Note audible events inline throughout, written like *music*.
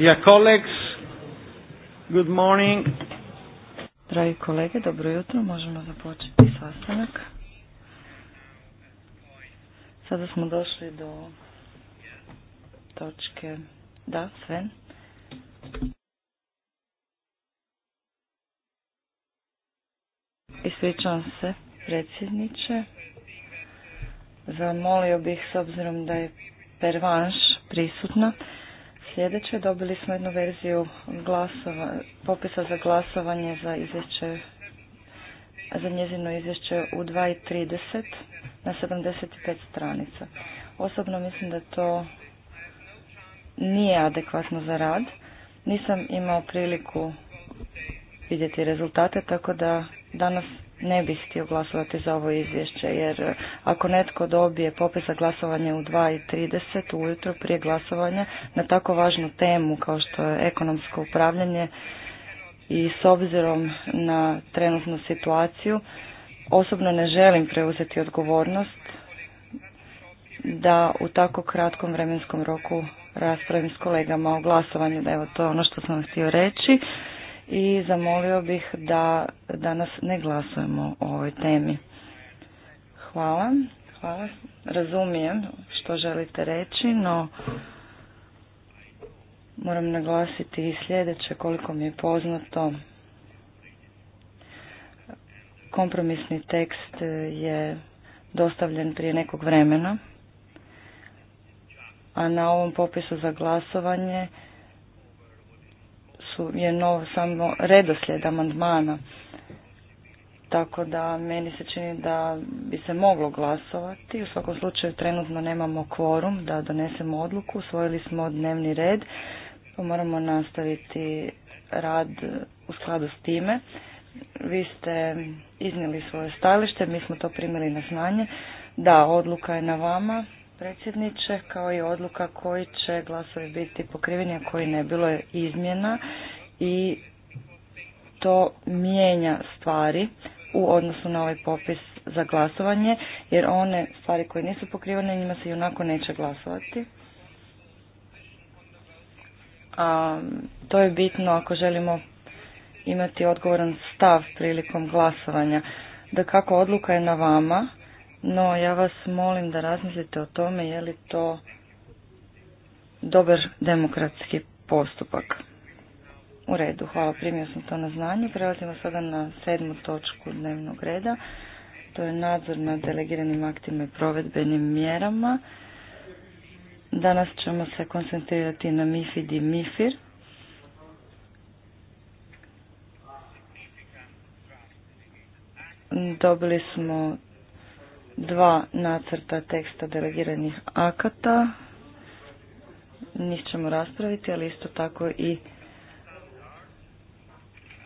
Dear colleagues, good morning. Dragi kolege, dobro jutro, možemo započeti sastanak. Sada smo došli do točke, da, sve. Ispričavam se, predsjedniče. Zamolio bih, s obzirom da je pervanš prisutna, Sljedeće dobili smo jednu verziju glasova, popisa za glasovanje za izvješće za njezino izvješće u 2.30 na 75 stranica. Osobno mislim da to nije adekvatno za rad. Nisam imao priliku vidjeti rezultate, tako da danas ne bih htio glasovati za ovo izvješće, jer ako netko dobije popis za glasovanje u 2.30 ujutro prije glasovanja na tako važnu temu kao što je ekonomsko upravljanje i s obzirom na trenutnu situaciju, osobno ne želim preuzeti odgovornost da u tako kratkom vremenskom roku raspravim s kolegama o glasovanju, da evo to je ono što sam htio reći i zamolio bih da danas ne glasujemo o ovoj temi. Hvala. Hvala. Razumijem što želite reći, no moram naglasiti i sljedeće koliko mi je poznato. Kompromisni tekst je dostavljen prije nekog vremena, a na ovom popisu za glasovanje je novo samo redoslijed amandmana. Tako da meni se čini da bi se moglo glasovati. U svakom slučaju trenutno nemamo kvorum da donesemo odluku. Usvojili smo dnevni red. Pa moramo nastaviti rad u skladu s time. Vi ste iznijeli svoje stajalište, mi smo to primili na znanje. Da, odluka je na vama predsjedniče, kao i odluka koji će glasovi biti pokriveni, a koji ne bilo je izmjena i to mijenja stvari u odnosu na ovaj popis za glasovanje, jer one stvari koje nisu pokrivene njima se i onako neće glasovati. A, to je bitno ako želimo imati odgovoran stav prilikom glasovanja. Da kako odluka je na vama, no ja vas molim da razmislite o tome je li to dobar demokratski postupak. U redu, hvala, primio sam to na znanje. Prelazimo sada na sedmu točku dnevnog reda. To je nadzor nad delegiranim aktima i provedbenim mjerama. Danas ćemo se koncentrirati na MIFID i MIFIR. Dobili smo dva nacrta teksta delegiranih akata. Njih ćemo raspraviti, ali isto tako i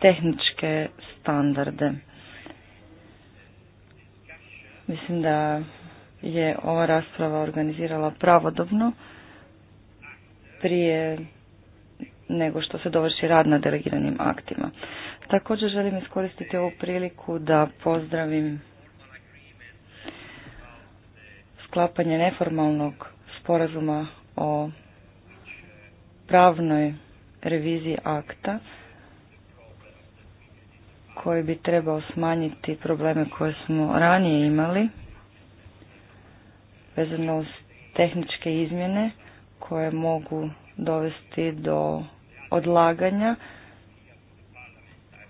tehničke standarde. Mislim da je ova rasprava organizirala pravodobno prije nego što se dovrši rad na delegiranim aktima. Također želim iskoristiti ovu priliku da pozdravim sklapanje neformalnog sporazuma o pravnoj reviziji akta koji bi trebao smanjiti probleme koje smo ranije imali vezano uz tehničke izmjene koje mogu dovesti do odlaganja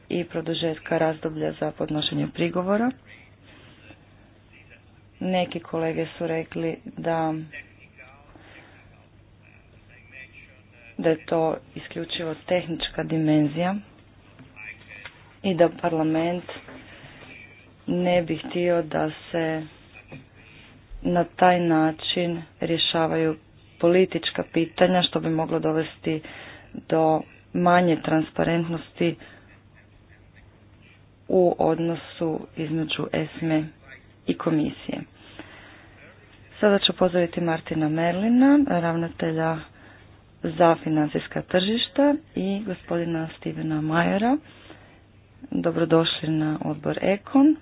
i produžetka razdoblja za podnošenje prigovora. Neki kolege su rekli da da je to isključivo tehnička dimenzija i da parlament ne bi htio da se na taj način rješavaju politička pitanja što bi moglo dovesti do manje transparentnosti u odnosu između ESME i komisije. Sada ću pozdraviti Martina Merlina, ravnatelja za financijska tržišta i gospodina Stevena Majera. Dobrodošli na odbor Ekon.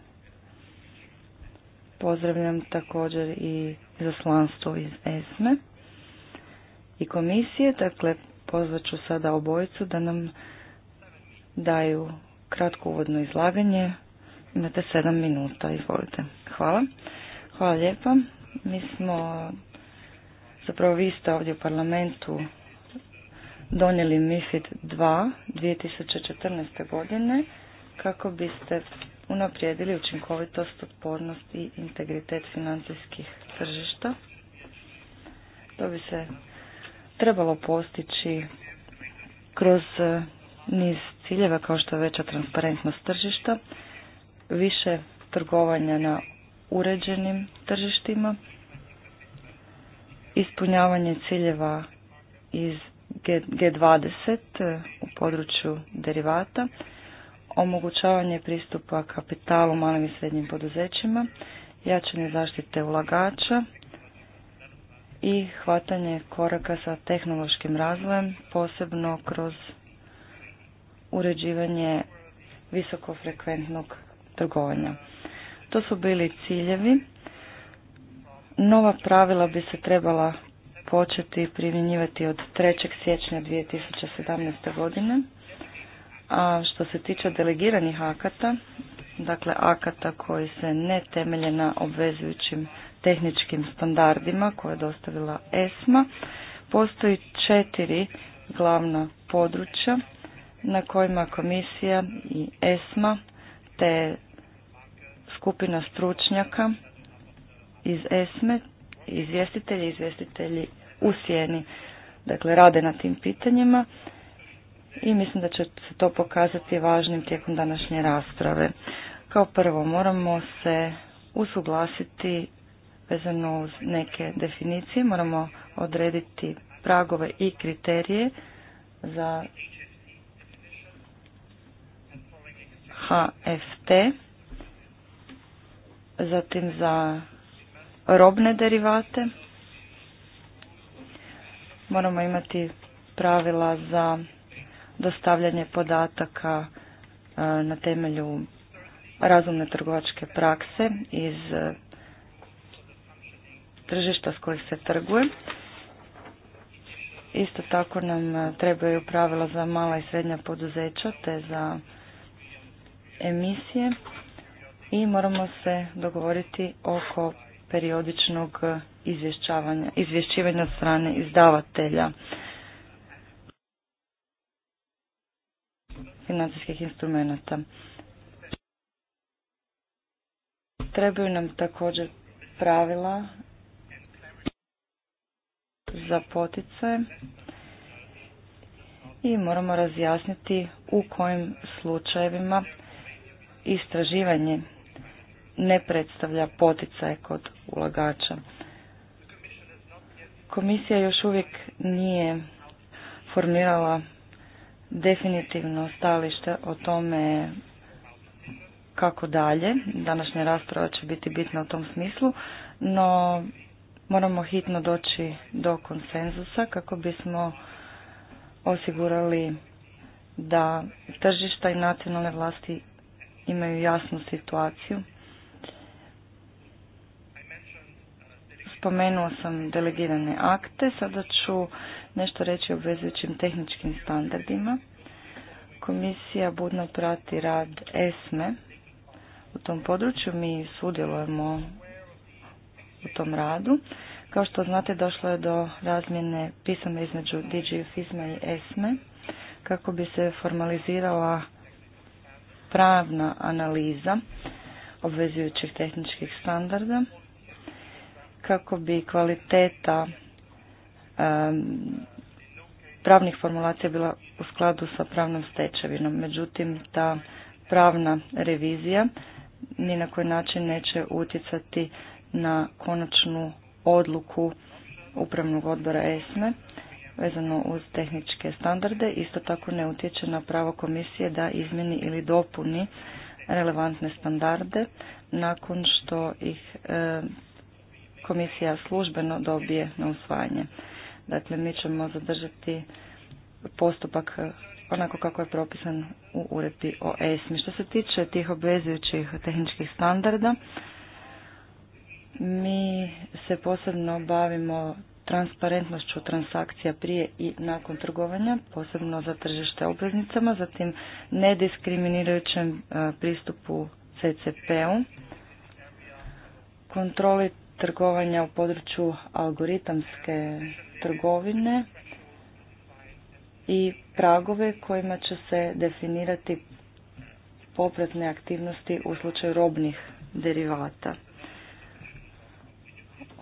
Pozdravljam također i zaslanstvo iz ESME i komisije. Dakle, pozvat ću sada obojicu da nam daju kratko uvodno izlaganje Imate sedam minuta, izvolite. Hvala. Hvala lijepa. Mi smo, zapravo vi ste ovdje u parlamentu donijeli MIFID 2 2014. godine kako biste unaprijedili učinkovitost, otpornost i integritet financijskih tržišta. To bi se trebalo postići kroz eh, niz ciljeva kao što je veća transparentnost tržišta, više trgovanja na uređenim tržištima, ispunjavanje ciljeva iz G20 e, u području derivata, omogućavanje pristupa kapitalu malim i srednjim poduzećima, jačanje zaštite ulagača i hvatanje koraka sa tehnološkim razvojem, posebno kroz uređivanje visokofrekventnog trgovanja. To su bili ciljevi. Nova pravila bi se trebala početi primjenjivati od 3. siječnja 2017. godine. A što se tiče delegiranih akata, dakle akata koji se ne temelje na obvezujućim tehničkim standardima koje je dostavila ESMA, postoji četiri glavna područja na kojima komisija i ESMA te skupina stručnjaka iz ESME, izvjestitelji, izvjestitelji u sjeni, dakle rade na tim pitanjima i mislim da će se to pokazati važnim tijekom današnje rasprave. Kao prvo, moramo se usuglasiti vezano uz neke definicije, moramo odrediti pragove i kriterije za HFT, zatim za robne derivate. Moramo imati pravila za dostavljanje podataka e, na temelju razumne trgovačke prakse iz e, tržišta s kojih se trguje. Isto tako nam e, trebaju pravila za mala i srednja poduzeća te za emisije i moramo se dogovoriti oko periodičnog izvješćivanja strane izdavatelja financijskih instrumenata. Trebaju nam također pravila za poticaje i moramo razjasniti u kojim slučajevima istraživanje ne predstavlja poticaj kod ulagača. Komisija još uvijek nije formirala definitivno stalište o tome kako dalje. Današnja rasprava će biti bitna u tom smislu, no moramo hitno doći do konsenzusa kako bismo osigurali da tržišta i nacionalne vlasti imaju jasnu situaciju. Spomenuo sam delegirane akte, sada ću nešto reći o obvezujućim tehničkim standardima. Komisija budno prati rad ESME u tom području, mi sudjelujemo u tom radu. Kao što znate, došlo je do razmjene pisama između DG izma i ESME kako bi se formalizirala pravna analiza obvezujućih tehničkih standarda kako bi kvaliteta pravnih formulacija bila u skladu sa pravnom stečevinom. Međutim, ta pravna revizija ni na koji način neće utjecati na konačnu odluku upravnog odbora ESME vezano uz tehničke standarde, isto tako ne utječe na pravo komisije da izmeni ili dopuni relevantne standarde nakon što ih e, komisija službeno dobije na usvajanje. Dakle, mi ćemo zadržati postupak onako kako je propisan u uredbi o ESMI. Što se tiče tih obvezujućih tehničkih standarda, mi se posebno bavimo transparentnošću transakcija prije i nakon trgovanja, posebno za tržište obveznicama, zatim nediskriminirajućem e, pristupu CCP-u, kontroli trgovanja u području algoritamske trgovine i pragove kojima će se definirati popretne aktivnosti u slučaju robnih derivata.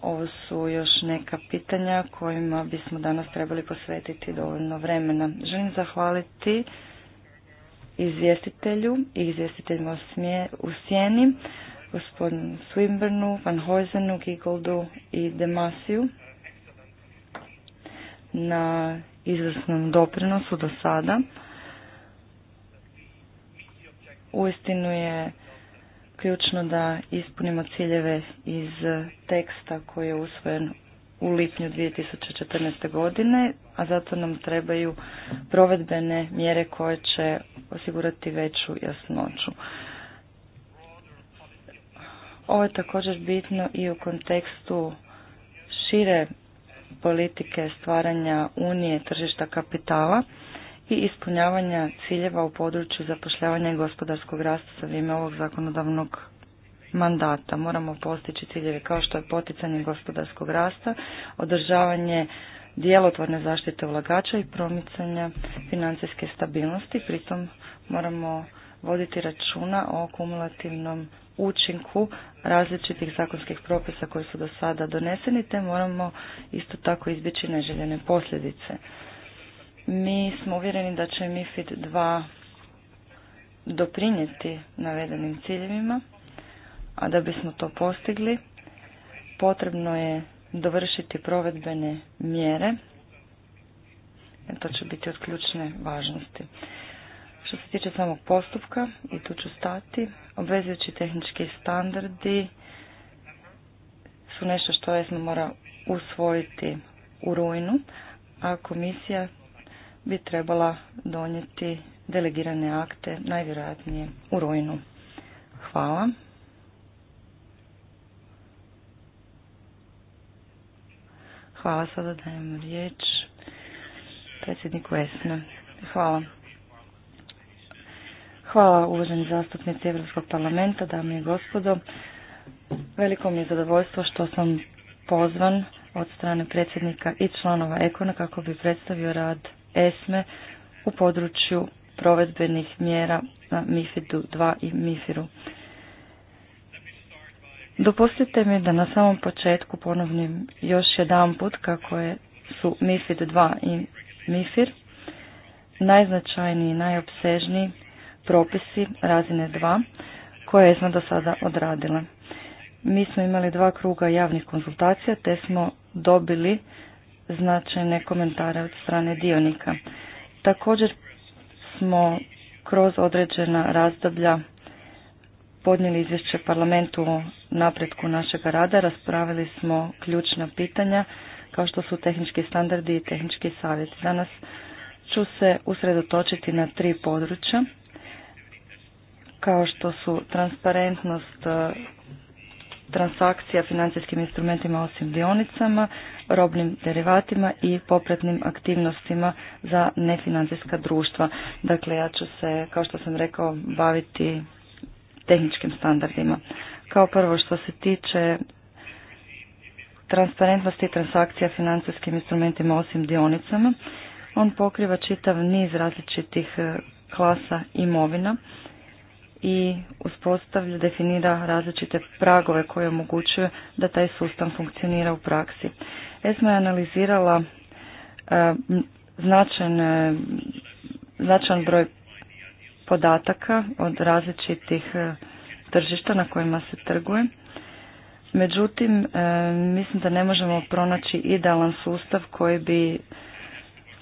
Ovo su još neka pitanja kojima bismo danas trebali posvetiti dovoljno vremena. Želim zahvaliti izvjestitelju i izvjestiteljima u sjeni, gospodinu Swinburnu, Van Hojzenu, Gigoldu i Demasiju na izvrsnom doprinosu do sada. Uistinu je ključno da ispunimo ciljeve iz teksta koji je usvojen u lipnju 2014. godine, a zato nam trebaju provedbene mjere koje će osigurati veću jasnoću. Ovo je također bitno i u kontekstu šire politike stvaranja unije tržišta kapitala i ispunjavanja ciljeva u području zapošljavanja i gospodarskog rasta za vrijeme ovog zakonodavnog mandata. Moramo postići ciljeve kao što je poticanje gospodarskog rasta, održavanje djelotvorne zaštite ulagača i promicanja financijske stabilnosti. Pritom moramo voditi računa o kumulativnom učinku različitih zakonskih propisa koji su do sada doneseni, te moramo isto tako izbjeći neželjene posljedice. Mi smo uvjereni da će MIFID 2 doprinijeti navedenim ciljevima, a da bismo to postigli potrebno je dovršiti provedbene mjere. To će biti od ključne važnosti. Što se tiče samog postupka, i tu ću stati, obvezujući tehnički standardi su nešto što ESMA mora usvojiti u rujnu, a komisija bi trebala donijeti delegirane akte najvjerojatnije u rojnu. Hvala. Hvala, sada dajem riječ predsjedniku Esne. Hvala. Hvala uvaženi zastupnici Europskog parlamenta, dame i gospodo. Veliko mi je zadovoljstvo što sam pozvan od strane predsjednika i članova Ekona kako bi predstavio rad ESME u području provedbenih mjera na mifid 2 i MIFIR-u. Dopustite mi da na samom početku ponovnim još jedan put kako je su MIFID 2 i MIFIR najznačajniji i najopsežniji propisi razine 2 koje smo do sada odradila. Mi smo imali dva kruga javnih konzultacija te smo dobili značajne komentare od strane dionika. Također smo kroz određena razdoblja podnijeli izvješće parlamentu o napretku našega rada, raspravili smo ključna pitanja kao što su tehnički standardi i tehnički savjet. Danas ću se usredotočiti na tri područja kao što su transparentnost transakcija financijskim instrumentima osim dionicama, robnim derivatima i popratnim aktivnostima za nefinancijska društva. Dakle, ja ću se, kao što sam rekao, baviti tehničkim standardima. Kao prvo što se tiče transparentnosti transakcija financijskim instrumentima osim dionicama, on pokriva čitav niz različitih e, klasa imovina i uspostavlja, definira različite pragove koje omogućuje da taj sustav funkcionira u praksi. ESMA je analizirala e, značajan broj podataka od različitih e, tržišta na kojima se trguje. Međutim, e, mislim da ne možemo pronaći idealan sustav koji bi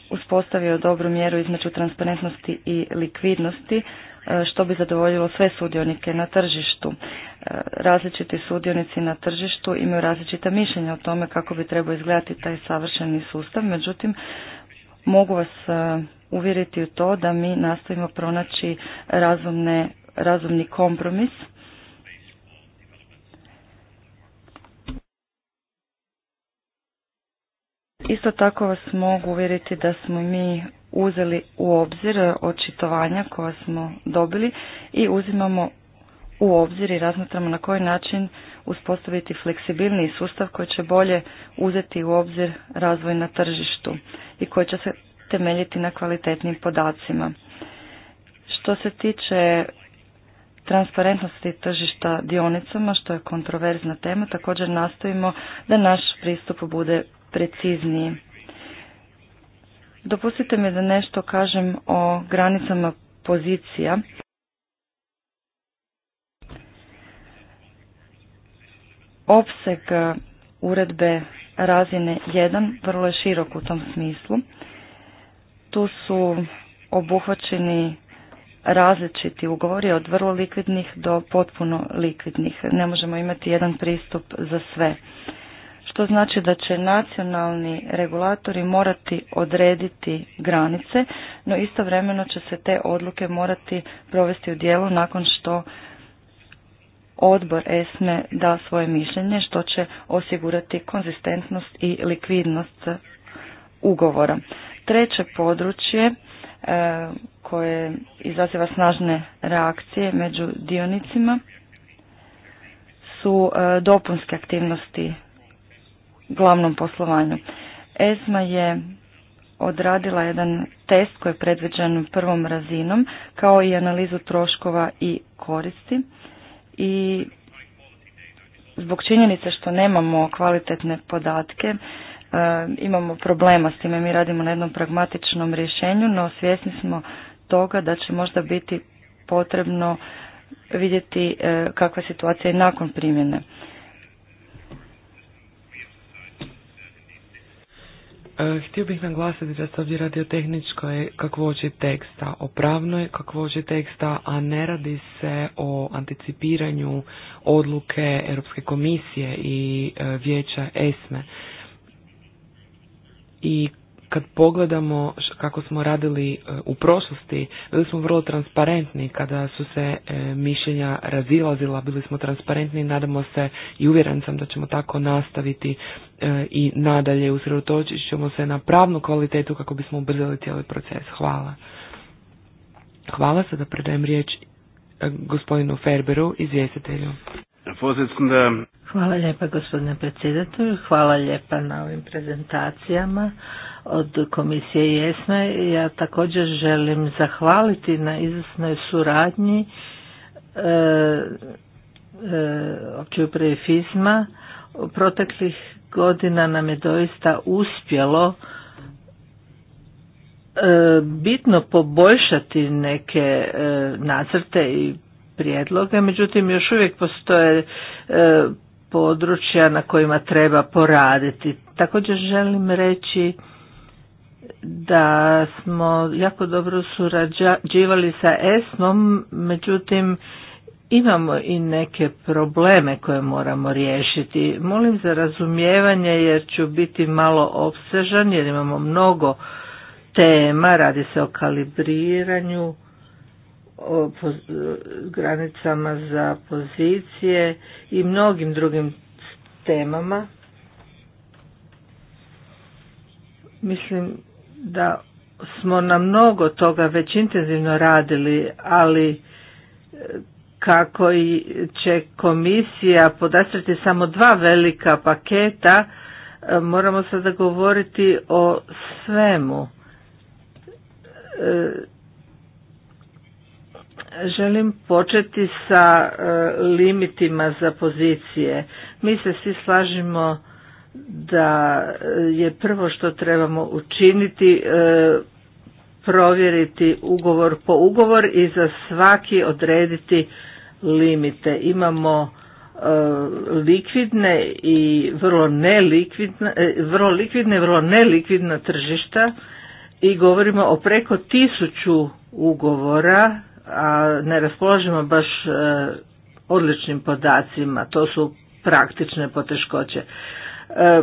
uspostavio dobru mjeru između transparentnosti i likvidnosti e, što bi zadovoljilo sve sudionike na tržištu. E, različiti sudionici na tržištu imaju različita mišljenja o tome kako bi trebao izgledati taj savršeni sustav, međutim mogu vas e, uvjeriti u to da mi nastojimo pronaći razumni kompromis Isto tako vas mogu uvjeriti da smo mi uzeli u obzir očitovanja koja smo dobili i uzimamo u obzir i razmatramo na koji način uspostaviti fleksibilni sustav koji će bolje uzeti u obzir razvoj na tržištu i koji će se temeljiti na kvalitetnim podacima. Što se tiče transparentnosti tržišta dionicama, što je kontroverzna tema, također nastavimo da naš pristup bude precizniji. Dopustite mi da nešto kažem o granicama pozicija. Opseg e, uredbe razine 1 vrlo je širok u tom smislu. Tu su obuhvaćeni različiti ugovori od vrlo likvidnih do potpuno likvidnih. Ne možemo imati jedan pristup za sve što znači da će nacionalni regulatori morati odrediti granice, no istovremeno će se te odluke morati provesti u dijelu nakon što odbor ESME da svoje mišljenje što će osigurati konzistentnost i likvidnost ugovora. Treće područje e, koje izaziva snažne reakcije među dionicima su e, dopunske aktivnosti glavnom poslovanju. ESMA je odradila jedan test koji je predviđen prvom razinom, kao i analizu troškova i koristi. I zbog činjenice što nemamo kvalitetne podatke, e, imamo problema s time, mi radimo na jednom pragmatičnom rješenju, no svjesni smo toga da će možda biti potrebno vidjeti e, kakva situacija i nakon primjene. E, htio bih naglasiti da se ovdje radi o tehničkoj kakvoći teksta, o pravnoj kakvoći teksta, a ne radi se o anticipiranju odluke Europske komisije i e, vijeća ESME. I kad pogledamo kako smo radili e, u prošlosti, bili smo vrlo transparentni kada su se e, mišljenja razilazila, bili smo transparentni i nadamo se i uvjeren sam da ćemo tako nastaviti e, i nadalje usredotočit ćemo se na pravnu kvalitetu kako bismo ubrzali cijeli proces. Hvala. Hvala da predajem riječ gospodinu Ferberu, izvjestitelju. Hvala lijepa gospodine predsjedatelju, hvala lijepa na ovim prezentacijama od komisije Jesne. Ja također želim zahvaliti na izvrsnoj suradnji e, e, opće FISMA. U proteklih godina nam je doista uspjelo e, bitno poboljšati neke e, nacrte i prijedloge, međutim još uvijek postoje e, područja na kojima treba poraditi. Također želim reći da smo jako dobro surađivali sa ESMom, međutim imamo i neke probleme koje moramo riješiti. Molim za razumijevanje jer ću biti malo obsežan jer imamo mnogo tema, radi se o kalibriranju o granicama za pozicije i mnogim drugim temama. Mislim da smo na mnogo toga već intenzivno radili, ali e, kako će komisija podastrati samo dva velika paketa, e, moramo sada govoriti o svemu. E, Želim početi sa e, limitima za pozicije. Mi se svi slažimo da e, je prvo što trebamo učiniti e, provjeriti ugovor po ugovor i za svaki odrediti limite. Imamo likvidne i vrlo nelikvidne, vrlo likvidne, vrlo nelikvidna tržišta i govorimo o preko tisuću ugovora a ne raspoložimo baš e, odličnim podacima, to su praktične poteškoće. E,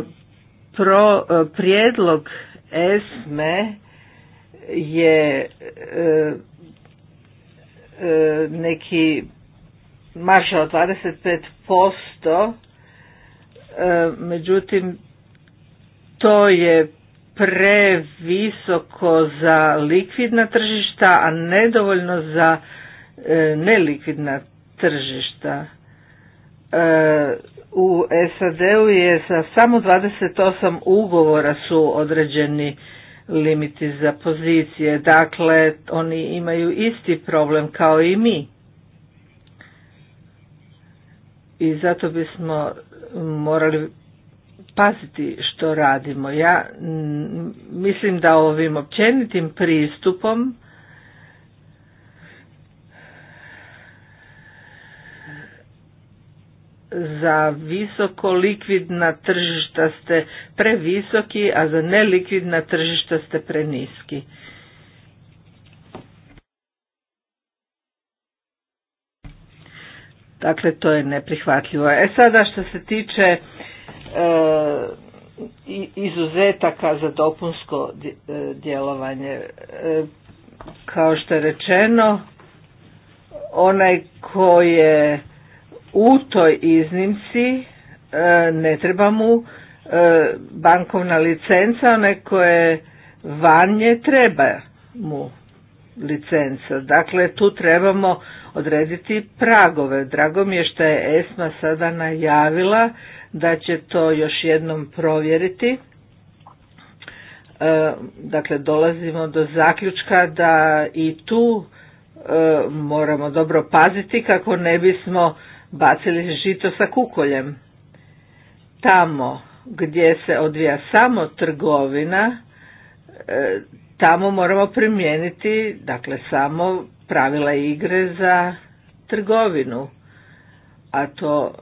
pro, e, prijedlog ESME je neki marša 25%, međutim to je previsoko za likvidna tržišta, a nedovoljno za e, nelikvidna tržišta. E, u SAD-u je sa samo 28 ugovora su određeni limiti za pozicije, dakle oni imaju isti problem kao i mi. I zato bismo morali paziti što radimo. Ja mm, mislim da ovim općenitim pristupom za visoko likvidna tržišta ste previsoki, a za nelikvidna tržišta ste preniski. Dakle, to je neprihvatljivo. E sada što se tiče E, izuzetaka za dopunsko e, djelovanje. E, kao što je rečeno, onaj ko je u toj iznimci ne treba mu bankovna licenca, onaj ko je van treba mu licenca. Dakle, tu trebamo odrediti pragove. Drago mi je što je ESMA sada najavila da će to još jednom provjeriti. E, dakle, dolazimo do zaključka da i tu e, moramo dobro paziti kako ne bismo bacili žito sa kukoljem. Tamo gdje se odvija samo trgovina, e, tamo moramo primijeniti dakle samo pravila igre za trgovinu, a to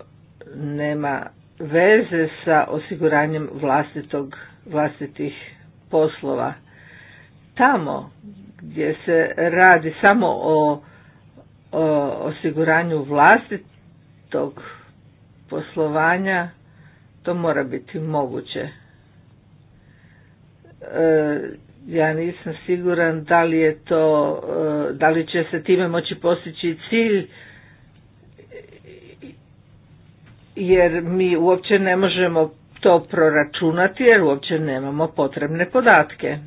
nema veze sa osiguranjem vlastitog, vlastitih poslova. Tamo gdje se radi samo o, o osiguranju vlastitog poslovanja, to mora biti moguće. E, ja nisam siguran da li je to, e, da li će se time moći postići cilj jer mi uopće ne možemo to proračunati jer uopće nemamo potrebne podatke.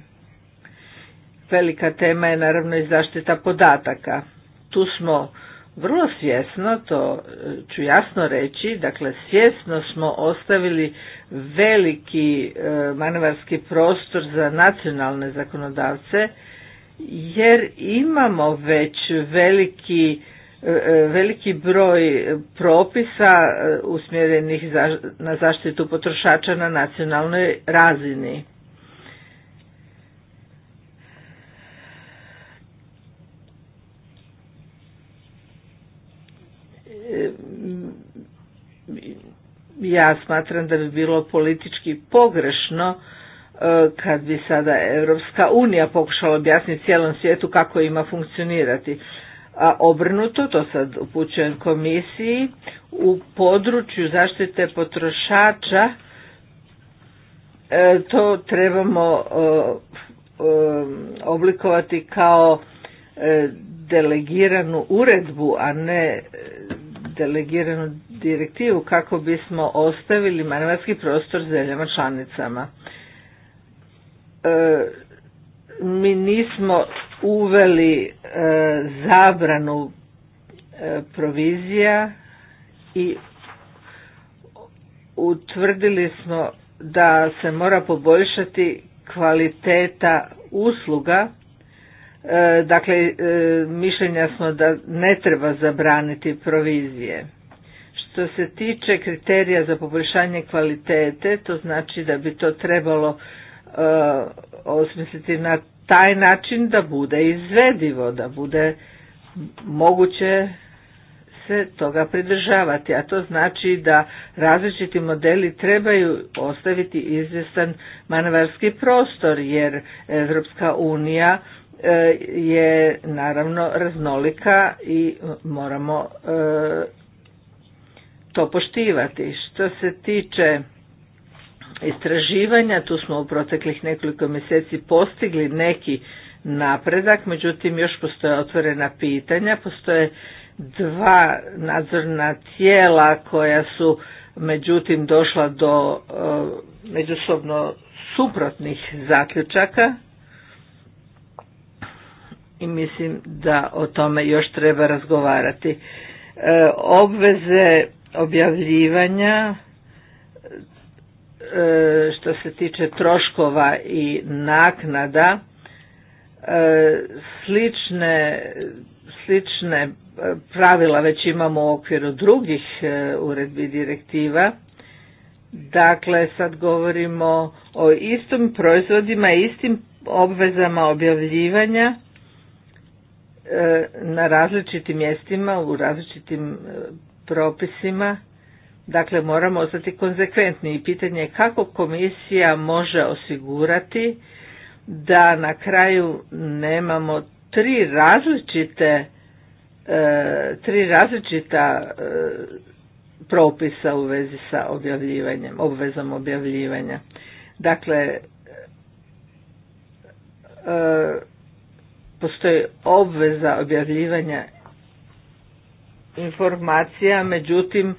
Velika tema je naravno i zaštita podataka. Tu smo vrlo svjesno, to e, ću jasno reći, dakle svjesno smo ostavili veliki e, manevarski prostor za nacionalne zakonodavce jer imamo već veliki E, e, veliki broj propisa e, usmjerenih na zaštitu potrošača na nacionalnoj razini. Ja smatram da bi bilo politički pogrešno kad bi sada Europska unija pokušala objasniti cijelom svijetu kako ima funkcionirati a obrnuto, to sad upućujem komisiji, u području zaštite potrošača e, to trebamo e, e, oblikovati kao delegiranu uredbu, a ne delegiranu direktivu kako bismo ostavili manevarski prostor zemljama članicama. Mi nismo uveli e, zabranu e, provizija i utvrdili smo da se mora poboljšati kvaliteta usluga e, dakle mišljenja smo da ne treba zabraniti provizije što se tiče kriterija za poboljšanje kvalitete to znači da bi to trebalo osmisliti na taj način da bude izvedivo, da bude moguće se toga pridržavati, a to znači da različiti modeli trebaju ostaviti izvjestan manevarski prostor jer Evropska unija e, je naravno raznolika i moramo e, to poštivati. Što se tiče istraživanja, tu smo u proteklih nekoliko mjeseci postigli neki napredak, međutim još postoje otvorena pitanja, postoje dva nadzorna tijela koja su međutim došla do e, međusobno suprotnih zaključaka i mislim da o tome još treba razgovarati. E, obveze objavljivanja E, što se tiče troškova i naknada e, slične slične pravila već imamo u okviru drugih e, uredbi direktiva dakle sad govorimo o istim proizvodima istim obvezama objavljivanja na različitim mjestima u različitim propisima Dakle, moramo ostati konzekventni i pitanje je kako komisija može osigurati da na kraju nemamo tri različite e, tri različita e, propisa u vezi sa objavljivanjem, obvezom objavljivanja. Dakle, e, postoji obveza objavljivanja informacija, međutim,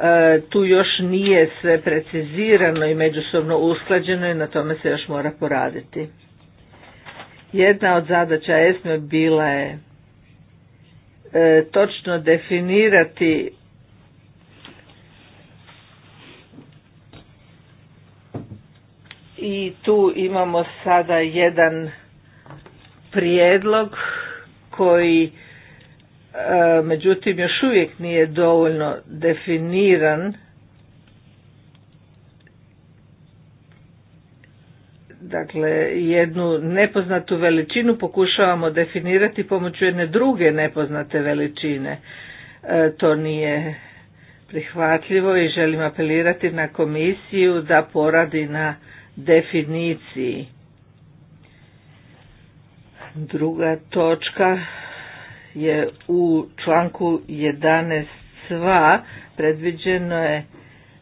E, tu još nije sve precizirano i međusobno usklađeno i na tome se još mora poraditi. Jedna od zadaća ESME bila je e, točno definirati i tu imamo sada jedan prijedlog koji E, međutim još uvijek nije dovoljno definiran dakle jednu nepoznatu veličinu pokušavamo definirati pomoću jedne druge nepoznate veličine e, to nije prihvatljivo i želim apelirati na komisiju da poradi na definiciji druga točka je u članku 11 sva predviđeno je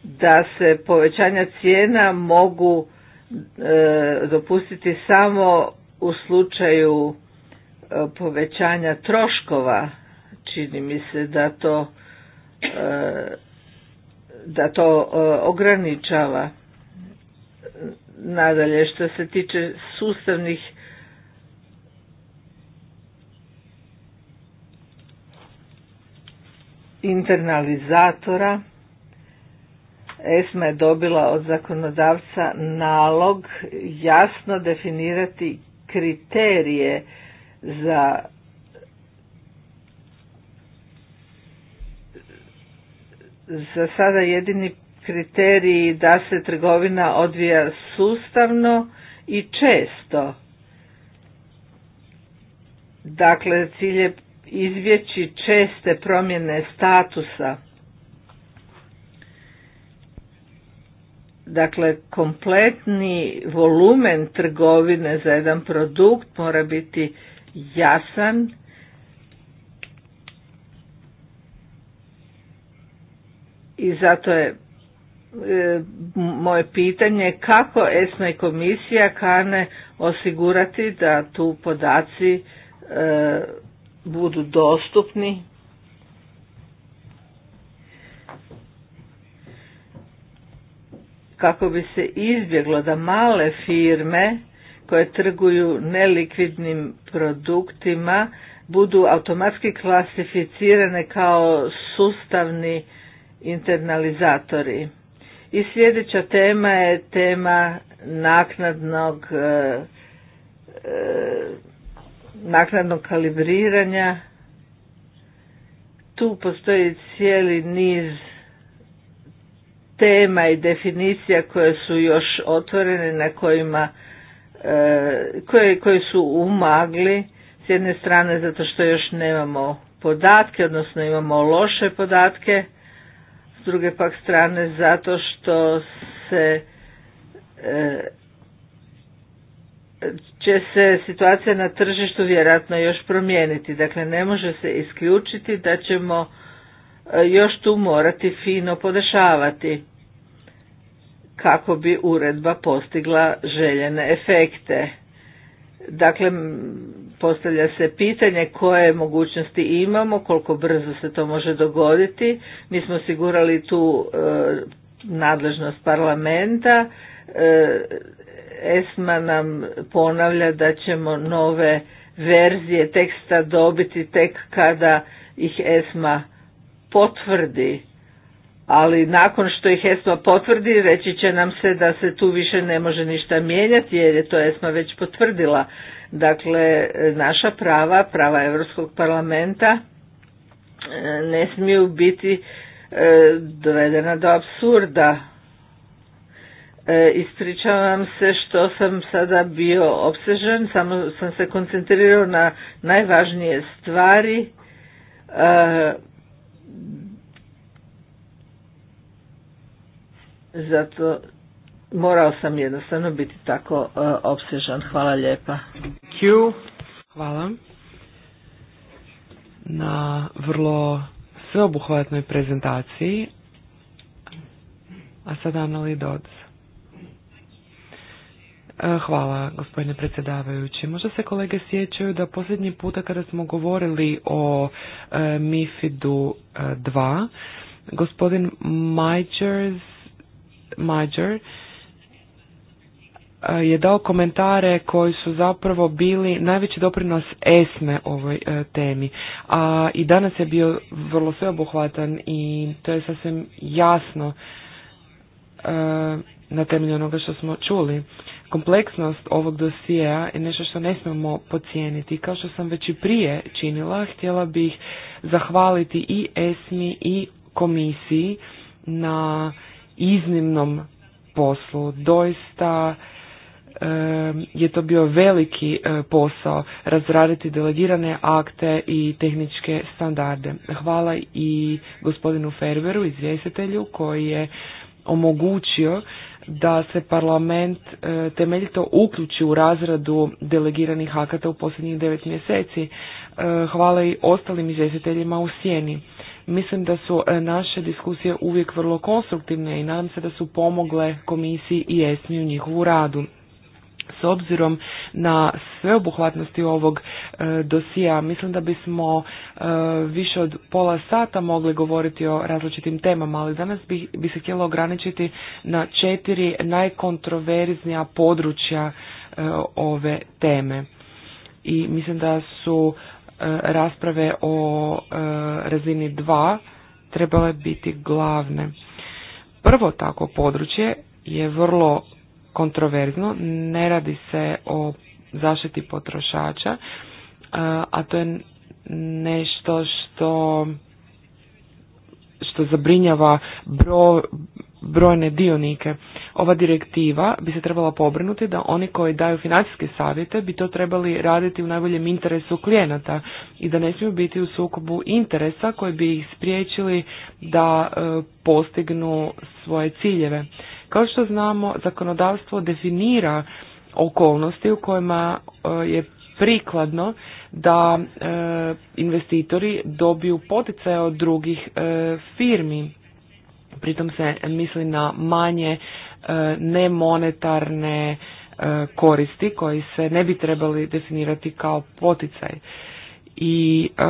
da se povećanja cijena mogu e, dopustiti samo u slučaju e, povećanja troškova čini mi se da to e, da to ograničava nadalje što se tiče sustavnih internalizatora. ESMA je dobila od zakonodavca nalog jasno definirati kriterije za za sada jedini kriteriji da se trgovina odvija sustavno i često. Dakle, cilj je izvjeći česte promjene statusa. Dakle, kompletni volumen trgovine za jedan produkt mora biti jasan, i zato je e, moje pitanje kako ESMA i komisija kane osigurati da tu podaci e, budu dostupni kako bi se izbjeglo da male firme koje trguju nelikvidnim produktima budu automatski klasificirane kao sustavni internalizatori. I sljedeća tema je tema naknadnog e, e naknadnog kalibriranja. Tu postoji cijeli niz tema i definicija koje su još otvorene na kojima e, koje, koje su umagli, s jedne strane zato što još nemamo podatke, odnosno imamo loše podatke, s druge pak strane zato što se e, će se situacija na tržištu vjerojatno još promijeniti. Dakle, ne može se isključiti da ćemo e, još tu morati fino podešavati kako bi uredba postigla željene efekte. Dakle, postavlja se pitanje koje mogućnosti imamo, koliko brzo se to može dogoditi. Mi smo osigurali tu e, nadležnost parlamenta, e, ESMA nam ponavlja da ćemo nove verzije teksta dobiti tek kada ih ESMA potvrdi. Ali nakon što ih ESMA potvrdi reći će nam se da se tu više ne može ništa mijenjati jer je to ESMA već potvrdila. Dakle, naša prava, prava Europskog parlamenta e, ne smiju biti e, dovedena do absurda E, ispričavam se što sam sada bio obsežen, samo sam se koncentrirao na najvažnije stvari. E, zato morao sam jednostavno biti tako e, obsežan. Hvala lijepa. Hvala na vrlo sveobuhvatnoj prezentaciji. A sada na Dodds. E, hvala, gospodine predsjedavajući. Možda se kolege sjećaju da posljednji puta kada smo govorili o e, MIFID-u 2, e, gospodin Majers, e, je dao komentare koji su zapravo bili najveći doprinos esme ovoj temi. A i danas je bio vrlo sveobuhvatan i to je sasvim jasno na temelju onoga što smo čuli. Kompleksnost ovog dosijeja je nešto što ne smemo pocijeniti. Kao što sam već i prije činila, htjela bih zahvaliti i ESMI i komisiji na iznimnom poslu. Doista je to bio veliki e, posao razraditi delegirane akte i tehničke standarde. Hvala i gospodinu Ferberu, izvjestitelju, koji je omogućio da se parlament e, temeljito uključi u razradu delegiranih akata u posljednjih devet mjeseci. E, hvala i ostalim izvjestiteljima u sjeni. Mislim da su e, naše diskusije uvijek vrlo konstruktivne i nadam se da su pomogle komisiji i esmi u njihovu radu. S obzirom na sveobuhvatnosti ovog e, dosija, mislim da bismo e, više od pola sata mogli govoriti o različitim temama, ali danas bi, bi se htjelo ograničiti na četiri najkontroverznija područja e, ove teme. I mislim da su rasprave o razini dva trebale biti glavne. Prvo tako područje je vrlo kontroverzno, ne radi se o zaštiti potrošača, e, a to je nešto što što zabrinjava brojne dionike. Ova direktiva bi se trebala pobrinuti da oni koji daju financijske savjete bi to trebali raditi u najboljem interesu klijenata i da ne smiju biti u sukobu interesa koji bi ih spriječili da e, postignu svoje ciljeve. Kao što znamo, zakonodavstvo definira okolnosti u kojima e, je prikladno da e, investitori dobiju poticaje od drugih e, firmi. Pritom se misli na manje nemonetarne koristi koji se ne bi trebali definirati kao poticaj i e,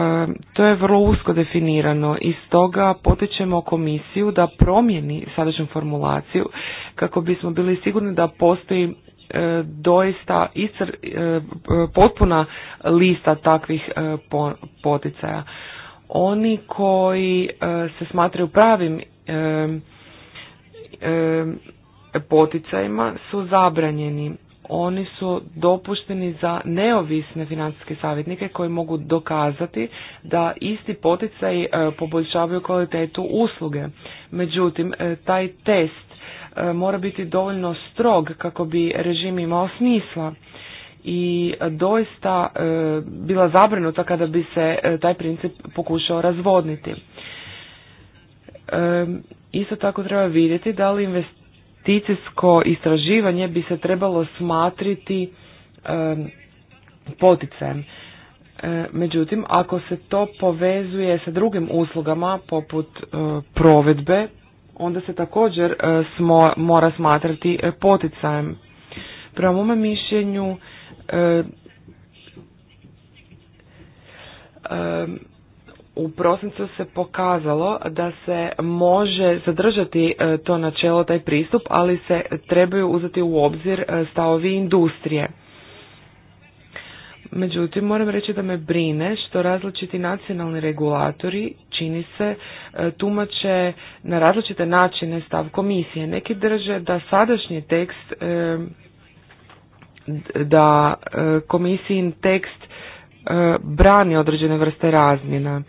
to je vrlo usko definirano i stoga potičemo komisiju da promijeni sadašnju formulaciju kako bismo bili sigurni da postoji e, doista e, potpuna lista takvih poticaja. Oni koji se smatraju pravim poticajima su zabranjeni oni su dopušteni za neovisne financijske savjetnike koji mogu dokazati da isti poticaj e, poboljšavaju kvalitetu usluge. Međutim, e, taj test e, mora biti dovoljno strog kako bi režim imao smisla i doista bila zabrinuta kada bi se taj princip pokušao razvodniti. Isto tako treba vidjeti da li investicijsko istraživanje bi se trebalo smatriti poticajem. E, međutim, ako se to povezuje sa drugim uslugama poput e, provedbe, onda se također e, smo, mora smatrati poticajem. Prema mome mišljenju, u prosincu se pokazalo da se može zadržati e, to načelo, taj pristup, ali se trebaju uzeti u obzir e, stavovi industrije. Međutim, moram reći da me brine što različiti nacionalni regulatori čini se e, tumače na različite načine stav komisije. Neki drže da sadašnji tekst da komisijin tekst E, brani određene vrste razmjena,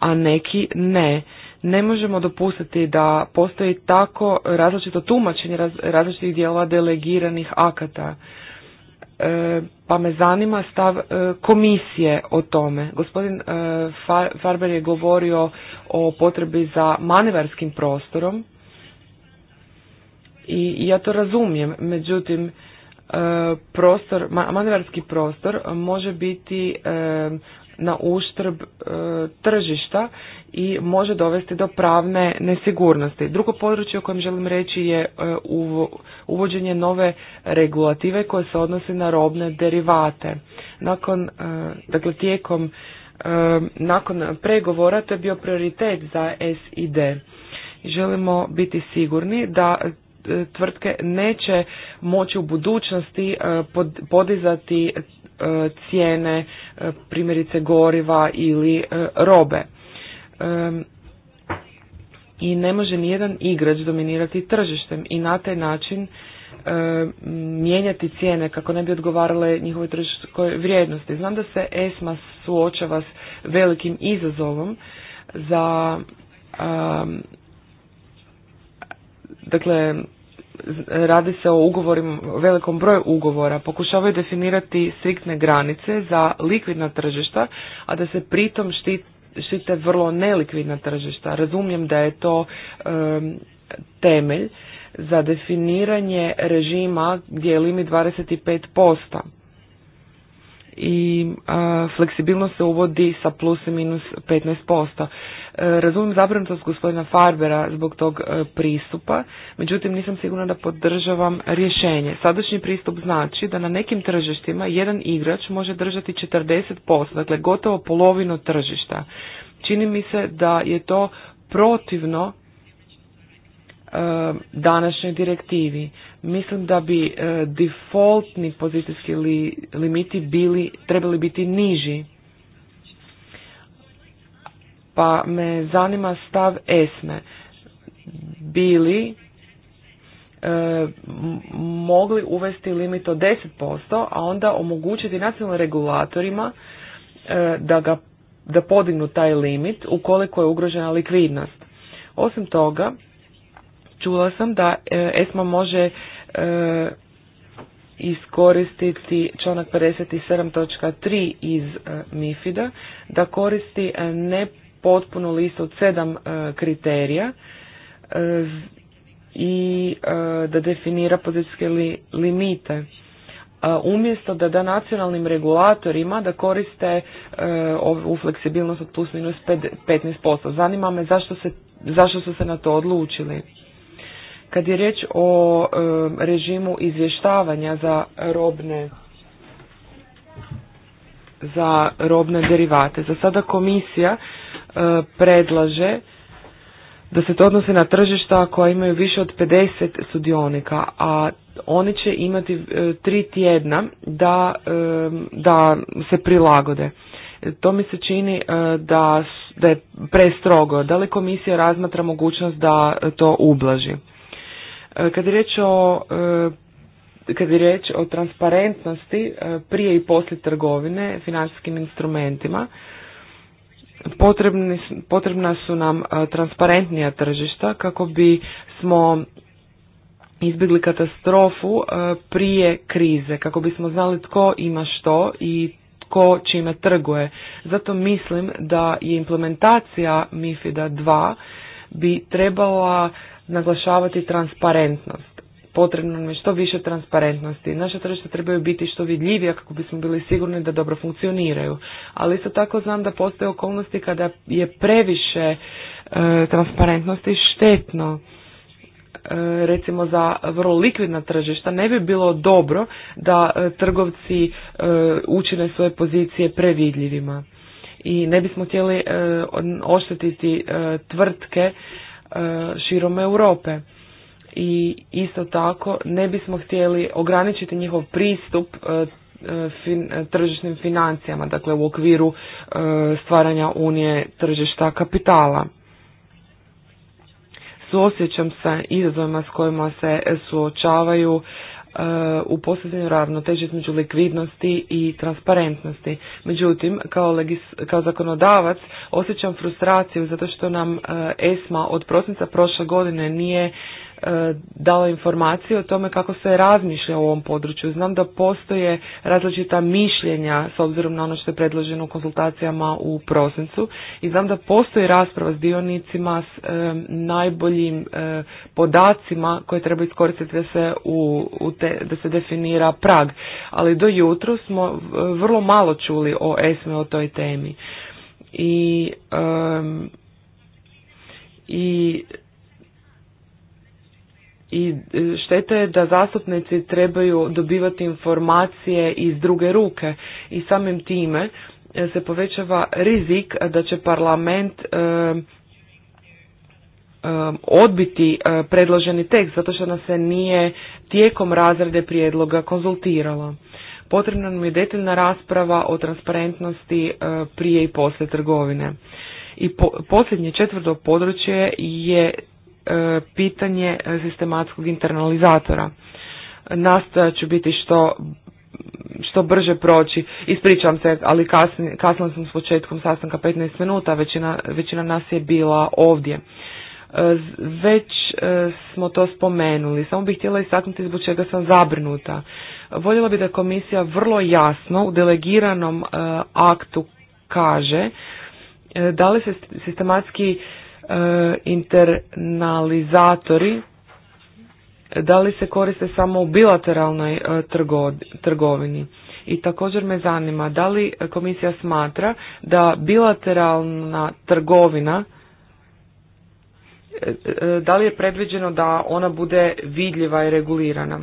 a neki ne. Ne možemo dopustiti da postoji tako različito tumačenje različitih dijela delegiranih akata. E, pa me zanima stav e, komisije o tome. Gospodin Farber je govorio o potrebi za manevarskim prostorom i ja to razumijem, međutim E, prostor, manevarski prostor može biti e, na uštrb e, tržišta i može dovesti do pravne nesigurnosti. Drugo područje o kojem želim reći je uvođenje nove regulative koje se odnosi na robne derivate. Nakon, dakle tijekom nakon pregovora to je bio prioritet za SID. Želimo biti sigurni da E, tvrtke neće moći u budućnosti e, podizati e, cijene primjerice goriva ili robe. I ne može ni jedan igrač dominirati tržištem i na taj način mijenjati cijene kako ne bi odgovarale njihovoj tržiškoj vrijednosti. Znam da se ESMA suočava s velikim izazovom za dakle, radi se o ugovorima, velikom broju ugovora, pokušavaju definirati striktne granice za likvidna tržišta, a da se pritom štit, štite vrlo nelikvidna tržišta. Razumijem da je to temelj za definiranje režima gdje je limit 25% i a, fleksibilnost se uvodi sa plus i minus 15%. E, razumijem zabrinutost gospodina Farbera zbog tog e, pristupa, međutim nisam sigurna da podržavam rješenje. Sadašnji pristup znači da na nekim tržištima jedan igrač može držati 40%, dakle gotovo polovinu tržišta. Čini mi se da je to protivno Eh, današnjoj direktivi. Mislim da bi eh, defaultni pozicijski limiti bili, trebali biti niži. Pa me zanima stav ESME. Bili eh, mogli uvesti limit od 10%, a onda omogućiti nacionalnim regulatorima da, ga, da podignu taj limit ukoliko je ugrožena likvidnost. Osim toga, Čula sam da e, ESMA može e, iskoristiti članak 57.3 iz e, MIFID-a da koristi ne listu od sedam kriterija i da definira pozicijske limite. Umjesto da da nacionalnim regulatorima da koriste ovu fleksibilnost od plus minus 15%. Zanima me zašto, zašto su se na to odlučili. Kad je riječ o e, režimu izvještavanja za robne za robne derivate. Za sada komisija e, predlaže da se to odnosi na tržišta koja imaju više od 50 sudionika, a oni će imati e, tri tjedna da, e, da se prilagode. To mi se čini da, da je prestrogo. Da li komisija razmatra mogućnost da to ublaži? E, kad je riječ o e, kad je riječ o transparentnosti e, prije i poslije trgovine financijskim instrumentima, potrebna su nam transparentnija tržišta kako bi smo izbjegli katastrofu prije krize, kako bismo znali tko ima što i tko čime trguje. Zato mislim da je implementacija MIFIDA 2 bi trebala naglašavati transparentnost. Potrebno nam je što više transparentnosti. Naša tržišta trebaju biti što vidljivija kako bismo bili sigurni da dobro funkcioniraju. Ali isto tako znam da postoje okolnosti kada je previše e, transparentnosti štetno e, recimo za vrlo likvidna tržišta ne bi bilo dobro da e, trgovci učine svoje pozicije previdljivima i ne bismo htjeli oštetiti tvrtke širom Europe. I isto tako ne bismo htjeli ograničiti njihov pristup e, e, fin, e, tržišnim financijama, dakle u okviru stvaranja unije tržišta kapitala. Suosjećam se izazovima s kojima se suočavaju E, u posljednju ravnoteži između likvidnosti i transparentnosti. Međutim, kao, kao zakonodavac osjećam frustraciju zato što nam e, ESMA od prosinca prošle godine nije E, dala informacije o tome kako se razmišlja u ovom području. Znam da postoje različita mišljenja s obzirom na ono što je predloženo u konsultacijama u prosincu i znam da postoji rasprava s dionicima s e, najboljim e, podacima koje treba iskoristiti da se, u, u te, da se definira prag. Ali do jutro smo vrlo malo čuli o ESME o toj temi. I, i i e, šteta je da zastupnici trebaju dobivati informacije iz druge ruke i samim time e, se povećava rizik da će parlament e, odbiti predloženi tekst zato što nas se nije tijekom razrede prijedloga konzultiralo. Potrebna nam je detaljna rasprava o transparentnosti prije i poslije trgovine. I posljednje četvrto područje je E, pitanje sistematskog internalizatora. Nastoja ću biti što što brže proći. Ispričavam se, ali kasnila sam s početkom sastanka 15 minuta, većina, većina nas je bila ovdje. E, već e, smo to spomenuli, samo bih htjela istaknuti zbog čega sam zabrinuta. Voljela bi da komisija vrlo jasno u delegiranom aktu kaže da li se sistematski E, internalizatori da li se koriste samo u bilateralnoj e, trgovini. I također me zanima da li komisija smatra da bilateralna trgovina e, da li je predviđeno da ona bude vidljiva i regulirana.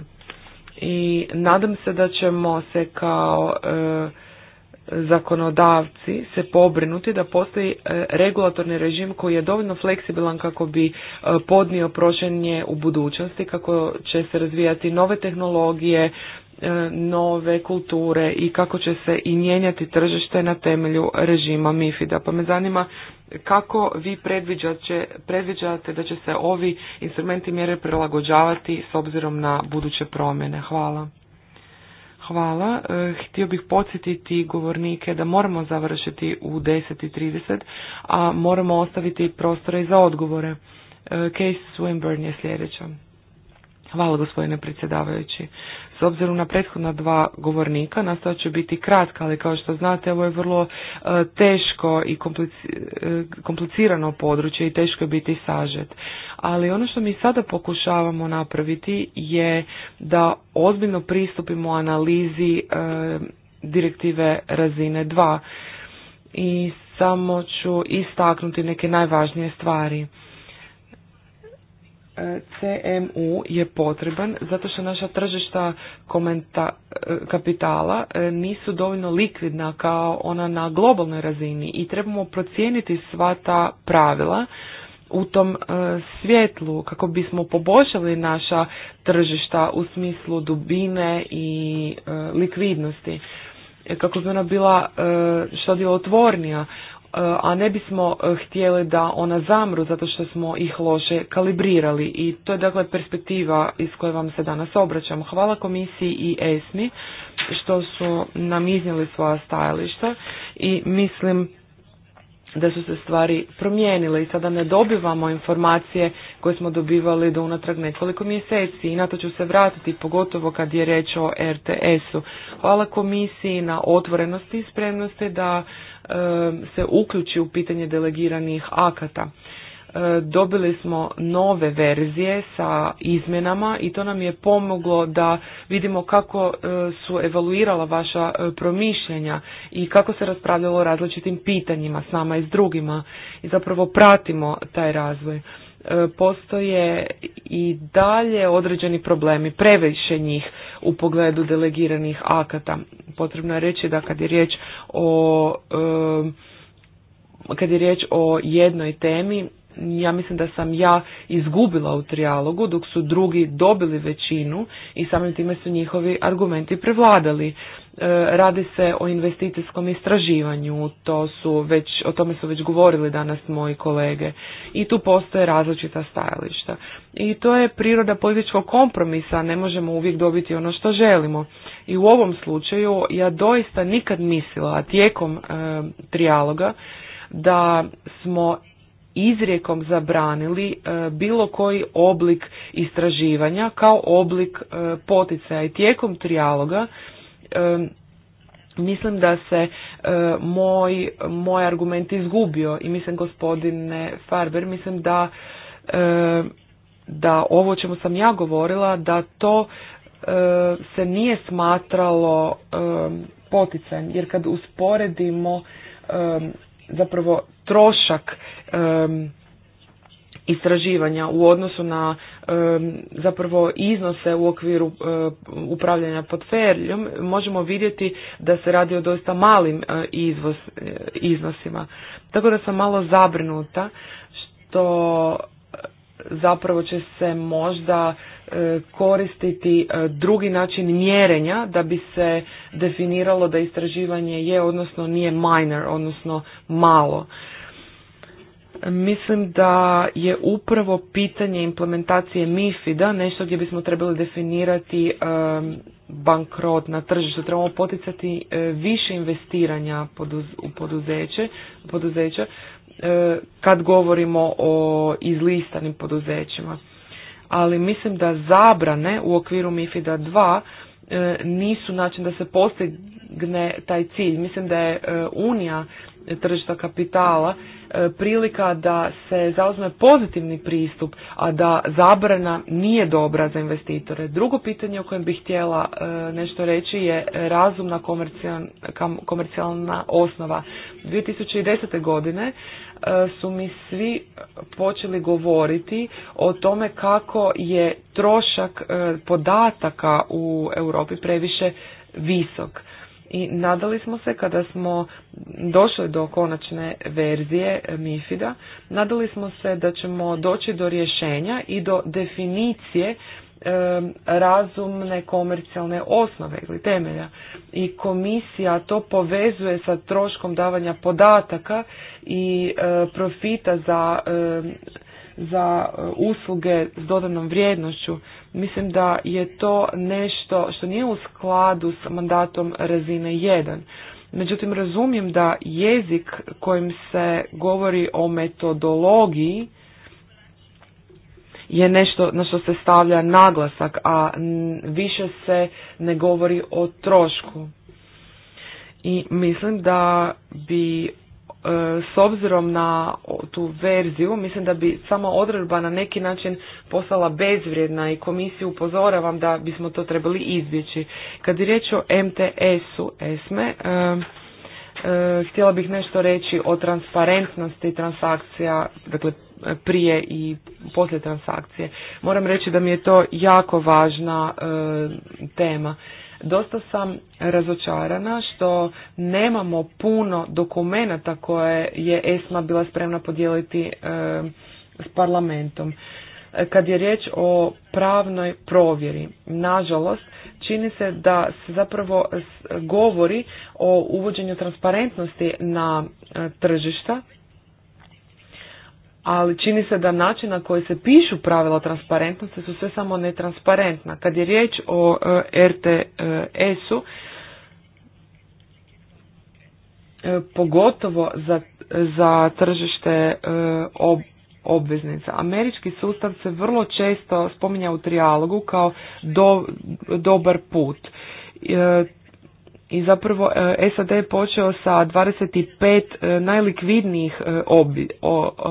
I nadam se da ćemo se kao zakonodavci se pobrinuti da postoji e, regulatorni režim koji je dovoljno fleksibilan kako bi e, podnio prošenje u budućnosti, kako će se razvijati nove tehnologije, e, nove kulture i kako će se i mijenjati tržište na temelju režima MIFID-a. Pa me zanima kako vi predviđate, predviđate da će se ovi instrumenti mjere prilagođavati s obzirom na buduće promjene. Hvala. Hvala. E, htio bih podsjetiti govornike da moramo završiti u 10.30, a moramo ostaviti prostora i za odgovore. E, Case Swinburne je sljedeća. Hvala gospodine predsjedavajući. S obzirom na prethodna dva govornika, nastavlja će biti kratka, ali kao što znate, ovo je vrlo e, teško i komplicirano područje i teško je biti sažet ali ono što mi sada pokušavamo napraviti je da ozbiljno pristupimo analizi e, direktive razine 2 i samo ću istaknuti neke najvažnije stvari. E, CMU je potreban zato što naša tržišta komenta, e, kapitala nisu dovoljno likvidna kao ona na globalnoj razini i trebamo procijeniti sva ta pravila u tom e, svjetlu kako bismo poboljšali naša tržišta u smislu dubine i e, likvidnosti e, kako bi ona bila što djelotvornija a ne bismo htjeli da ona zamru zato što smo ih loše kalibrirali i to je dakle perspektiva iz koje vam se danas obraćam. Hvala komisiji i ESMI što su nam iznijeli svoja stajališta i mislim da su se stvari promijenile i sada ne dobivamo informacije koje smo dobivali do unatrag nekoliko mjeseci i na to ću se vratiti pogotovo kad je reč o RTS-u. Hvala komisiji na otvorenosti i spremnosti da e, se uključi u pitanje delegiranih akata. E, dobili smo nove verzije sa izmjenama i to nam je pomoglo da vidimo kako e, su evaluirala vaša e, promišljenja i kako se raspravljalo o različitim pitanjima s nama i s drugima i zapravo pratimo taj razvoj. Postoje i dalje određeni problemi, previše njih u pogledu delegiranih akata. Potrebno je reći da kad je riječ o kad je riječ o jednoj temi ja mislim da sam ja izgubila u trijalogu dok su drugi dobili većinu i samim time su njihovi argumenti prevladali. E, radi se o investicijskom istraživanju, to su već, o tome su već govorili danas moji kolege i tu postoje različita stajališta. I to je priroda političkog kompromisa, ne možemo uvijek dobiti ono što želimo. I u ovom slučaju ja doista nikad mislila tijekom e, da smo izrijekom zabranili e, bilo koji oblik istraživanja kao oblik e, poticaja i tijekom trijaloga e, mislim da se moj, moj argument izgubio i mislim gospodine Farber mislim da da ovo čemu sam ja govorila da to se nije smatralo poticajem jer kad usporedimo zapravo trošak istraživanja u odnosu na zapravo iznose u okviru eh, upravljanja portfeljom možemo vidjeti da se radi o dosta malim eh, eh, iznosima. Tako da sam malo zabrinuta što zapravo će se možda koristiti drugi način mjerenja da bi se definiralo da istraživanje je odnosno nije minor, odnosno malo. Mislim da je upravo pitanje implementacije MIFID-a nešto gdje bismo trebali definirati bankrot na tržištu. Trebamo poticati e, više investiranja u poduzeće, poduzeća e, kad govorimo o izlistanim poduzećima. Ali mislim da zabrane u okviru MIFID-a 2 e, nisu način da se postigne taj cilj. Mislim da je Unija E, tržišta kapitala e, prilika da se zauzme pozitivni pristup, a da zabrana nije dobra za investitore. Drugo pitanje o kojem bih htjela e, nešto reći je razumna komercijalna osnova. 2010. godine su mi svi počeli govoriti o tome kako je trošak podataka u Europi previše visok i nadali smo se kada smo došli do konačne verzije eh, MiFida, nadali smo se da ćemo doći do rješenja i do definicije razumne komercijalne osnove ili temelja i komisija to povezuje sa troškom davanja podataka i eh, profita za za e, usluge s dodanom vrijednošću. Mislim da je to nešto što nije u skladu s mandatom razine 1. Međutim, razumijem da jezik kojim se govori o metodologiji je nešto na što se stavlja naglasak, a više se ne govori o trošku. I mislim da bi E, s obzirom na tu verziju, mislim da bi samo odredba na neki način postala bezvrijedna i komisiju upozoravam da bismo to trebali izbjeći. Kad je riječ o MTS-u ESME, e, e, htjela bih nešto reći o transparentnosti transakcija, dakle prije i poslije transakcije. Moram reći da mi je to jako važna tema. Dosta sam razočarana što nemamo puno dokumenata koje je ESMA bila spremna podijeliti e, s parlamentom. E, kad je riječ o pravnoj provjeri, nažalost, čini se da se zapravo govori o uvođenju transparentnosti na e, tržišta ali čini se da način na koji se pišu pravila transparentnosti su sve samo netransparentna. Kad je riječ o e, RTS-u, e e, pogotovo za, za tržište obveznica. Američki sustav se vrlo često spominja u trijalogu kao dobar put i zapravo e, SAD je počeo sa 25 e, najlikvidnijih e,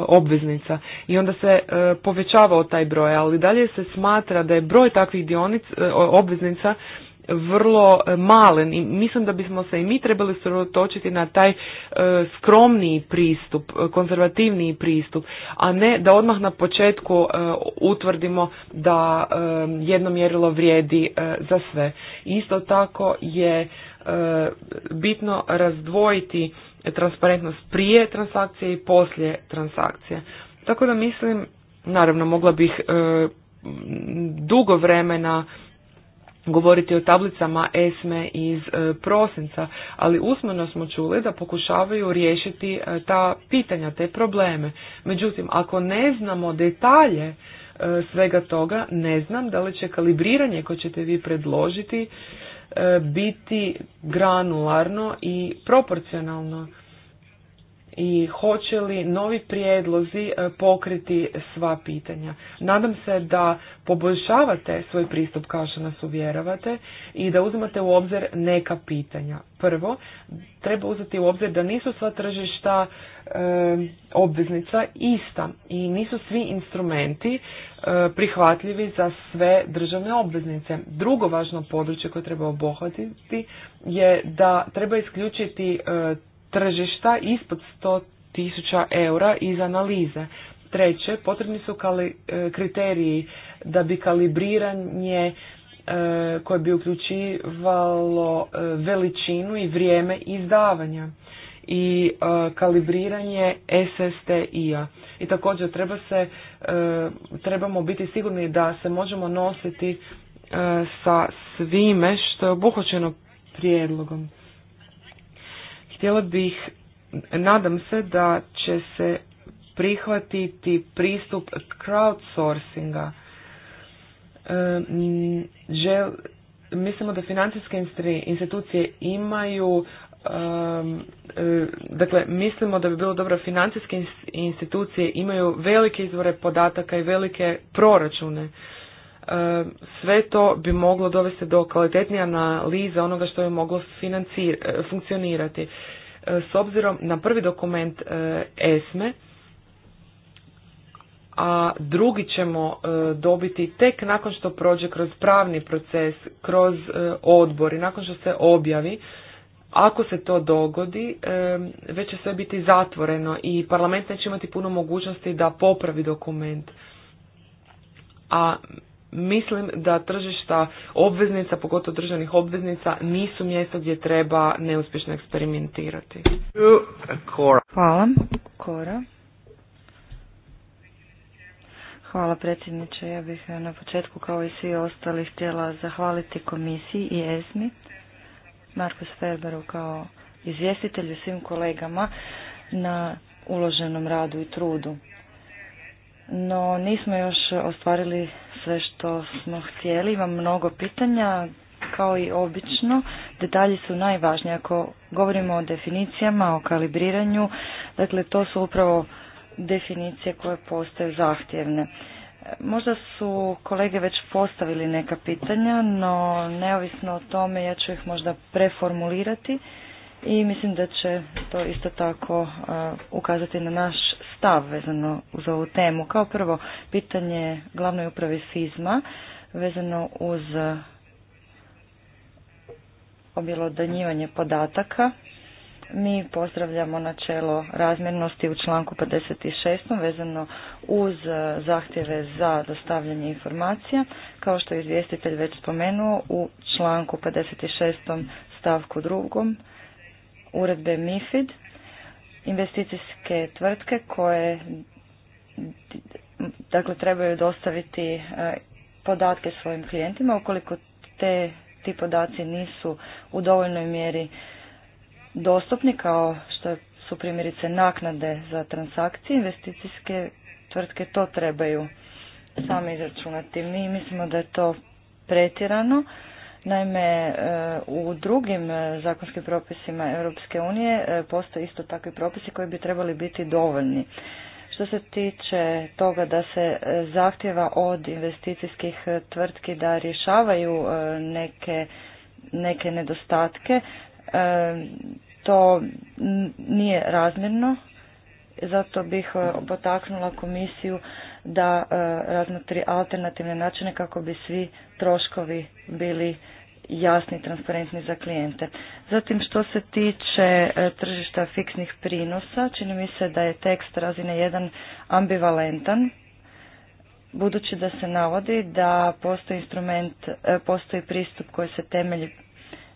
obveznica i onda se povećavao taj broj, ali dalje se smatra da je broj takvih obveznica vrlo e, malen i mislim da bismo se i mi trebali srotočiti na taj e, skromniji pristup, e, konzervativniji pristup, a ne da odmah na početku utvrdimo da jedno mjerilo vrijedi za sve. Isto tako je bitno razdvojiti transparentnost prije transakcije i poslije transakcije. Tako da mislim, naravno mogla bih dugo vremena govoriti o tablicama ESME iz e, prosinca, ali usmeno smo čuli da pokušavaju riješiti e, ta pitanja, te probleme. Međutim, ako ne znamo detalje e, svega toga, ne znam da li će kalibriranje koje ćete vi predložiti biti granularno i proporcionalno i hoće li novi prijedlozi e, pokriti sva pitanja. Nadam se da poboljšavate svoj pristup kao što nas uvjeravate i da uzimate u obzir neka pitanja. Prvo, treba uzeti u obzir da nisu sva tržišta e, obveznica ista i nisu svi instrumenti e, prihvatljivi za sve državne obveznice. Drugo važno područje koje treba obuhvatiti je da treba isključiti tržišta ispod 100.000 tisuća eura iz analize. Treće, potrebni su e, kriteriji da bi kalibriranje e, koje bi uključivalo e, veličinu i vrijeme izdavanja i kalibriranje SSTI-a. I također treba se, trebamo biti sigurni da se možemo nositi sa svime što je obuhvaćeno prijedlogom. Htjela bih, nadam se da će se prihvatiti pristup crowdsourcinga. mislimo da financijske institucije imaju e, dakle, mislimo da bi bilo dobro financijske institucije imaju velike izvore podataka i velike proračune. E, sve to bi moglo dovesti do kvalitetnije analize onoga što je moglo e, funkcionirati. E, s obzirom na prvi dokument ESME, a drugi ćemo dobiti tek nakon što prođe kroz pravni proces, kroz odbor i nakon što se objavi, ako se to dogodi, već će sve biti zatvoreno i parlament neće imati puno mogućnosti da popravi dokument. A mislim da tržišta obveznica, pogotovo državnih obveznica, nisu mjesto gdje treba neuspješno eksperimentirati. Hvala. Kora. Hvala predsjedniče. Ja bih na početku kao i svi ostali htjela zahvaliti komisiji i ESMI, Markus Ferberu kao izvjestitelju svim kolegama na uloženom radu i trudu. No nismo još ostvarili sve što smo htjeli. Imam mnogo pitanja, kao i obično. Detalji su najvažniji. Ako govorimo o definicijama, o kalibriranju, dakle to su upravo definicije koje postaju zahtjevne. Možda su kolege već postavili neka pitanja, no neovisno o tome ja ću ih možda preformulirati i mislim da će to isto tako ukazati na naš stav vezano uz ovu temu. Kao prvo, pitanje glavnoj upravi FIZMA vezano uz eh, objelodanjivanje podataka. Mi pozdravljamo načelo razmjernosti u članku 56. vezano uz eh, zahtjeve za dostavljanje informacija. Kao što je izvjestitelj već spomenuo, u članku 56. stavku 2. uredbe MIFID investicijske tvrtke koje dakle trebaju dostaviti e, podatke svojim klijentima ukoliko te ti podaci nisu u dovoljnoj mjeri dostupni kao što su primjerice naknade za transakcije investicijske tvrtke to trebaju same izračunati. Mi mislimo da je to pretjerano Naime, e, u drugim e, zakonskim propisima Europske unije e, postoje isto takvi propisi koji bi trebali biti dovoljni. Što se tiče toga da se zahtjeva od investicijskih tvrtki da rješavaju neke, neke nedostatke, to nije razmjerno zato bih e, potaknula komisiju da e, razmotri alternativne načine kako bi svi troškovi bili jasni i transparentni za klijente. Zatim što se tiče e, tržišta fiksnih prinosa, čini mi se da je tekst razine 1 ambivalentan, budući da se navodi da postoji instrument, postoji pristup koji se temelji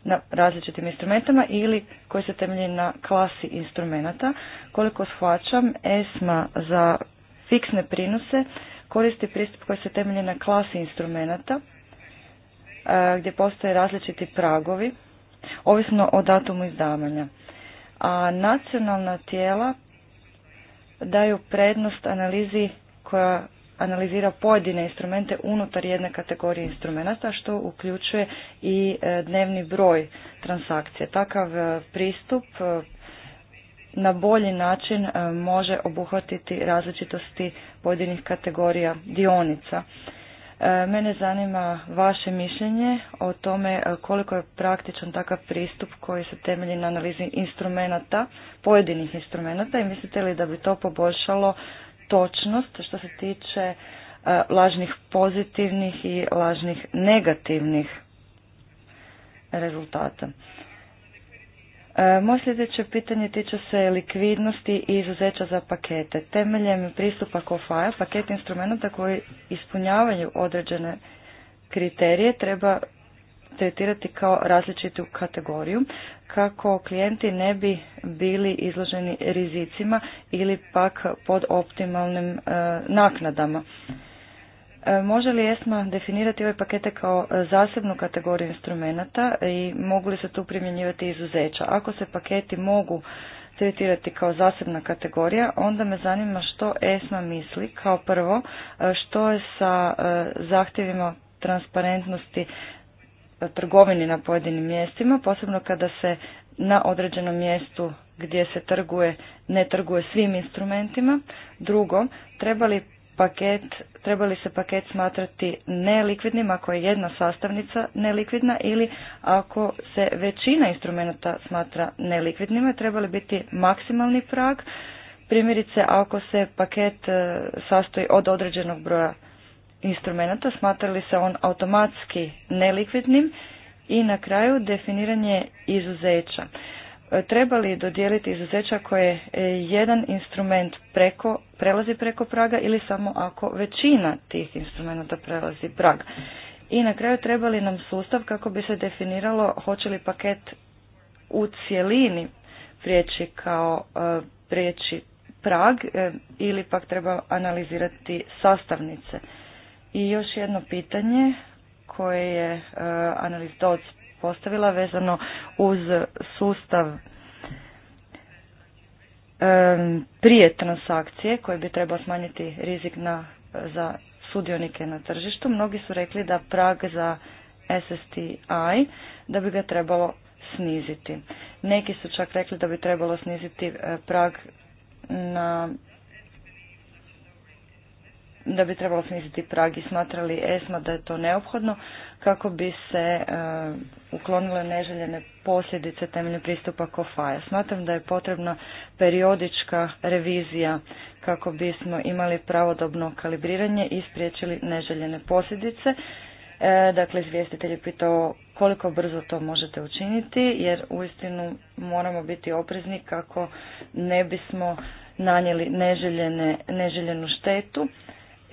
na različitim instrumentama ili koji se temelji na klasi instrumenata. Koliko shvaćam, ESMA za fiksne prinose koristi pristup koji se temelji na klasi instrumenata e, gdje postoje različiti pragovi, ovisno o datumu izdavanja. A nacionalna tijela daju prednost analizi koja analizira pojedine instrumente unutar jedne kategorije instrumenta što uključuje i e, dnevni broj transakcije. Takav e, pristup e, na bolji način može obuhvatiti različitosti pojedinih kategorija dionica. Mene zanima vaše mišljenje o tome koliko je praktičan takav pristup koji se temelji na analizi instrumenata, pojedinih instrumenata i mislite li da bi to poboljšalo točnost što se tiče e, lažnih pozitivnih i lažnih negativnih rezultata. E, moje sljedeće pitanje tiče se likvidnosti i izuzeća za pakete. Temeljem pristupa OFA-a paket instrumenta koji ispunjavaju određene kriterije treba tretirati kao različitu kategoriju kako klijenti ne bi bili izloženi rizicima ili pak pod optimalnim e, naknadama. E, može li ESMA definirati ove pakete kao zasebnu kategoriju instrumenata i mogu li se tu primjenjivati izuzeća? Ako se paketi mogu tretirati kao zasebna kategorija, onda me zanima što ESMA misli kao prvo, e, što je sa zahtjevima transparentnosti E, trgovini na pojedinim mjestima, posebno kada se na određenom mjestu gdje se trguje ne trguje svim instrumentima. Drugo, treba li, paket, treba li se paket smatrati nelikvidnim ako je jedna sastavnica nelikvidna ili ako se većina instrumenta smatra nelikvidnima, treba li biti maksimalni prag, primjerice ako se paket e, sastoji od određenog broja instrumenta smatra li se on automatski nelikvidnim i na kraju definiranje izuzeća. E, treba li dodijeliti izuzeća koje e, jedan instrument preko, prelazi preko praga ili samo ako većina tih instrumenta prelazi prag? I na kraju treba li nam sustav kako bi se definiralo hoće li paket u cjelini prijeći kao e, prijeći prag ili pak treba analizirati sastavnice i još jedno pitanje koje je e, Analiz Doc postavila vezano uz sustav e, prije transakcije koji bi trebao smanjiti rizik na, za sudionike na tržištu. Mnogi su rekli da prag za SSTI da bi ga trebalo sniziti. Neki su čak rekli da bi trebalo sniziti e, prag na da bi trebalo smisliti prag i smatrali ESMA da je to neophodno kako bi se e, uklonile neželjene posljedice temeljem pristupa kofaja. Smatram da je potrebna periodička revizija kako bismo imali pravodobno kalibriranje i spriječili neželjene posljedice. E, dakle, izvjestitelj je pitao koliko brzo to možete učiniti, jer uistinu moramo biti oprezni kako ne bismo nanijeli neželjenu štetu.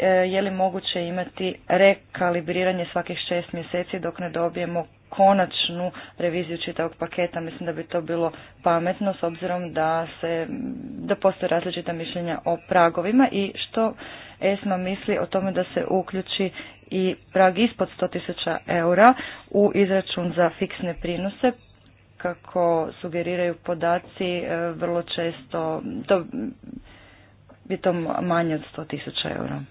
E, je li moguće imati rekalibriranje svakih šest mjeseci dok ne dobijemo konačnu reviziju čitavog paketa. Mislim da bi to bilo pametno s obzirom da, se, da postoje različita mišljenja o pragovima i što ESMA misli o tome da se uključi i prag ispod 100.000 eura u izračun za fiksne prinose kako sugeriraju podaci e, vrlo često to bi to manje od 100 tisuća eura.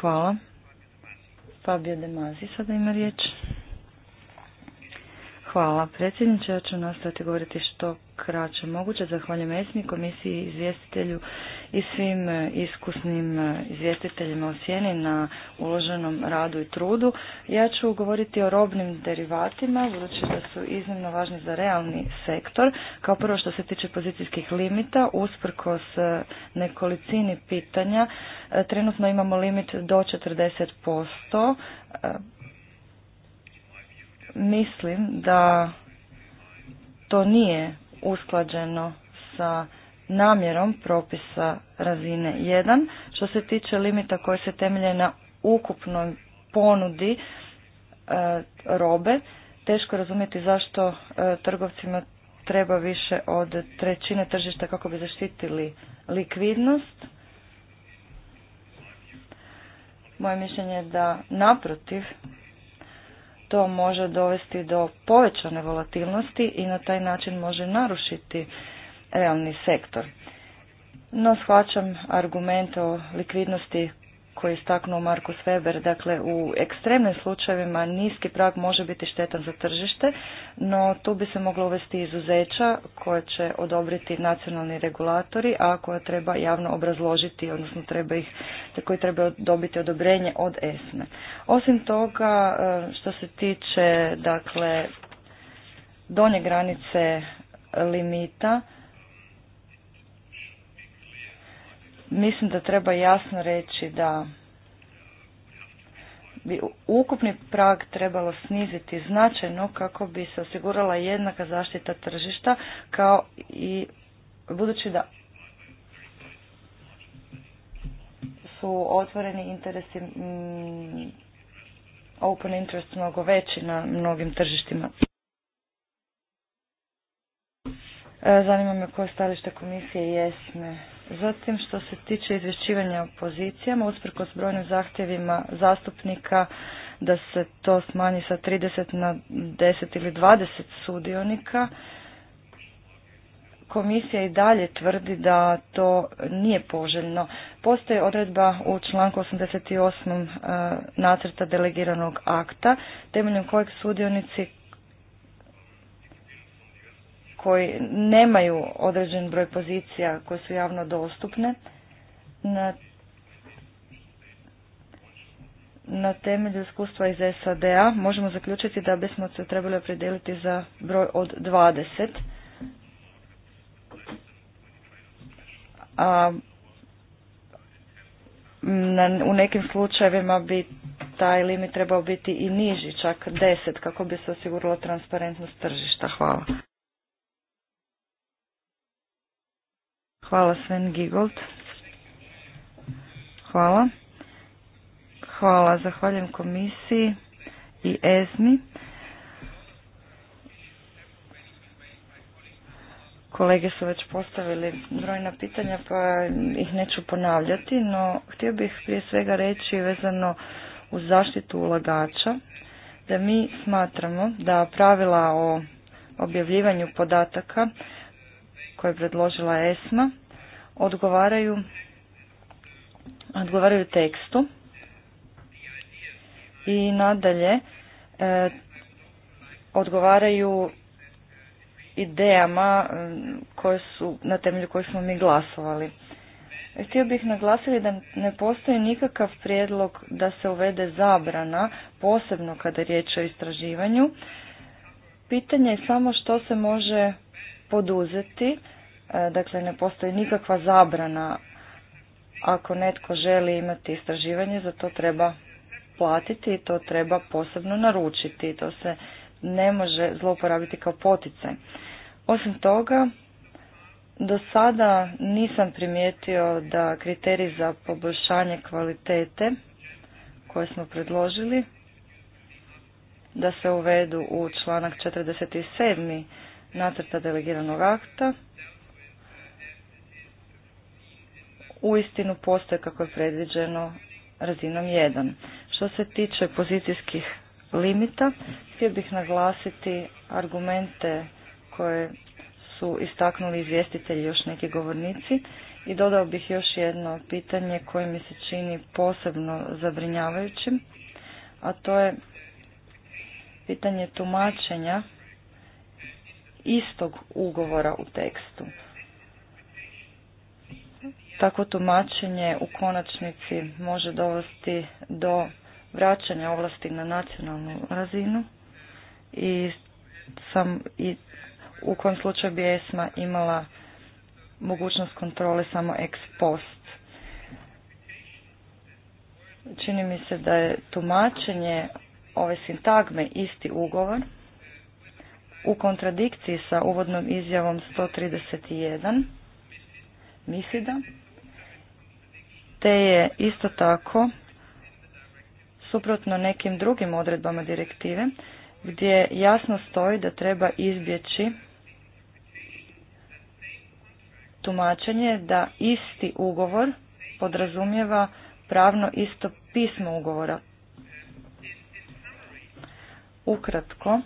Hvala. Fabio De sada ima riječ. Hvala predsjedniče, ja ću nastaviti govoriti što kraće moguće. Zahvaljujem Esmi, komisiji, izvjestitelju i svim e, iskusnim e, izvjestiteljima u sjeni na uloženom radu i trudu. Ja ću govoriti o robnim derivatima, budući da su iznimno važni za realni sektor. Kao prvo što se tiče pozicijskih limita, usprkos e, nekolicini pitanja, trenutno imamo limit do 40%. Mislim da to nije usklađeno sa namjerom propisa razine 1. Što se tiče limita koji se temelje na ukupnoj ponudi e, robe, teško razumjeti zašto e, trgovcima treba više od trećine tržišta kako bi zaštitili likvidnost. Moje mišljenje je da naprotiv to može dovesti do povećane volatilnosti i na taj način može narušiti realni sektor. No shvaćam argument o likvidnosti koji je istaknuo Markus Weber, dakle u ekstremnim slučajevima niski prag može biti štetan za tržište, no tu bi se moglo uvesti izuzeća koje će odobriti nacionalni regulatori, a koja treba javno obrazložiti, odnosno treba ih, koji treba dobiti odobrenje od ESME. Osim toga, eh, što se tiče dakle donje granice limita, mislim da treba jasno reći da bi ukupni prag trebalo sniziti značajno kako bi se osigurala jednaka zaštita tržišta kao i budući da su otvoreni interesi mm, open interest mnogo veći na mnogim tržištima. E, zanima me koje stalište komisije jesme Zatim što se tiče izvješćivanja o pozicijama, usprkos brojnim zahtjevima zastupnika da se to smanji sa 30 na 10 ili 20 sudionika, komisija i dalje tvrdi da to nije poželjno. Postoji odredba u članku 88. Eh, nacrta delegiranog akta, temeljem kojeg sudionici koji nemaju određen broj pozicija koje su javno dostupne na, na temelju iskustva iz SAD-a možemo zaključiti da bismo se trebali opredijeliti za broj od 20 a na, u nekim slučajevima bi taj limit trebao biti i niži, čak 10, kako bi se osigurala transparentnost tržišta. Hvala. Hvala Sven Gigold. Hvala. Hvala, zahvaljujem komisiji i ESMI. Kolege su već postavili brojna pitanja pa ih neću ponavljati, no htio bih prije svega reći vezano uz zaštitu ulagača da mi smatramo da pravila o objavljivanju podataka koje je predložila ESMA odgovaraju, odgovaraju tekstu i nadalje e, odgovaraju idejama e, koje su, na temelju kojih smo mi glasovali. E, htio bih naglasiti da ne postoji nikakav prijedlog da se uvede zabrana, posebno kada je riječ o istraživanju. Pitanje je samo što se može poduzeti. E, dakle, ne postoji nikakva zabrana. Ako netko želi imati istraživanje, za to treba platiti i to treba posebno naručiti. To se ne može zlouporabiti kao poticaj. Osim toga, do sada nisam primijetio da kriteriji za poboljšanje kvalitete koje smo predložili da se uvedu u članak 47 nacrta delegiranog akta istinu postoje kako je predviđeno razinom 1. Što se tiče pozicijskih limita, htio bih naglasiti argumente koje su istaknuli izvjestitelji još neki govornici i dodao bih još jedno pitanje koje mi se čini posebno zabrinjavajućim, a to je pitanje tumačenja istog ugovora u tekstu. Tako tumačenje u konačnici može dovesti do vraćanja ovlasti na nacionalnu razinu i sam i u kojem slučaju bi ESMA imala mogućnost kontrole samo ex post. Čini mi se da je tumačenje ove sintagme isti ugovor u kontradikciji sa uvodnom izjavom 131 mislim da, te je isto tako suprotno nekim drugim odredbama direktive gdje jasno stoji da treba izbjeći tumačenje da isti ugovor podrazumijeva pravno isto pismo ugovora. Ukratko,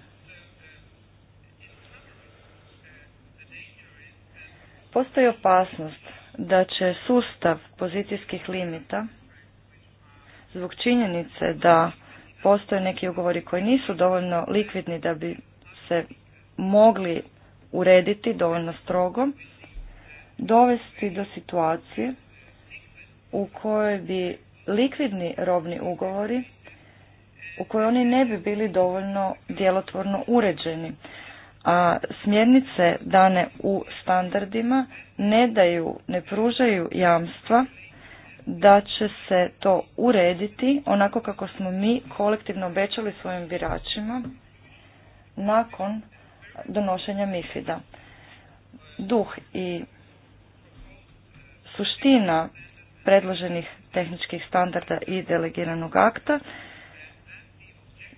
Postoji opasnost da će sustav pozicijskih limita zbog činjenice da postoje neki ugovori koji nisu dovoljno likvidni da bi se mogli urediti dovoljno strogo, dovesti do situacije u kojoj bi likvidni robni ugovori u kojoj oni ne bi bili dovoljno djelotvorno uređeni a smjernice dane u standardima ne daju, ne pružaju jamstva da će se to urediti onako kako smo mi kolektivno obećali svojim biračima nakon donošenja MIFID-a. Duh i suština predloženih tehničkih standarda i delegiranog akta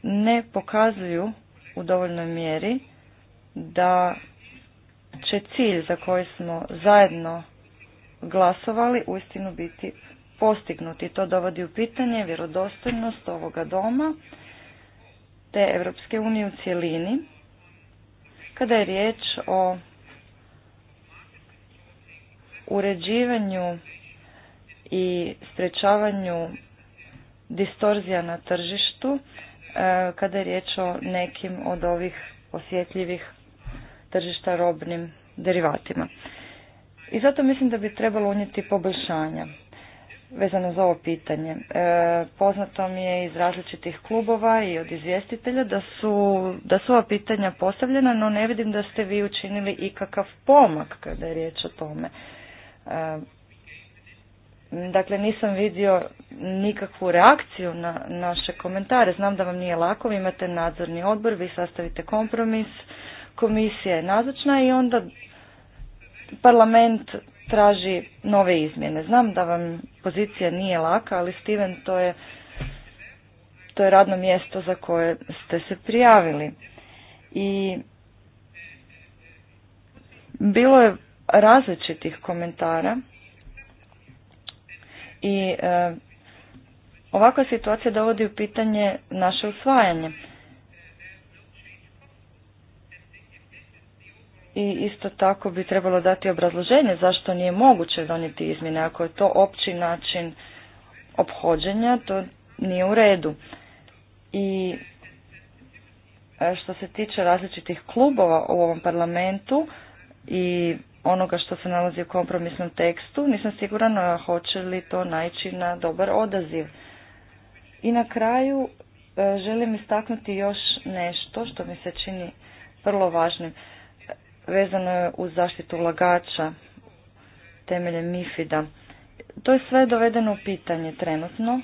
ne pokazuju u dovoljnoj mjeri da će cilj za koji smo zajedno glasovali uistinu biti postignuti. To dovodi u pitanje vjerodostojnost ovoga doma te Europske unije u cjelini kada je riječ o uređivanju i sprečavanju distorzija na tržištu eh, kada je riječ o nekim od ovih osjetljivih tržišta robnim derivatima. I zato mislim da bi trebalo unijeti poboljšanja vezano za ovo pitanje. E, poznato mi je iz različitih klubova i od izvjestitelja da su, da su ova pitanja postavljena, no ne vidim da ste vi učinili ikakav pomak kada je riječ o tome. E, dakle, nisam vidio nikakvu reakciju na naše komentare. Znam da vam nije lako, vi imate nadzorni odbor, vi sastavite kompromis, komisija je nazočna i onda parlament traži nove izmjene. Znam da vam pozicija nije laka, ali Steven, to je, to je radno mjesto za koje ste se prijavili. I bilo je različitih komentara i e, ovakva situacija dovodi u pitanje naše usvajanje. i isto tako bi trebalo dati obrazloženje zašto nije moguće donijeti izmjene. Ako je to opći način obhođenja, to nije u redu. I e, što se tiče različitih klubova u ovom parlamentu i onoga što se nalazi u kompromisnom tekstu, nisam siguran hoće li to naići na dobar odaziv. I na kraju e, želim istaknuti još nešto što mi se čini vrlo važnim vezano je uz zaštitu ulagača temeljem MIFID-a. To je sve dovedeno u pitanje trenutno,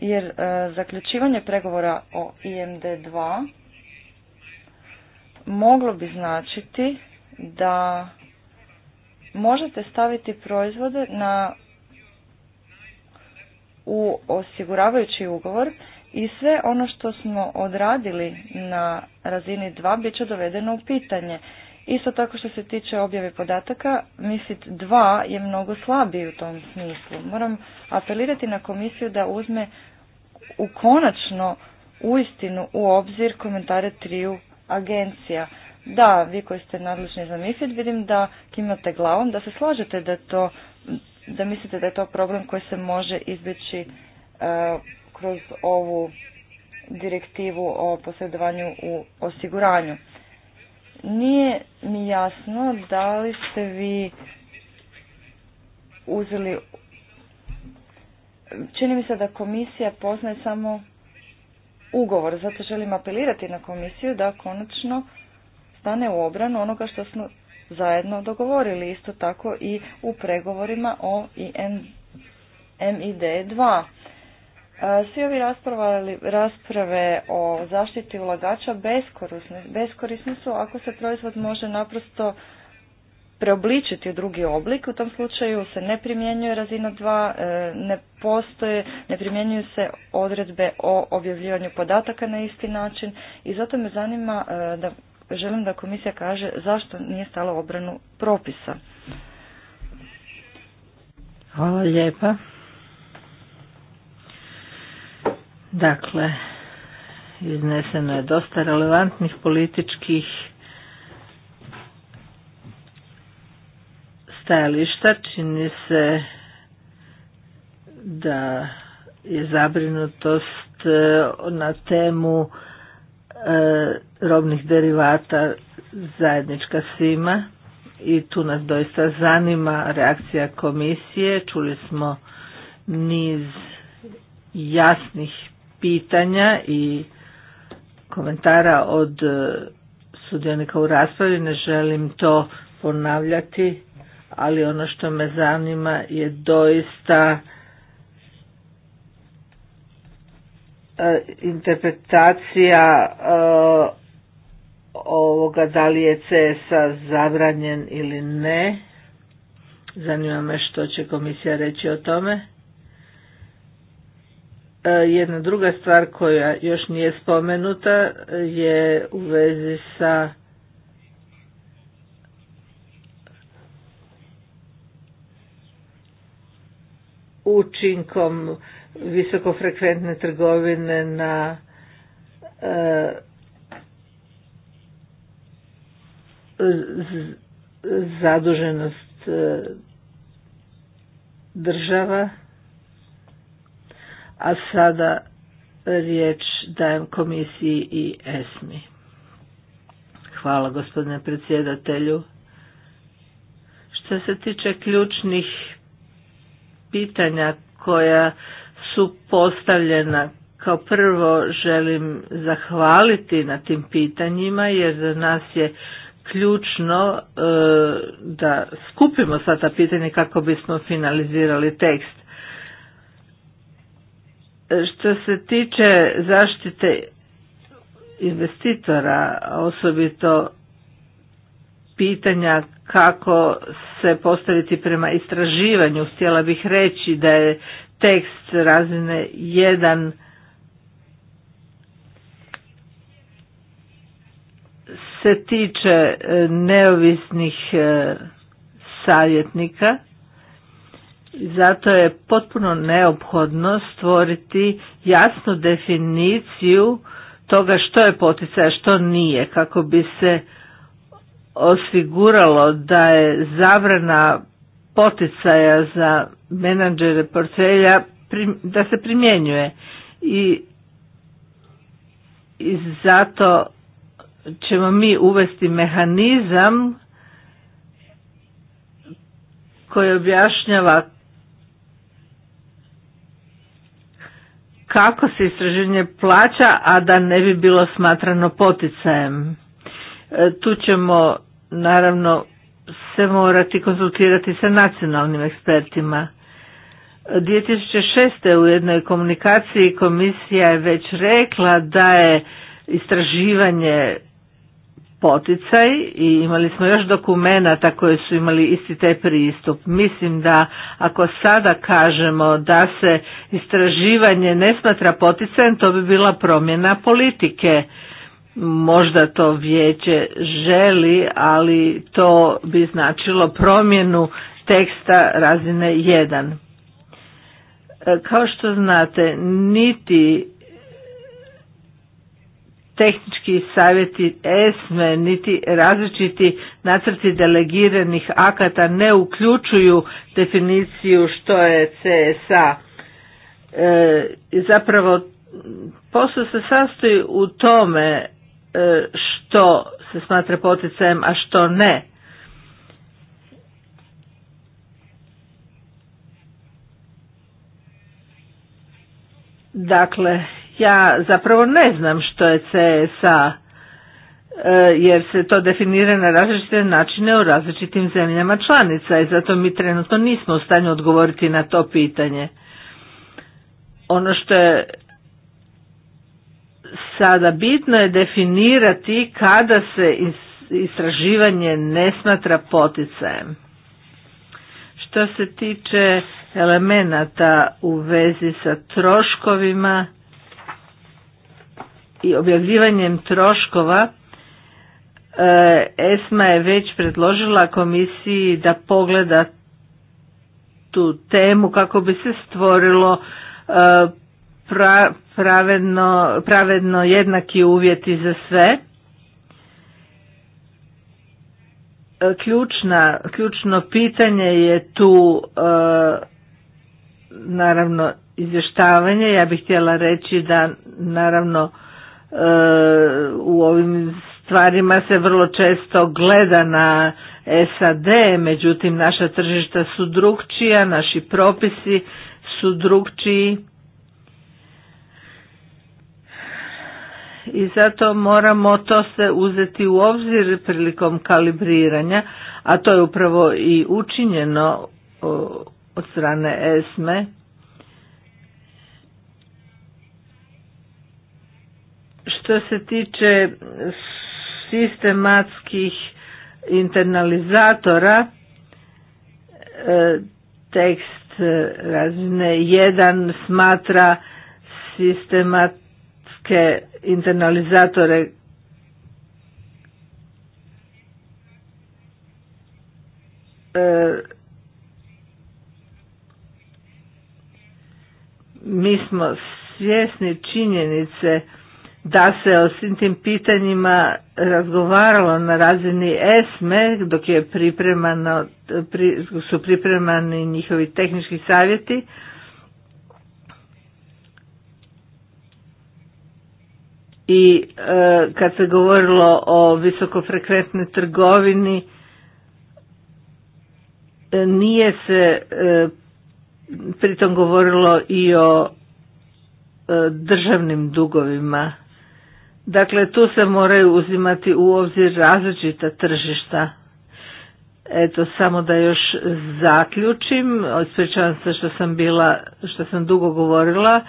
jer e, zaključivanje pregovora o IMD2 moglo bi značiti da možete staviti proizvode na u osiguravajući ugovor i sve ono što smo odradili na razini 2 bit će dovedeno u pitanje. Isto tako što se tiče objave podataka, misit 2 je mnogo slabiji u tom smislu. Moram apelirati na komisiju da uzme u konačno uistinu u obzir komentare triju agencija. Da, vi koji ste nadležni za MISIT vidim da kimate glavom, da se slažete da to, da mislite da je to problem koji se može izbjeći e, kroz ovu direktivu o posredovanju u osiguranju. Nije mi jasno da li ste vi uzeli čini mi se da komisija poznaje samo ugovor, zato želim apelirati na komisiju da konačno stane u obranu onoga što smo zajedno dogovorili, isto tako i u pregovorima o MID2. Svi ovi rasprave o zaštiti ulagača beskorisni su ako se proizvod može naprosto preobličiti u drugi oblik. U tom slučaju se ne primjenjuje razina 2, e, ne postoje, ne primjenjuju se odredbe o objavljivanju podataka na isti način i zato me zanima e, da želim da komisija kaže zašto nije stala obranu propisa. Hvala lijepa. Dakle, izneseno je dosta relevantnih političkih stajališta. Čini se da je zabrinutost e, na temu e, robnih derivata zajednička svima i tu nas doista zanima reakcija komisije. Čuli smo niz jasnih pitanja i komentara od e, sudionika u raspravi, ne želim to ponavljati, ali ono što me zanima je doista e, interpretacija e, ovoga da li je CSA zabranjen ili ne. Zanima me što će komisija reći o tome. E, jedna druga stvar koja još nije spomenuta je u vezi sa učinkom visokofrekventne trgovine na e, zaduženost e, država a sada riječ dajem komisiji i ESMI. Hvala gospodine predsjedatelju. Što se tiče ključnih pitanja koja su postavljena kao prvo želim zahvaliti na tim pitanjima jer za nas je ključno e, da skupimo sada ta pitanja kako bismo finalizirali tekst. Što se tiče zaštite investitora, osobito pitanja kako se postaviti prema istraživanju, htjela bih reći da je tekst razine 1 se tiče e, neovisnih e, savjetnika zato je potpuno neophodno stvoriti jasnu definiciju toga što je poticaj, a što nije, kako bi se osiguralo da je zabrana poticaja za menadžere portfelja da se primjenjuje i, i zato ćemo mi uvesti mehanizam koji objašnjava kako se istraživanje plaća, a da ne bi bilo smatrano poticajem. E, tu ćemo naravno se morati konzultirati sa nacionalnim ekspertima. 2006. u jednoj komunikaciji komisija je već rekla da je istraživanje poticaj i imali smo još dokumenata koji su imali isti taj pristup. Mislim da ako sada kažemo da se istraživanje ne smatra poticajem, to bi bila promjena politike. Možda to vijeće želi, ali to bi značilo promjenu teksta razine 1. E, kao što znate, niti tehnički savjeti ESME niti različiti nacrti delegiranih akata ne uključuju definiciju što je CSA. E, zapravo posao se sastoji u tome e, što se smatra poticajem, a što ne. Dakle, ja zapravo ne znam što je CSA e, jer se to definira na različite načine u različitim zemljama članica i zato mi trenutno nismo u stanju odgovoriti na to pitanje. Ono što je sada bitno je definirati kada se istraživanje ne smatra poticajem. Što se tiče elemenata u vezi sa troškovima, i objavljivanjem troškova e, ESMA je već predložila komisiji da pogleda tu temu kako bi se stvorilo e, pra, pravedno, pravedno jednaki uvjeti za sve. E, ključna, ključno pitanje je tu naravno izvještavanje. Ja bih htjela reći da naravno u ovim stvarima se vrlo često gleda na SAD, međutim naša tržišta su drugčija, naši propisi su drugčiji. i zato moramo to se uzeti u obzir prilikom kalibriranja, a to je upravo i učinjeno od strane ESME. Što se tiče sistematskih internalizatora, e, tekst razine jedan smatra sistematske internalizatore mi smo svjesni činjenice da se o svim tim pitanjima razgovaralo na razini ESME dok je pripremano, su pripremani njihovi tehnički savjeti. I e, kad se govorilo o visokofrekventnoj trgovini nije se e, pritom govorilo i o e, državnim dugovima Dakle, tu se moraju uzimati u obzir različita tržišta. Eto, samo da još zaključim, ispričavam se što sam bila, što sam dugo govorila,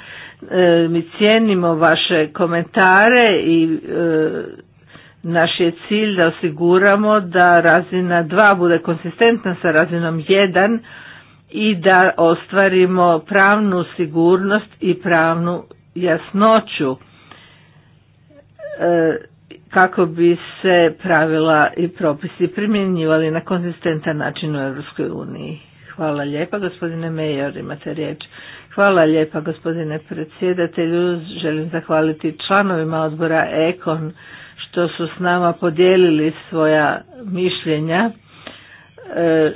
e, mi cijenimo vaše komentare i e, naš je cilj da osiguramo da razina 2 bude konsistentna sa razinom 1 i da ostvarimo pravnu sigurnost i pravnu jasnoću E, kako bi se pravila i propisi primjenjivali na konzistentan način u Europskoj uniji. Hvala lijepa gospodine Mejor, imate riječ. Hvala lijepa gospodine predsjedatelju, želim zahvaliti članovima odbora Ekon što su s nama podijelili svoja mišljenja. E,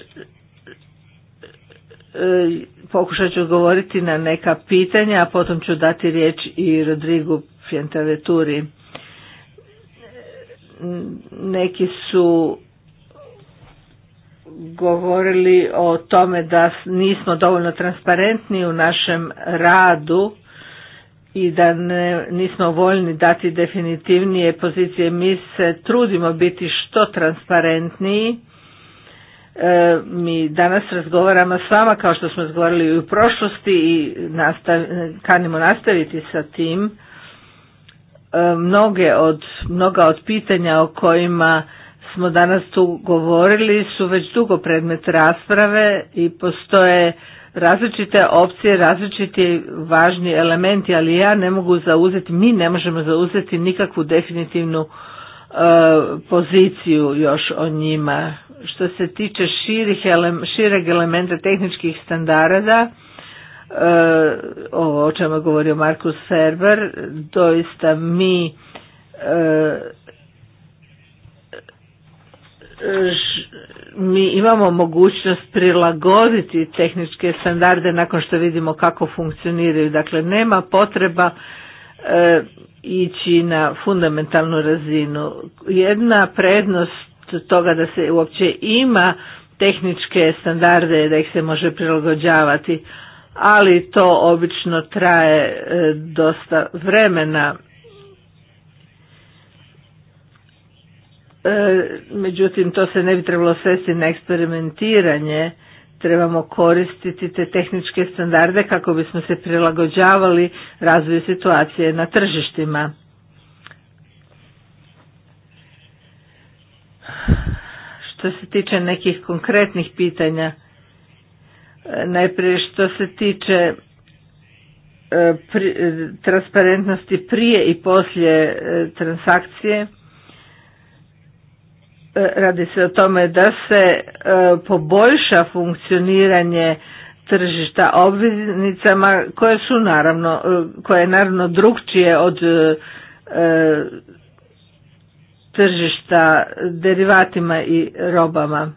e pokušat ću govoriti na neka pitanja, a potom ću dati riječ i Rodrigu Fientaveturi neki su govorili o tome da nismo dovoljno transparentni u našem radu i da ne, nismo voljni dati definitivnije pozicije. Mi se trudimo biti što transparentniji. E, mi danas razgovaramo s vama kao što smo razgovarali i u prošlosti i kanimo nastaviti sa tim E, mnoge od, mnoga od pitanja o kojima smo danas tu govorili su već dugo predmet rasprave i postoje različite opcije, različiti važni elementi, ali ja ne mogu zauzeti, mi ne možemo zauzeti nikakvu definitivnu e, poziciju još o njima. Što se tiče širih, šireg elementa tehničkih standarda, E, ovo o čemu je govorio Markus Server, doista mi e, mi imamo mogućnost prilagoditi tehničke standarde nakon što vidimo kako funkcioniraju. Dakle, nema potreba e, ići na fundamentalnu razinu. Jedna prednost toga da se uopće ima tehničke standarde je da ih se može prilagođavati ali to obično traje e, dosta vremena. E, međutim, to se ne bi trebalo svesti na eksperimentiranje, trebamo koristiti te tehničke standarde kako bismo se prilagođavali razvoju situacije na tržištima. Što se tiče nekih konkretnih pitanja, Najprije što se tiče e, e, transparentnosti prije i poslije e, transakcije, radi se o tome da se poboljša funkcioniranje tržišta obveznicama koje su naravno, koje je naravno drugčije od tržišta derivatima i robama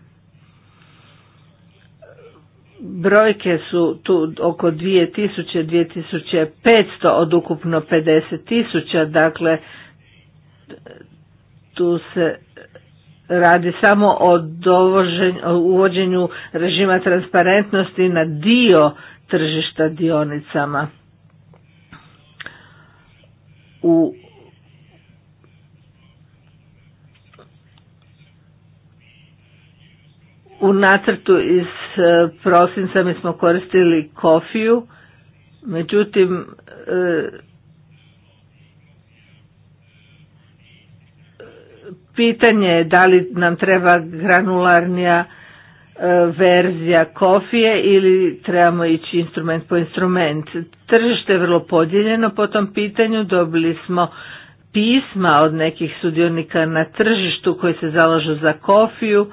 brojke su tu oko 2000, 2500 od ukupno 50.000 dakle tu se radi samo o, o uvođenju režima transparentnosti na dio tržišta dionicama. U u nacrtu iz prosinca mi smo koristili kofiju, međutim e, pitanje je da li nam treba granularnija e, verzija kofije ili trebamo ići instrument po instrument. Tržište je vrlo podijeljeno po tom pitanju, dobili smo pisma od nekih sudionika na tržištu koji se zalažu za kofiju,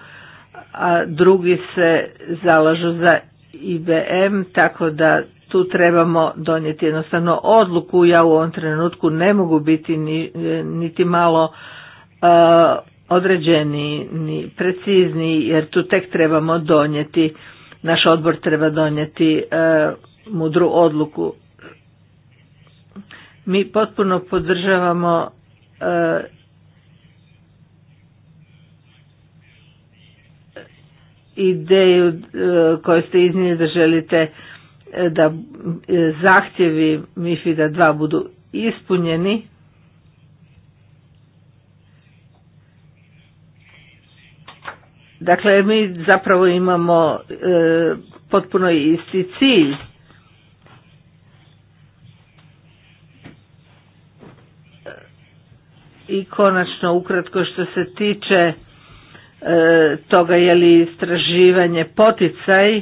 a drugi se zalažu za IBM, tako da tu trebamo donijeti jednostavno odluku. Ja u ovom trenutku ne mogu biti ni, niti malo uh, e, određeni ni precizni jer tu tek trebamo donijeti, naš odbor treba donijeti e, mudru odluku. Mi potpuno podržavamo uh, ideju e, koju ste iznijeli da želite e, da e, zahtjevi MIFIDA 2 budu ispunjeni. Dakle, mi zapravo imamo potpuno isti cilj. I konačno, ukratko što se tiče toga je li istraživanje poticaj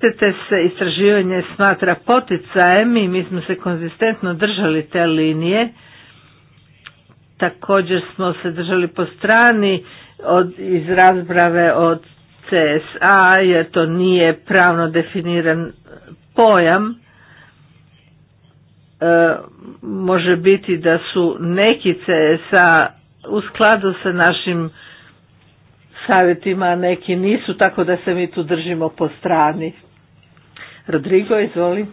te se istraživanje smatra poticajem i mi smo se konzistentno držali te linije. Također smo se držali po strani od, iz razbrave od CSA jer to nije pravno definiran pojam. E, može biti da su neki CSA u skladu sa našim savjetima, neki nisu, tako da se mi tu držimo po strani. Rodrigo, izvoli.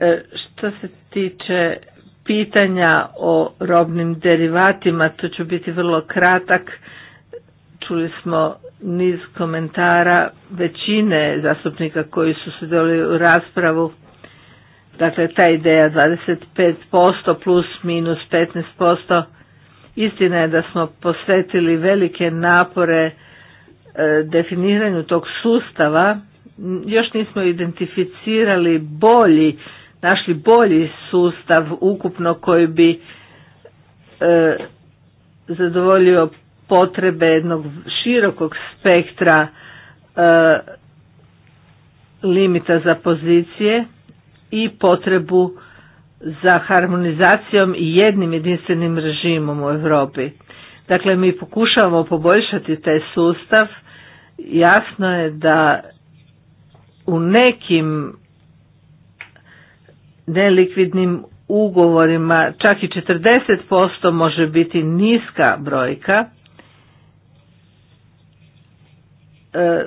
E, što se tiče pitanja o robnim derivatima, to ću biti vrlo kratak. Čuli smo niz komentara većine zastupnika koji su se doli u raspravu Dakle, ta ideja 25% plus minus 15%, istina je da smo posvetili velike napore e, definiranju tog sustava, još nismo identificirali bolji, našli bolji sustav ukupno koji bi e, zadovoljio potrebe jednog širokog spektra e, limita za pozicije i potrebu za harmonizacijom i jednim jedinstvenim režimom u Europi. Dakle, mi pokušavamo poboljšati taj sustav. Jasno je da u nekim nelikvidnim ugovorima čak i 40% može biti niska brojka. E,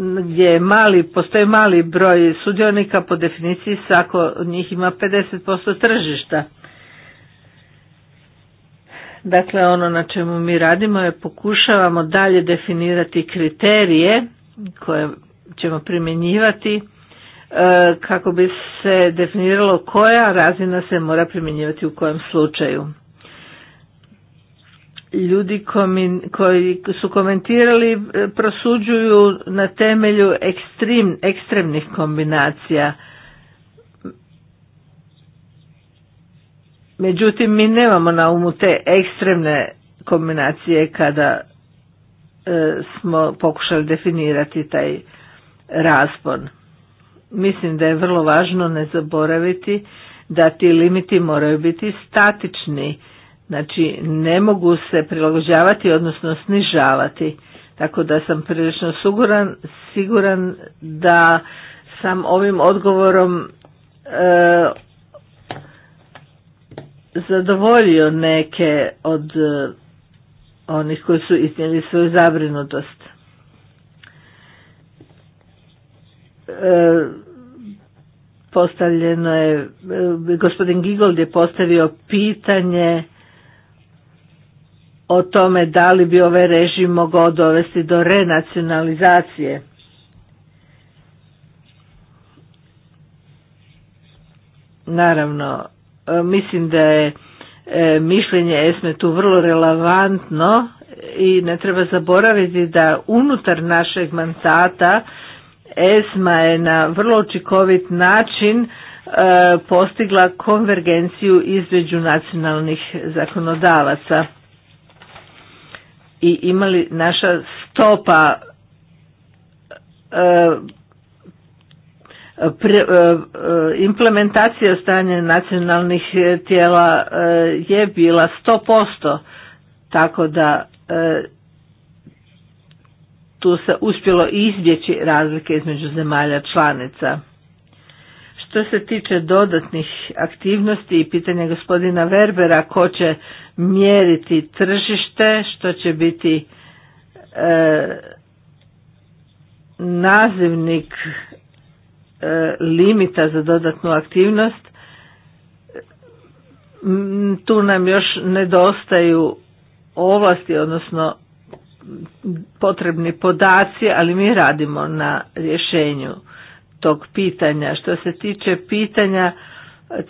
gdje je mali, postoji mali broj sudionika po definiciji svako od njih ima 50% tržišta. Dakle, ono na čemu mi radimo je pokušavamo dalje definirati kriterije koje ćemo primjenjivati e, kako bi se definiralo koja razina se mora primjenjivati u kojem slučaju ljudi koji su komentirali e, prosuđuju na temelju ekstrem, ekstremnih kombinacija. Međutim, mi nemamo na umu te ekstremne kombinacije kada e, smo pokušali definirati taj raspon. Mislim da je vrlo važno ne zaboraviti da ti limiti moraju biti statični Znači, ne mogu se prilagođavati, odnosno snižavati. Tako da sam prilično siguran, siguran da sam ovim odgovorom e, zadovoljio neke od e, onih koji su iznijeli svoju zabrinutost. E, postavljeno je, e, gospodin Gigold je postavio pitanje o tome da li bi ovaj režim mogao dovesti do renacionalizacije. Naravno, e, mislim da je e, mišljenje Esme tu vrlo relevantno i ne treba zaboraviti da unutar našeg mandata Esma je na vrlo očikovit način e, postigla konvergenciju između nacionalnih zakonodavaca i imali naša stopa e, e, e, implementacija stanja nacionalnih tijela je bila 100%, tako da tu se uspjelo izbjeći razlike između zemalja članica. Što se tiče dodatnih aktivnosti i pitanja gospodina Verbera ko će mjeriti tržište, što će biti e, nazivnik e, limita za dodatnu aktivnost, tu nam još nedostaju ovlasti, odnosno potrebni podaci, ali mi radimo na rješenju tog pitanja. Što se tiče pitanja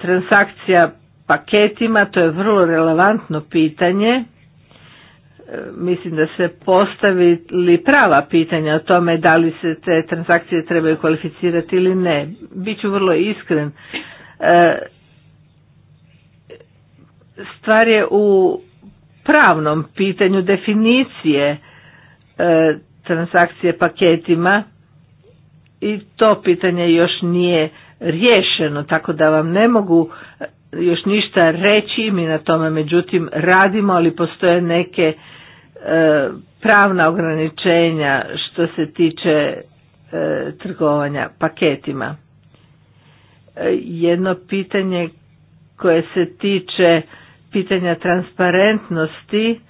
transakcija paketima, to je vrlo relevantno pitanje. E, mislim da se postavili prava pitanja o tome da li se te transakcije trebaju kvalificirati ili ne. Biću vrlo iskren. E, stvar je u pravnom pitanju definicije e, transakcije paketima i to pitanje još nije riješeno, tako da vam ne mogu e, još ništa reći, mi na tome međutim radimo, ali postoje neke e, pravna ograničenja što se tiče e, trgovanja paketima. jedno pitanje koje se tiče pitanja transparentnosti,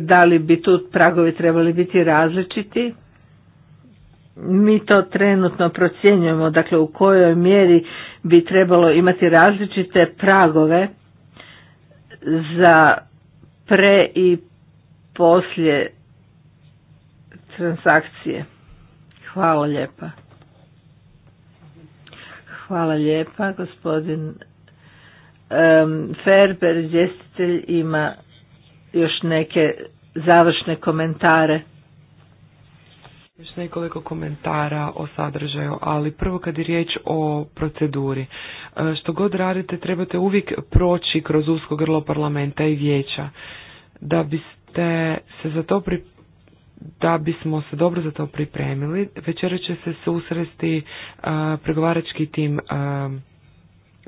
da li bi tu pragovi trebali biti različiti? mi to trenutno procjenjujemo, dakle u kojoj mjeri bi trebalo imati različite pragove za pre i poslije transakcije. Hvala lijepa. Hvala lijepa, gospodin Ferber, izvjestitelj, ima još neke završne komentare. Još nekoliko komentara o sadržaju, ali prvo kad je riječ o proceduri. E, što god radite, trebate uvijek proći kroz usko grlo parlamenta i vijeća. Da biste se za to pri... da bismo se dobro za to pripremili, večera će se susresti e, pregovarački tim e,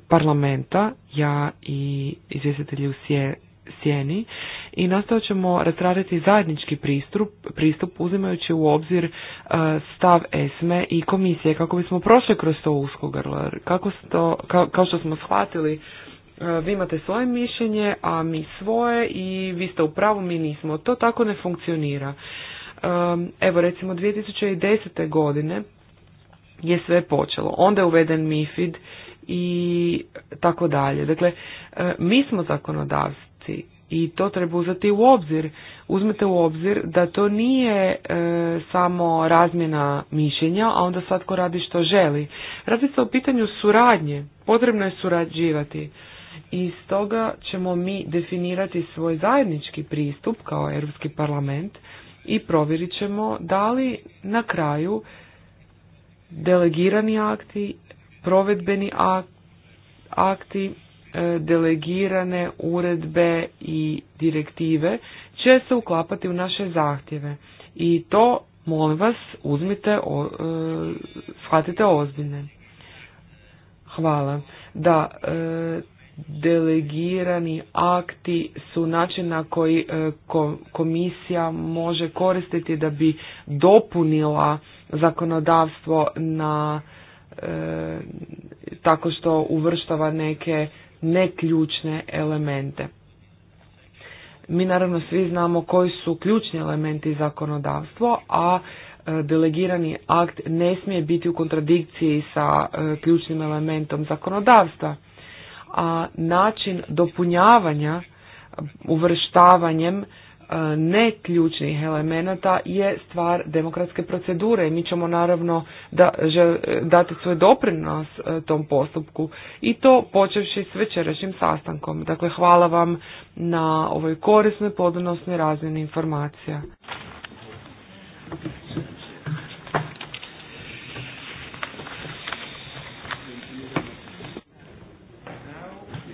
parlamenta, ja i izvjestitelji u Sjeni i nastao ćemo razraditi zajednički pristup, pristup uzimajući u obzir e, stav ESME i komisije kako bismo prošli kroz to usko grlo. Kako kao što smo shvatili, e, vi imate svoje mišljenje, a mi svoje i vi ste u pravu, mi nismo. To tako ne funkcionira. E, evo recimo 2010. godine je sve počelo. Onda je uveden MIFID i tako dalje. Dakle, mi smo zakonodavci i to treba uzeti u obzir. Uzmete u obzir da to nije e, samo razmjena mišljenja, a onda svatko radi što želi. Radi se o pitanju suradnje, potrebno je surađivati. I stoga ćemo mi definirati svoj zajednički pristup kao Europski parlament i provjerit ćemo da li na kraju delegirani akti, provedbeni akti E, delegirane uredbe i direktive će se uklapati u naše zahtjeve. I to, molim vas, uzmite, o, e, shvatite ozbiljne. Hvala. Da, e, delegirani akti su način na koji komisija može koristiti da bi dopunila zakonodavstvo na tako što uvrštava neke neključne elemente. Mi naravno svi znamo koji su ključni elementi zakonodavstvo, a e, delegirani akt ne smije biti u kontradikciji sa e, ključnim elementom zakonodavstva. A način dopunjavanja e, uvrštavanjem E, ključnih elemenata je stvar demokratske procedure i mi ćemo naravno da, dati svoj doprinos e, tom postupku i to počevši s večerašnjim sastankom. Dakle, hvala vam na ovoj korisnoj podnosnoj razmjeni informacija.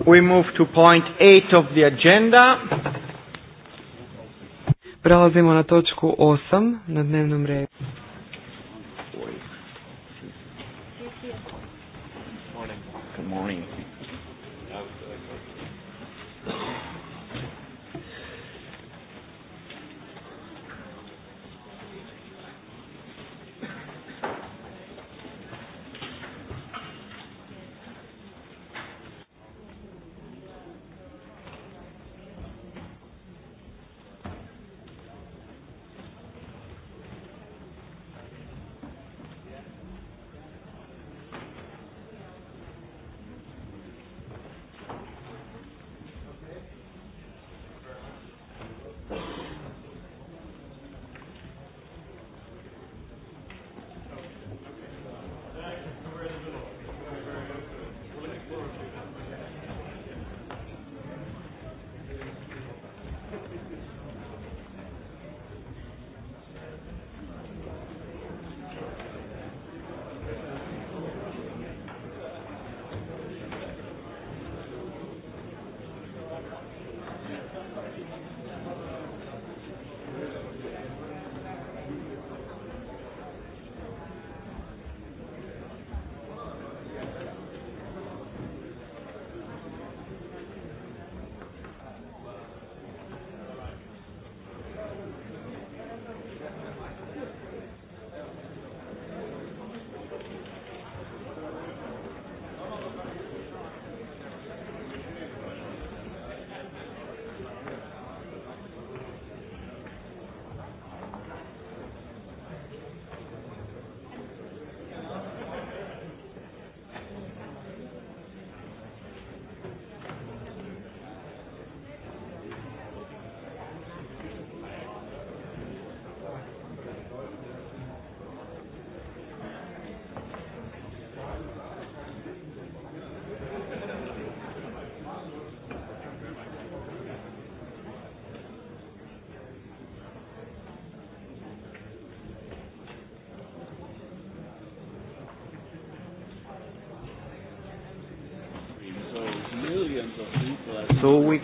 We move to point eight of the agenda. Prelazimo na točku 8 na dnevnom redu. Good morning.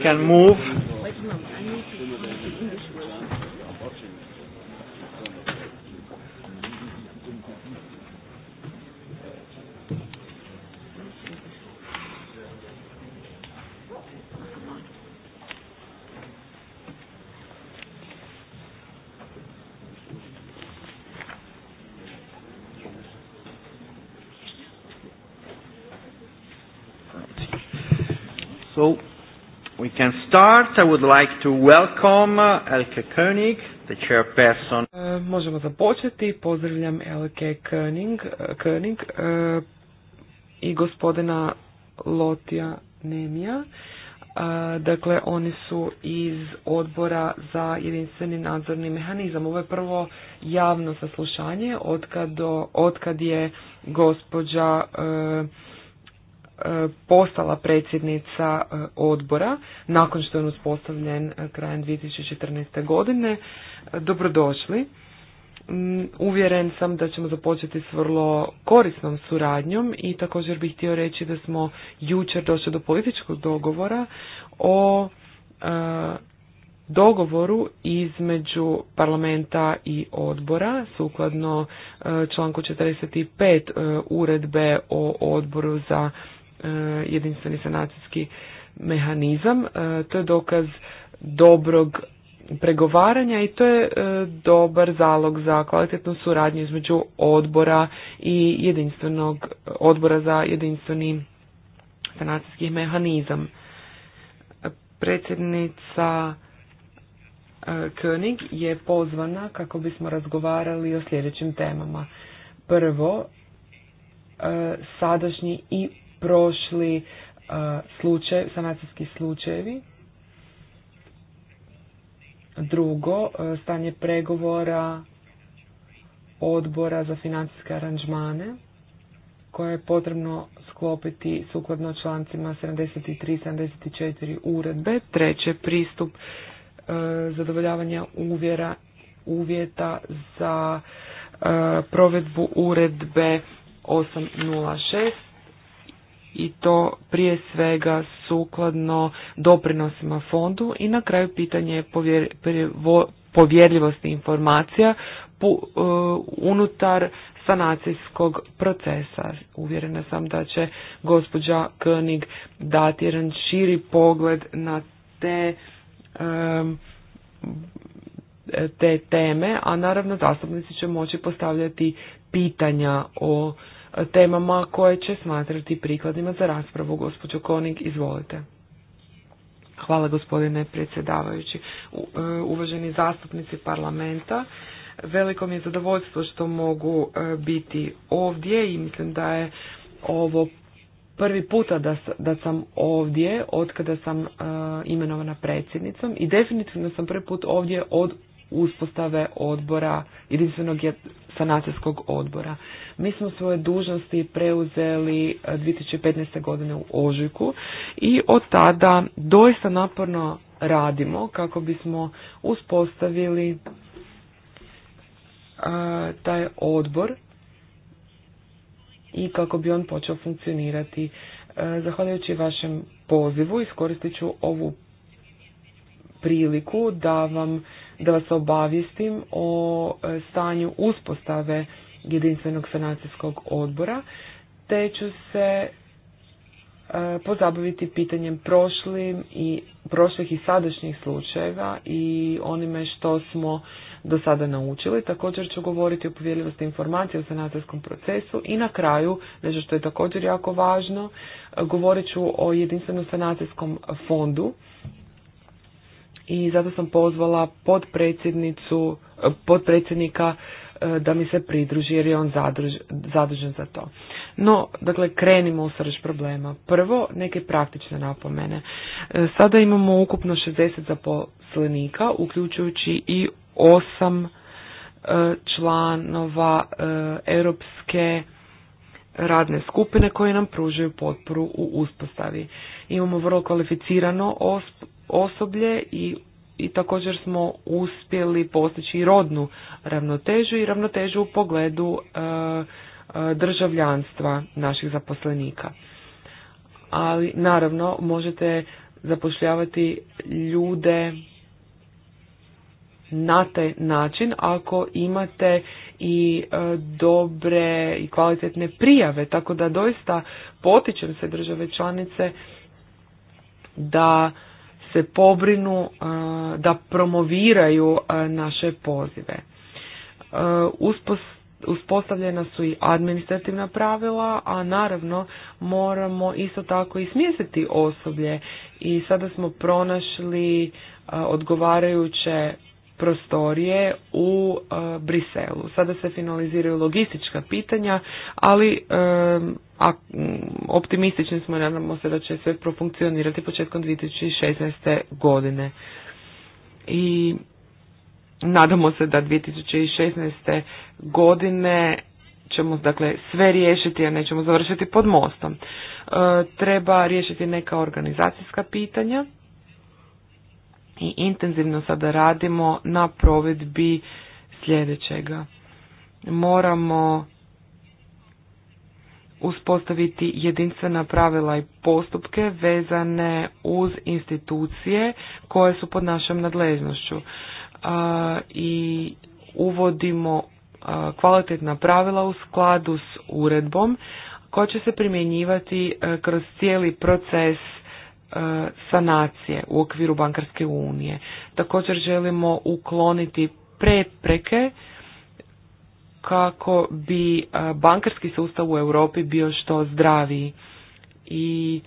can move can start. I would like to welcome uh, Elke Koenig, the chairperson. E, možemo započeti. Pozdravljam Elke Koenig, e, e, i gospodina Lotija Nemija. dakle, oni su iz odbora za jedinstveni nadzorni mehanizam. Ovo je prvo javno saslušanje otkad, do, otkad je gospođa E, postala predsjednica e, odbora nakon što je on uspostavljen e, krajem 2014. godine. Dobrodošli. Mm, uvjeren sam da ćemo započeti s vrlo korisnom suradnjom i također bih htio reći da smo jučer došli do političkog dogovora o dogovoru između parlamenta i odbora sukladno članku 45 uredbe o odboru za E, jedinstveni sanacijski mehanizam. E, to je dokaz dobrog pregovaranja i to je e, dobar zalog za kvalitetnu suradnju između odbora i jedinstvenog odbora za jedinstveni sanacijski mehanizam. Predsjednica König je pozvana kako bismo razgovarali o sljedećim temama. Prvo, sadašnji i prošli uh, slučaj, sanacijski slučajevi. Drugo, uh, stanje pregovora odbora za financijske aranžmane koje je potrebno sklopiti sukladno člancima 73 74 uredbe. Treće, pristup uh, zadovoljavanja uvjera, uvjeta za provedbu uredbe 806 i to prije svega sukladno doprinosima fondu i na kraju pitanje povjerljivosti informacija e, unutar sanacijskog procesa. Uvjerena sam da će gospođa König dati jedan širi pogled na te te teme, a naravno zastupnici će moći postavljati pitanja o E, temama koje će smatrati prikladima za raspravu. Gospođo Koning, izvolite. Hvala gospodine predsjedavajući. E, uvaženi zastupnici parlamenta, veliko mi je zadovoljstvo što mogu e, biti ovdje i mislim da je ovo prvi puta da, da sam ovdje od kada sam imenovana predsjednicom i definitivno sam prvi put ovdje od uspostave odbora, jedinstvenog sanacijskog odbora. Mi smo svoje dužnosti preuzeli 2015. E, godine u Ožujku i od tada doista naporno radimo kako bismo uspostavili e, taj odbor i kako bi on počeo funkcionirati. E, zahvaljujući vašem pozivu iskoristit ću ovu priliku da vam da vas obavijestim o e, stanju uspostave jedinstvenog sanacijskog odbora, te ću se e, pozabaviti pitanjem prošlim i prošlih i sadašnjih slučajeva i onime što smo do sada naučili. Također ću govoriti o povjerljivosti informacija o sanacijskom procesu i na kraju, nešto što je također jako važno, e, govorit ću o jedinstvenom sanacijskom fondu i zato sam pozvala podpredsjednicu, eh, podpredsjednika eh, da mi se pridruži jer je on zadužen za to. No, dakle, krenimo u srž problema. Prvo, neke praktične napomene. Eh, sada imamo ukupno 60 zaposlenika, uključujući i 8 članova Europske radne skupine koje nam pružaju potporu u uspostavi. Imamo vrlo kvalificirano osoblje i i također smo uspjeli postići rodnu ravnotežu i ravnotežu u pogledu e, e, državljanstva naših zaposlenika. Ali naravno možete zapošljavati ljude na taj način ako imate i e, dobre i kvalitetne prijave, tako da doista potičem se države članice da se pobrinu e, da promoviraju e, naše pozive. E, uspostavljena su i administrativna pravila, a naravno moramo isto tako i smjestiti osoblje i sada smo pronašli odgovarajuće prostorije u e, Briselu. Sada se finaliziraju logistička pitanja, ali e, a, optimistični smo, nadamo se da će sve profunkcionirati početkom 2016. godine. I nadamo se da 2016. godine ćemo dakle sve riješiti, a nećemo završiti pod mostom. E, treba riješiti neka organizacijska pitanja i intenzivno sada radimo na provedbi sljedećega. Moramo uspostaviti jedinstvena pravila i postupke vezane uz institucije koje su pod našom nadležnošću i uvodimo kvalitetna pravila u skladu s uredbom koja će se primjenjivati kroz cijeli proces E, sanacije u okviru bankarske unije. Također želimo ukloniti prepreke kako bi e, bankarski sustav u Europi bio što zdraviji i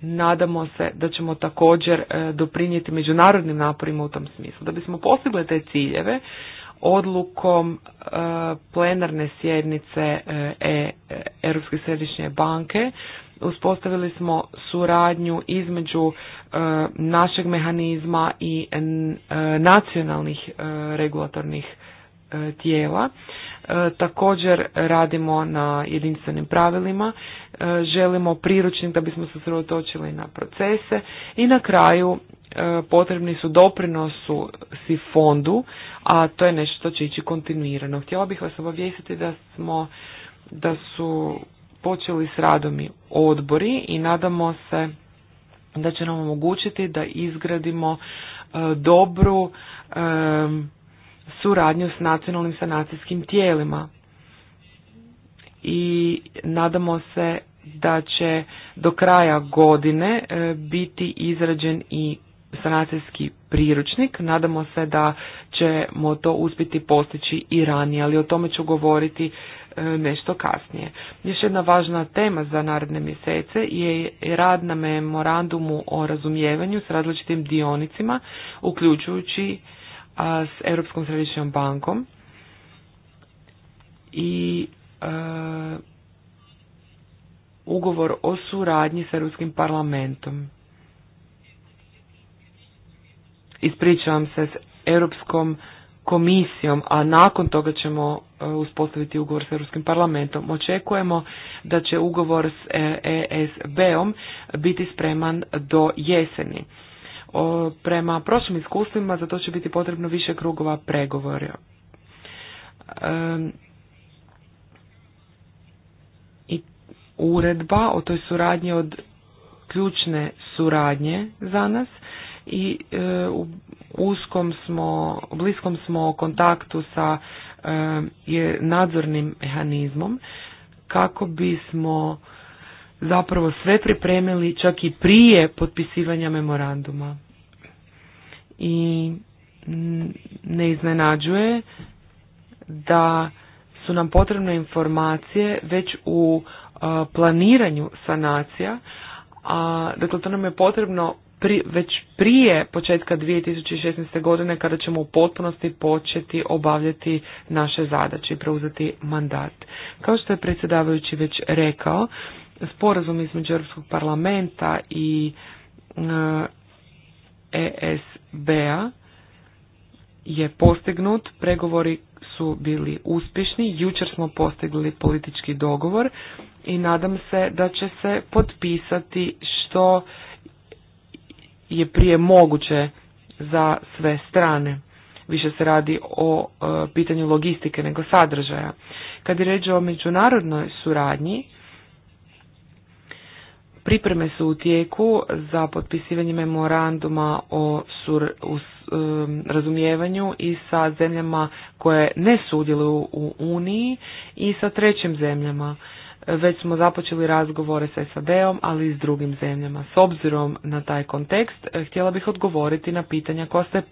nadamo se da ćemo također e, doprinijeti međunarodnim naporima u tom smislu. Da bismo postigli te ciljeve, odlukom plenarne sjednice Europske središnje banke uspostavili smo suradnju između e, našeg mehanizma i e, nacionalnih e, regulatornih tijela. Također radimo na jedinstvenim pravilima, želimo priručnik da bismo se sredotočili na procese i na kraju potrebni su doprinosu si fondu, a to je nešto što će ići kontinuirano. Htjela bih vas obavijestiti da smo da su počeli s radom i odbori i nadamo se da će nam omogućiti da izgradimo e, dobru e, suradnju s nacionalnim sanacijskim tijelima. I nadamo se da će do kraja godine e, biti izrađen i sanacijski priručnik. Nadamo se da ćemo to uspjeti postići i ranije, ali o tome ću govoriti E, nešto kasnije. Još jedna važna tema za naredne mjesece je rad na memorandumu o razumijevanju s različitim dionicima, uključujući e, s Europskom središnjom bankom i e, ugovor o suradnji s Europskim parlamentom. Ispričavam se s Europskom komisijom, a nakon toga ćemo e, uspostaviti ugovor s Europskim parlamentom. Očekujemo da će ugovor s ESB-om e biti spreman do jeseni. O, prema prošlim iskustvima za to će biti potrebno više krugova pregovora. I uredba o toj suradnji od ključne suradnje za nas i e, u uskom smo, bliskom smo kontaktu sa e, je nadzornim mehanizmom kako bismo zapravo sve pripremili čak i prije potpisivanja memoranduma. I ne iznenađuje da su nam potrebne informacije već u e, planiranju sanacija, a dakle to nam je potrebno pri, već prije početka 2016. godine kada ćemo u potpunosti početi obavljati naše zadaće i preuzeti mandat. Kao što je predsjedavajući već rekao, sporazum između Europskog parlamenta i ESB-a e je postignut, pregovori su bili uspješni, jučer smo postigli politički dogovor i nadam se da će se potpisati što je prije moguće za sve strane. Više se radi o e, pitanju logistike nego sadržaja. Kad je ređe o međunarodnoj suradnji, pripreme su u tijeku za potpisivanje memoranduma o sur, e, razumijevanju i sa zemljama koje ne sudjeluju u Uniji i sa trećim zemljama. Već smo započeli razgovore sa SAD-om, ali i s drugim zemljama. S obzirom na taj kontekst, e, htjela bih odgovoriti na pitanja koja ste e,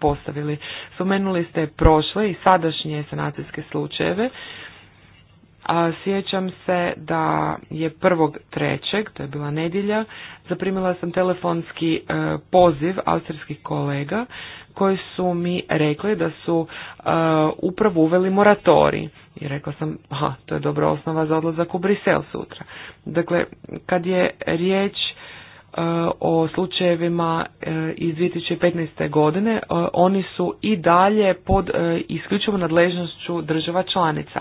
postavili. Spomenuli ste prošle i sadašnje sanacijske slučajeve. A sjećam se da je prvog trećeg, to je bila nedjelja, zaprimila sam telefonski e, poziv austrijskih kolega koji su mi rekli da su e, upravo uveli moratori. I rekla sam, aha, to je dobra osnova za odlazak u Brisel sutra. Dakle, kad je riječ e, o slučajevima e, iz 2015. godine, oni su i dalje pod isključivom nadležnošću država članica.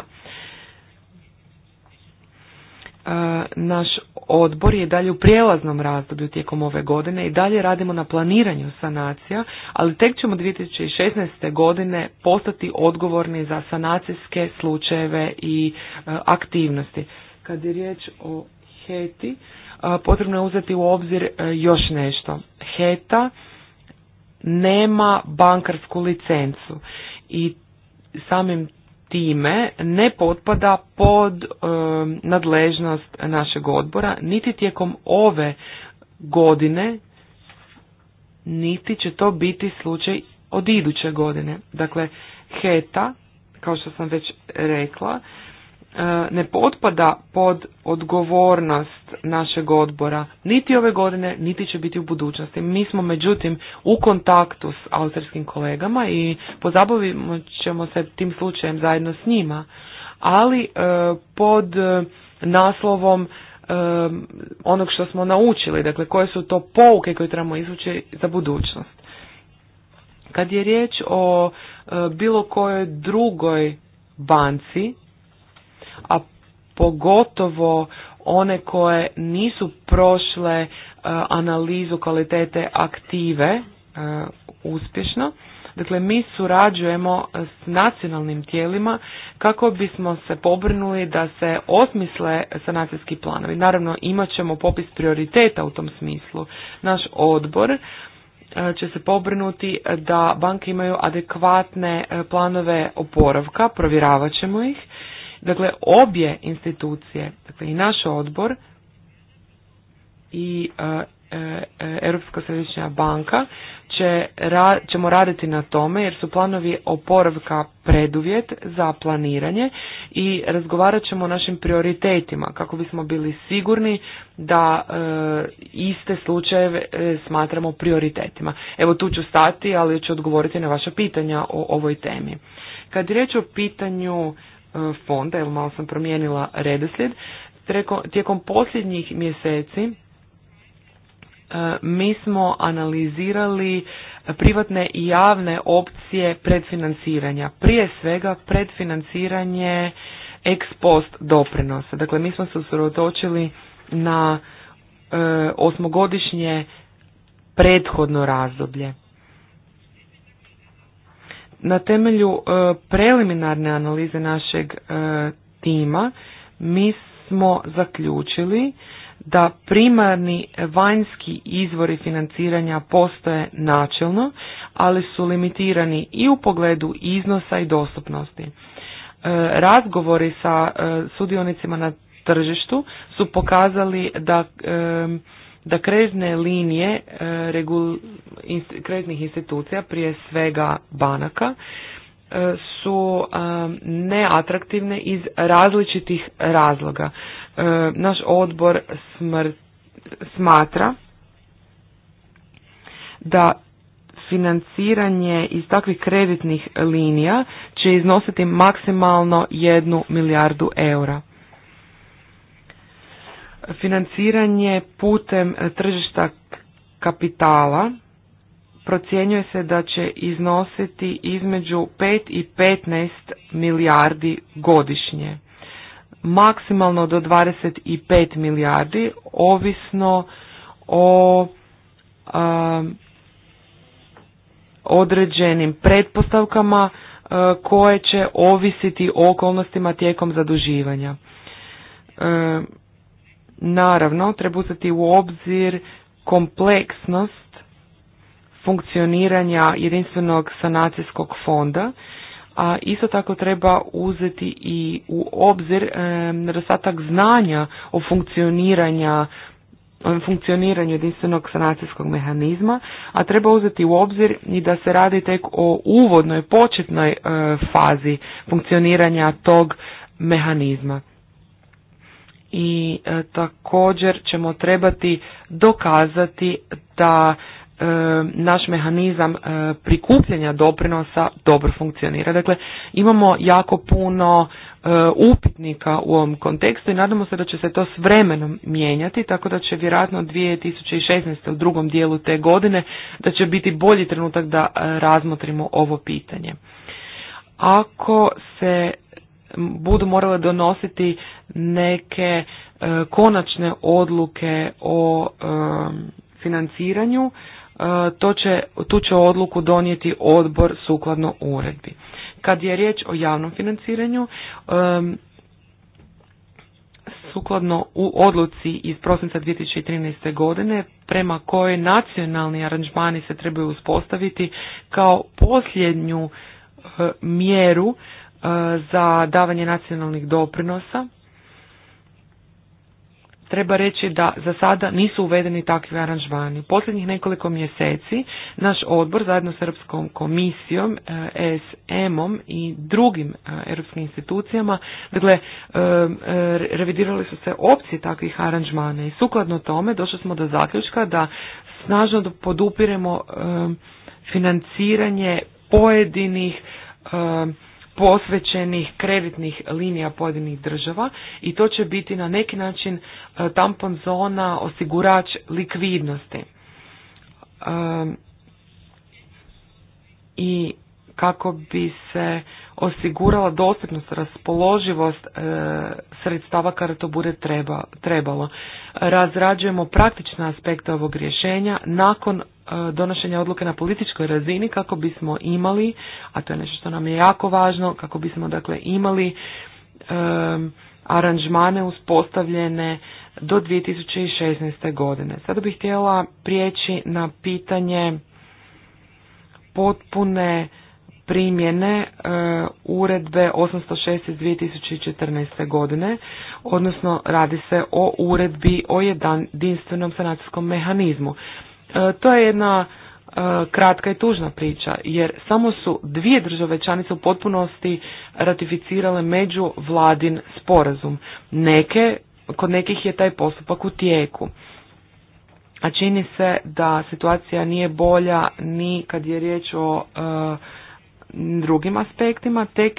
Naš odbor je dalje u prijelaznom razdoblju tijekom ove godine i dalje radimo na planiranju sanacija, ali tek ćemo 2016. godine postati odgovorni za sanacijske slučajeve i e, aktivnosti. Kad je riječ o Heti, e, potrebno je uzeti u obzir e, još nešto. Heta nema bankarsku licencu i samim time ne potpada pod e, nadležnost našeg odbora niti tijekom ove godine niti će to biti slučaj od iduće godine. Dakle, HETA, kao što sam već rekla, E, ne potpada pod odgovornost našeg odbora niti ove godine, niti će biti u budućnosti. Mi smo međutim u kontaktu s austrijskim kolegama i pozabavimo ćemo se tim slučajem zajedno s njima, ali e, pod e, naslovom onog što smo naučili, dakle koje su to pouke koje trebamo izvući za budućnost. Kad je riječ o bilo kojoj drugoj banci, a pogotovo one koje nisu prošle e, analizu kvalitete aktive e, uspješno. Dakle, mi surađujemo s nacionalnim tijelima kako bismo se pobrinuli da se osmisle sanacijski planovi. Naravno, imat ćemo popis prioriteta u tom smislu. Naš odbor e, će se pobrinuti da banke imaju adekvatne planove oporavka, provjeravat ćemo ih Dakle, obje institucije, dakle i naš odbor i e, e, e, Europska središnja banka će, ćemo raditi na tome jer su planovi oporavka preduvjet za planiranje i razgovarat ćemo o našim prioritetima kako bismo bili sigurni da iste slučajeve smatramo prioritetima. Evo tu ću stati, ali ću odgovoriti na vaša pitanja o ovoj temi. Kad riječ o pitanju E, fonda, jer malo sam promijenila redoslijed, tijekom posljednjih mjeseci e, mi smo analizirali privatne i javne opcije predfinanciranja. Prije svega predfinanciranje ex post doprinosa. Dakle, mi smo se usredotočili na e, osmogodišnje prethodno razdoblje. Na temelju e, preliminarne analize našeg e, tima mi smo zaključili da primarni vanjski izvori financiranja postoje načelno, ali su limitirani i u pogledu iznosa i dostupnosti. E, razgovori sa sudionicima na tržištu su pokazali da da kreditne linije e, kreditnih institucija, prije svega banaka, e, su e, neatraktivne iz različitih razloga. Naš odbor smatra da financiranje iz takvih kreditnih linija će iznositi maksimalno jednu milijardu eura. Financiranje putem tržišta kapitala procjenjuje se da će iznositi između 5 i 15 milijardi godišnje. Maksimalno do 25 milijardi, ovisno o um, određenim pretpostavkama uh, koje će ovisiti o okolnostima tijekom zaduživanja. A, um, Naravno, treba uzeti u obzir kompleksnost funkcioniranja jedinstvenog sanacijskog fonda, a isto tako treba uzeti i u obzir nedostatak znanja o funkcioniranja funkcioniranju jedinstvenog sanacijskog mehanizma, a treba uzeti u obzir i da se radi tek o uvodnoj početnoj e, fazi funkcioniranja tog mehanizma i e, također ćemo trebati dokazati da e, naš mehanizam e, prikupljanja doprinosa dobro funkcionira. Dakle, imamo jako puno upitnika u ovom kontekstu i nadamo se da će se to s vremenom mijenjati, tako da će vjerojatno 2016. u drugom dijelu te godine da će biti bolji trenutak da razmotrimo ovo pitanje. Ako se budu morale donositi neke e, konačne odluke o e, financiranju, e, to će, tu će odluku donijeti odbor sukladno uredbi. Kad je riječ o javnom financiranju, sukladno u odluci iz prosinca 2013. godine prema kojoj nacionalni aranžmani se trebaju uspostaviti kao posljednju mjeru E, za davanje nacionalnih doprinosa, treba reći da za sada nisu uvedeni takvi aranžmani. Posljednjih nekoliko mjeseci naš odbor zajedno s Europskom komisijom, ESM-om i drugim e, europskim institucijama, dakle, e, revidirali su se opcije takvih aranžmana i sukladno tome došli smo do zaključka da snažno podupiremo financiranje pojedinih posvećenih kreditnih linija pojedinih država i to će biti na neki način e, tampon zona osigurač likvidnosti. E, I kako bi se osigurala dostupnost, raspoloživost e, sredstava kada to bude trebalo. Razrađujemo praktične aspekte ovog rješenja nakon e, donošenja odluke na političkoj razini kako bismo imali, a to je nešto što nam je jako važno, kako bismo dakle imali e, aranžmane uspostavljene do 2016. godine. Sada bih htjela prijeći na pitanje potpune primjene e, uredbe 806 2014. godine, odnosno radi se o uredbi o jedinstvenom sanacijskom mehanizmu. E, to je jedna e, kratka i tužna priča, jer samo su dvije države članice u potpunosti ratificirale međuvladin sporazum. Neke, kod nekih je taj postupak u tijeku. A čini se da situacija nije bolja ni kad je riječ o drugim aspektima, tek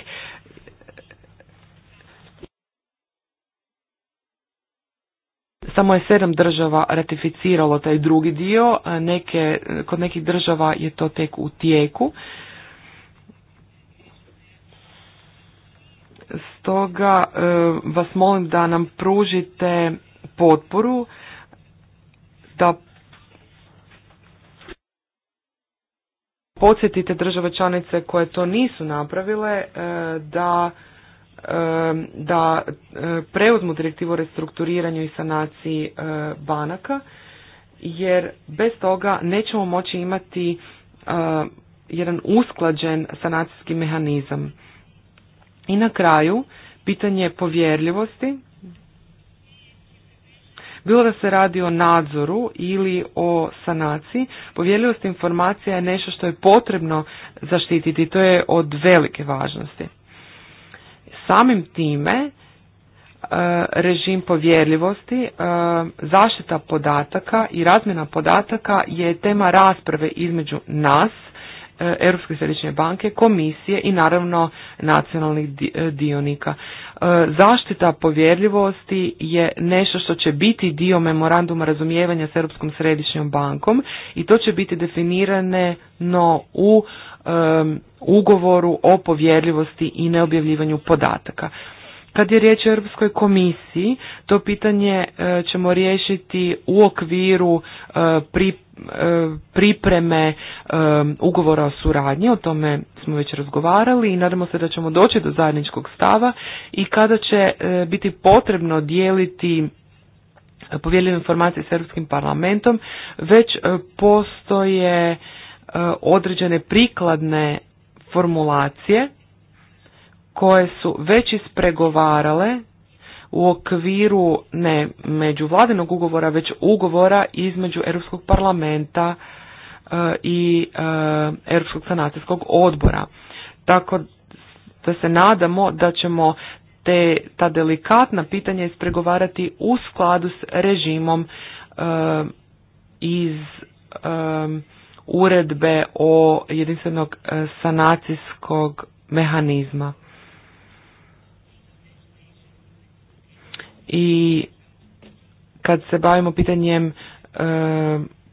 Samo je sedam država ratificiralo taj drugi dio, neke, kod nekih država je to tek u tijeku. Stoga e, vas molim da nam pružite potporu da podsjetite države članice koje to nisu napravile e, da e, da e, preuzmu direktivu o restrukturiranju i sanaciji banaka, jer bez toga nećemo moći imati jedan usklađen sanacijski mehanizam. I na kraju, pitanje povjerljivosti bilo da se radi o nadzoru ili o sanaciji, povjerljivost informacija je nešto što je potrebno zaštititi. To je od velike važnosti. Samim time, e, režim povjerljivosti, e, zaštita podataka i razmjena podataka je tema rasprave između nas, e, Europske središnje banke, komisije i naravno nacionalnih dionika zaštita povjerljivosti je nešto što će biti dio memoranduma razumijevanja s Europskom središnjom bankom i to će biti definirane no u ugovoru o povjerljivosti i neobjavljivanju podataka. Kad je riječ o Europskoj komisiji, to pitanje e, ćemo riješiti u okviru e, pri E, pripreme e, ugovora o suradnji, o tome smo već razgovarali i nadamo se da ćemo doći do zajedničkog stava i kada će e, biti potrebno dijeliti povjerljive informacije s Europskim parlamentom, već postoje određene prikladne formulacije koje su već ispregovarale u okviru ne međuvladinog ugovora, već ugovora između Europskog parlamenta e, i e, Europskog sanacijskog odbora. Tako da se nadamo da ćemo te, ta delikatna pitanja ispregovarati u skladu s režimom e, iz uredbe o jedinstvenog sanacijskog mehanizma. i kad se bavimo pitanjem e,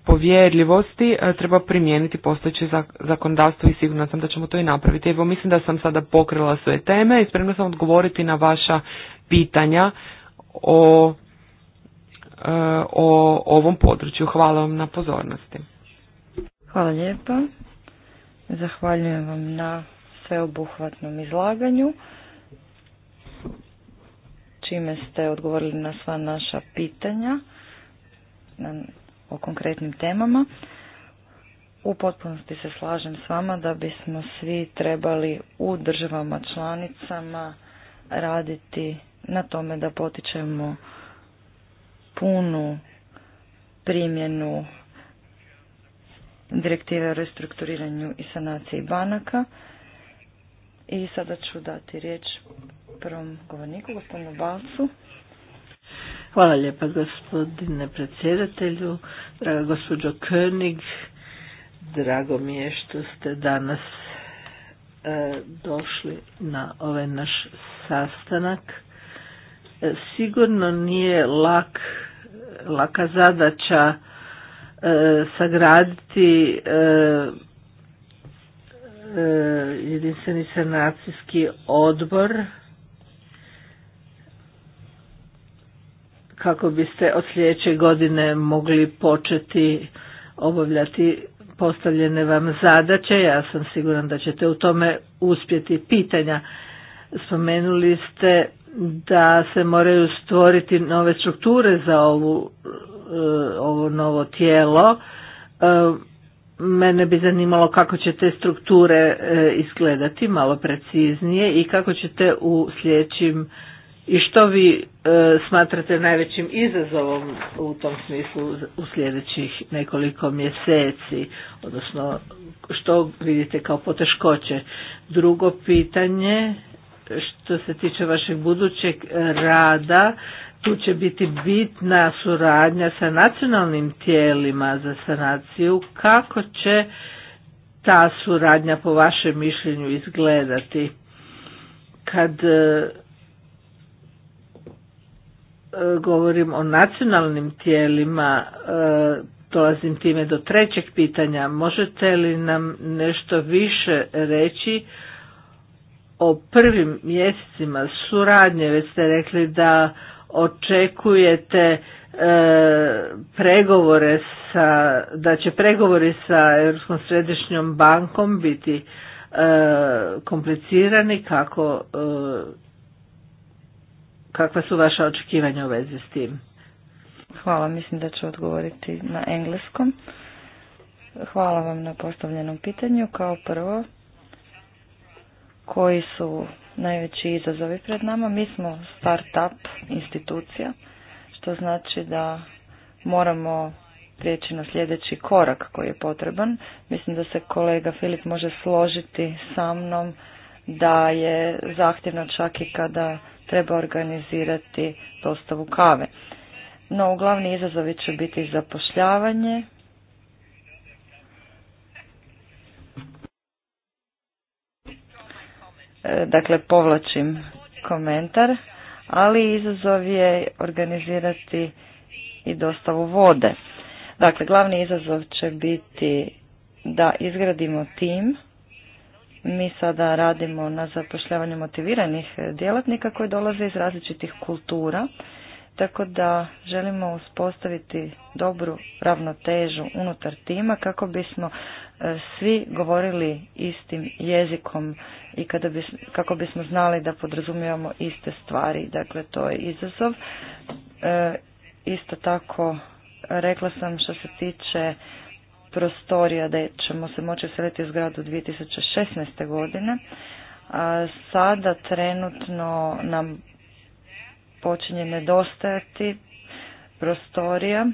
povjerljivosti e, treba primijeniti postojeće zakonodavstvo i sigurno sam da ćemo to i napraviti. Evo mislim da sam sada pokrila sve teme i spremna sam odgovoriti na vaša pitanja o, e, o ovom području. Hvala vam na pozornosti. Hvala lijepa. Zahvaljujem vam na sveobuhvatnom izlaganju čime ste odgovorili na sva naša pitanja o konkretnim temama. U potpunosti se slažem s vama da bismo svi trebali u državama članicama raditi na tome da potičemo punu primjenu direktive o restrukturiranju i sanaciji banaka. I sada ću dati riječ prvom govorniku, gospodinu Balcu. Hvala lijepa gospodine predsjedatelju, draga gospođo König, drago mi je što ste danas e, došli na ovaj naš sastanak. E, sigurno nije lak, laka zadaća e, sagraditi e, jedinstveni sanacijski odbor kako biste od sljedeće godine mogli početi obavljati postavljene vam zadaće. Ja sam siguran da ćete u tome uspjeti pitanja. Spomenuli ste da se moraju stvoriti nove strukture za ovu, eh, ovo novo tijelo. Eh, mene bi zanimalo kako će te strukture eh, izgledati malo preciznije i kako ćete u sljedećim i što vi e, smatrate najvećim izazovom u tom smislu u sljedećih nekoliko mjeseci, odnosno što vidite kao poteškoće. Drugo pitanje, što se tiče vašeg budućeg rada, tu će biti bitna suradnja sa nacionalnim tijelima za sanaciju. Kako će ta suradnja po vašem mišljenju izgledati? Kad e, E, govorim o nacionalnim tijelima, e, dolazim time do trećeg pitanja. Možete li nam nešto više reći o prvim mjesecima suradnje? Već ste rekli da očekujete e, pregovore sa, da će pregovori sa Europskom središnjom bankom biti komplicirani kako kakva su vaša očekivanja u vezi s tim? Hvala, mislim da ću odgovoriti na engleskom. Hvala vam na postavljenom pitanju. Kao prvo, koji su najveći izazovi pred nama? Mi smo start-up institucija, što znači da moramo prijeći na sljedeći korak koji je potreban. Mislim da se kolega Filip može složiti sa mnom da je zahtjevna čak i kada treba organizirati dostavu kave. No, glavni izazovi će biti zapošljavanje, e, dakle povlačim komentar, ali izazov je organizirati i dostavu vode. Dakle, glavni izazov će biti da izgradimo tim mi sada radimo na zapošljavanju motiviranih djelatnika koji dolaze iz različitih kultura, tako da želimo uspostaviti dobru ravnotežu unutar tima kako bismo e, svi govorili istim jezikom i kada kako bismo znali da podrazumijevamo iste stvari. Dakle, to je izazov. E, isto tako, rekla sam što se tiče prostorija da ćemo se moći seliti u zgradu 2016. godine. sada trenutno nam počinje nedostajati prostorija,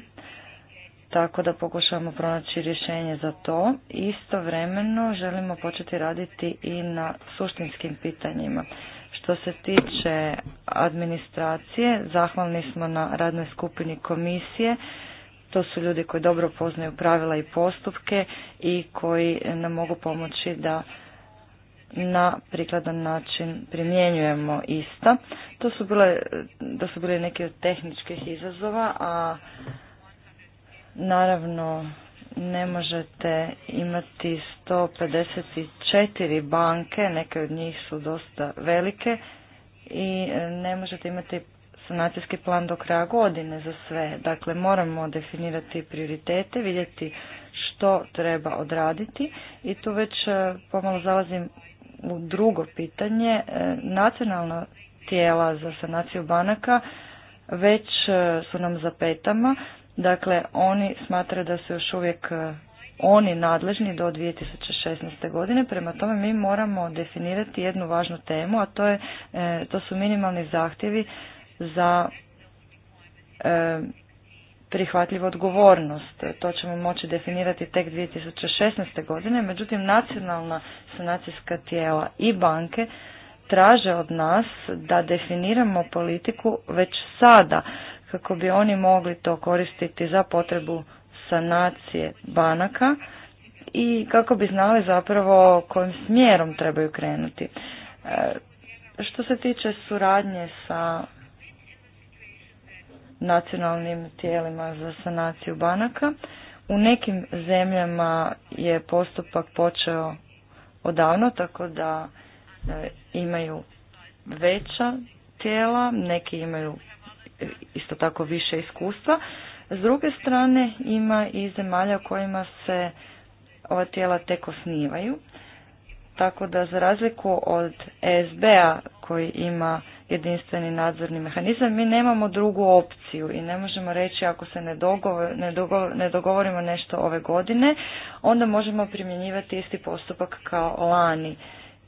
tako da pokušavamo pronaći rješenje za to. Istovremeno želimo početi raditi i na suštinskim pitanjima. Što se tiče administracije, zahvalni smo na radnoj skupini komisije to su ljudi koji dobro poznaju pravila i postupke i koji nam mogu pomoći da na prikladan način primjenjujemo ista. To su bile, to su bile neke od tehničkih izazova, a naravno ne možete imati 154 banke, neke od njih su dosta velike i ne možete imati sanacijski plan do kraja godine za sve. Dakle, moramo definirati prioritete, vidjeti što treba odraditi i tu već e, pomalo zalazim u drugo pitanje. E, nacionalna tijela za sanaciju banaka već e, su nam za petama. Dakle, oni smatraju da su još uvijek oni nadležni do 2016. godine. Prema tome mi moramo definirati jednu važnu temu, a to, je, to su minimalni zahtjevi za e, prihvatljivu odgovornost. To ćemo moći definirati tek 2016. godine, međutim nacionalna sanacijska tijela i banke traže od nas da definiramo politiku već sada kako bi oni mogli to koristiti za potrebu sanacije banaka i kako bi znali zapravo kojim smjerom trebaju krenuti. E, što se tiče suradnje sa nacionalnim tijelima za sanaciju banaka. U nekim zemljama je postupak počeo odavno, tako da e, imaju veća tijela, neki imaju isto tako više iskustva. S druge strane ima i zemalja u kojima se ova tijela tek osnivaju. Tako da za razliku od sba koji ima jedinstveni nadzorni mehanizam, mi nemamo drugu opciju i ne možemo reći ako se ne, ne, dogovorimo nešto ove godine, onda možemo primjenjivati isti postupak kao lani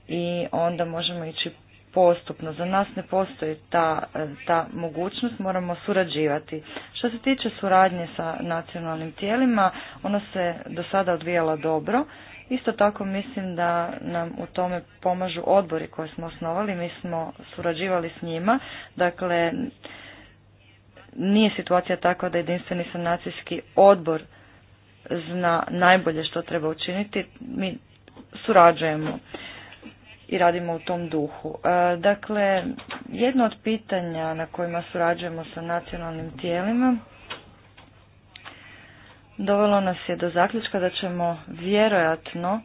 i onda možemo ići postupno. Za nas ne postoji ta, ta mogućnost, moramo surađivati. Što se tiče suradnje sa nacionalnim tijelima, ona se do sada odvijala dobro Isto tako mislim da nam u tome pomažu odbori koje smo osnovali, mi smo surađivali s njima, dakle nije situacija takva da jedinstveni sanacijski odbor zna najbolje što treba učiniti, mi surađujemo i radimo u tom duhu. E, dakle, jedno od pitanja na kojima surađujemo sa nacionalnim tijelima dovelo nas je do zaključka da ćemo vjerojatno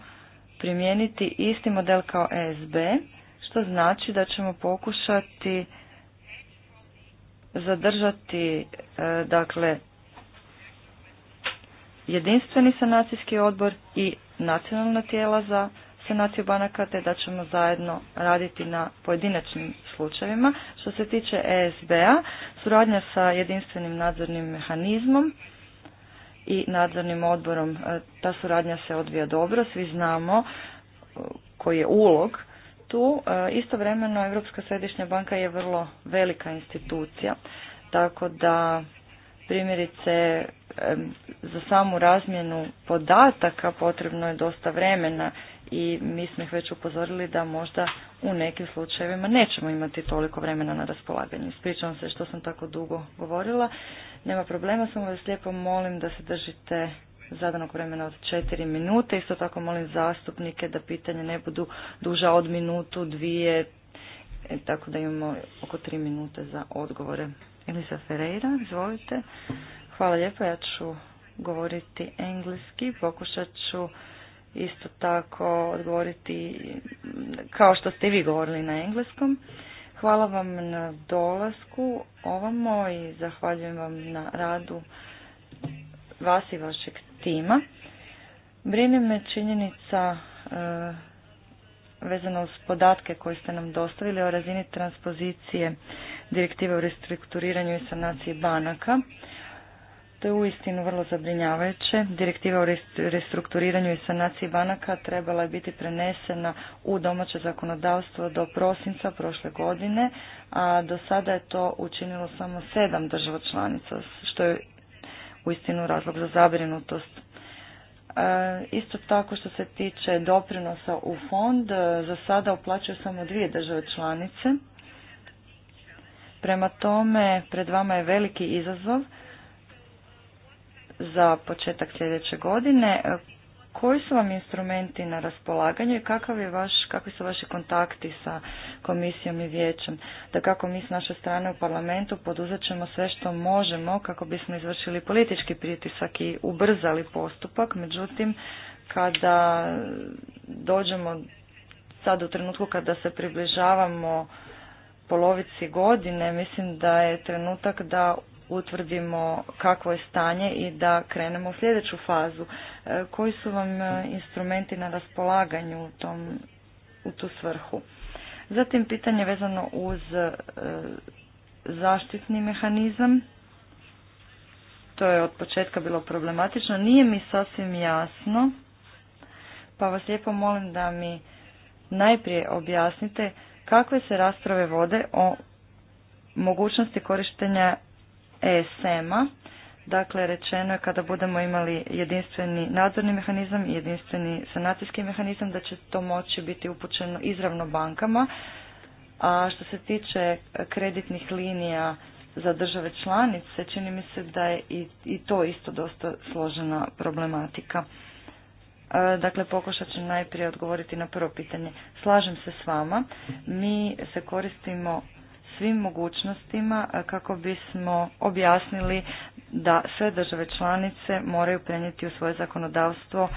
primijeniti isti model kao ESB, što znači da ćemo pokušati zadržati e, dakle jedinstveni sanacijski odbor i nacionalna tijela za sanaciju banaka te da ćemo zajedno raditi na pojedinačnim slučajevima. Što se tiče ESB-a, suradnja sa jedinstvenim nadzornim mehanizmom i nadzornim odborom. E, ta suradnja se odvija dobro, svi znamo e, koji je ulog tu. E, istovremeno Europska središnja banka je vrlo velika institucija, tako da primjerice za samu razmjenu podataka potrebno je dosta vremena i mi smo ih već upozorili da možda u nekim slučajevima nećemo imati toliko vremena na raspolaganju. Ispričavam se što sam tako dugo govorila. Nema problema, samo vas lijepo molim da se držite zadanog vremena od četiri minute. Isto tako molim zastupnike da pitanje ne budu duža od minutu, dvije, e, tako da imamo oko tri minute za odgovore. Elisa Ferreira, izvolite. Hvala lijepo, ja ću govoriti engleski, pokušat ću isto tako odgovoriti kao što ste vi govorili na engleskom. Hvala vam na dolasku ovamo i zahvaljujem vam na radu vas i vašeg tima. Brine me činjenica e, vezano uz podatke koje ste nam dostavili o razini transpozicije direktive o restrukturiranju i sanaciji banaka. To je uistinu vrlo zabrinjavajuće. Direktiva o restrukturiranju i sanaciji banaka trebala je biti prenesena u domaće zakonodavstvo do prosinca prošle godine, a do sada je to učinilo samo sedam država članica, što je uistinu razlog za zabrinutost. E, isto tako što se tiče doprinosa u fond, e, za sada uplaćuju samo dvije države članice. Prema tome, pred vama je veliki izazov za početak sljedeće godine. E, koji su vam instrumenti na raspolaganju i kakav je vaš, kakvi su vaši kontakti sa komisijom i vijećem? Da kako mi s naše strane u parlamentu poduzet ćemo sve što možemo kako bismo izvršili politički pritisak i ubrzali postupak. Međutim, kada dođemo sad u trenutku kada se približavamo polovici godine, mislim da je trenutak da utvrdimo kakvo je stanje i da krenemo u sljedeću fazu. E, koji su vam e, instrumenti na raspolaganju u, tom, u tu svrhu? Zatim pitanje vezano uz e, zaštitni mehanizam. To je od početka bilo problematično. Nije mi sasvim jasno, pa vas lijepo molim da mi najprije objasnite kakve se rasprave vode o mogućnosti korištenja ESM-a. Dakle, rečeno je kada budemo imali jedinstveni nadzorni mehanizam i jedinstveni sanacijski mehanizam da će to moći biti upućeno izravno bankama. A što se tiče kreditnih linija za države članice, čini mi se da je i to isto dosta složena problematika. E, dakle, pokušat ću najprije odgovoriti na prvo pitanje. Slažem se s vama. Mi se koristimo svim mogućnostima kako bismo objasnili da sve države članice moraju prenijeti u svoje zakonodavstvo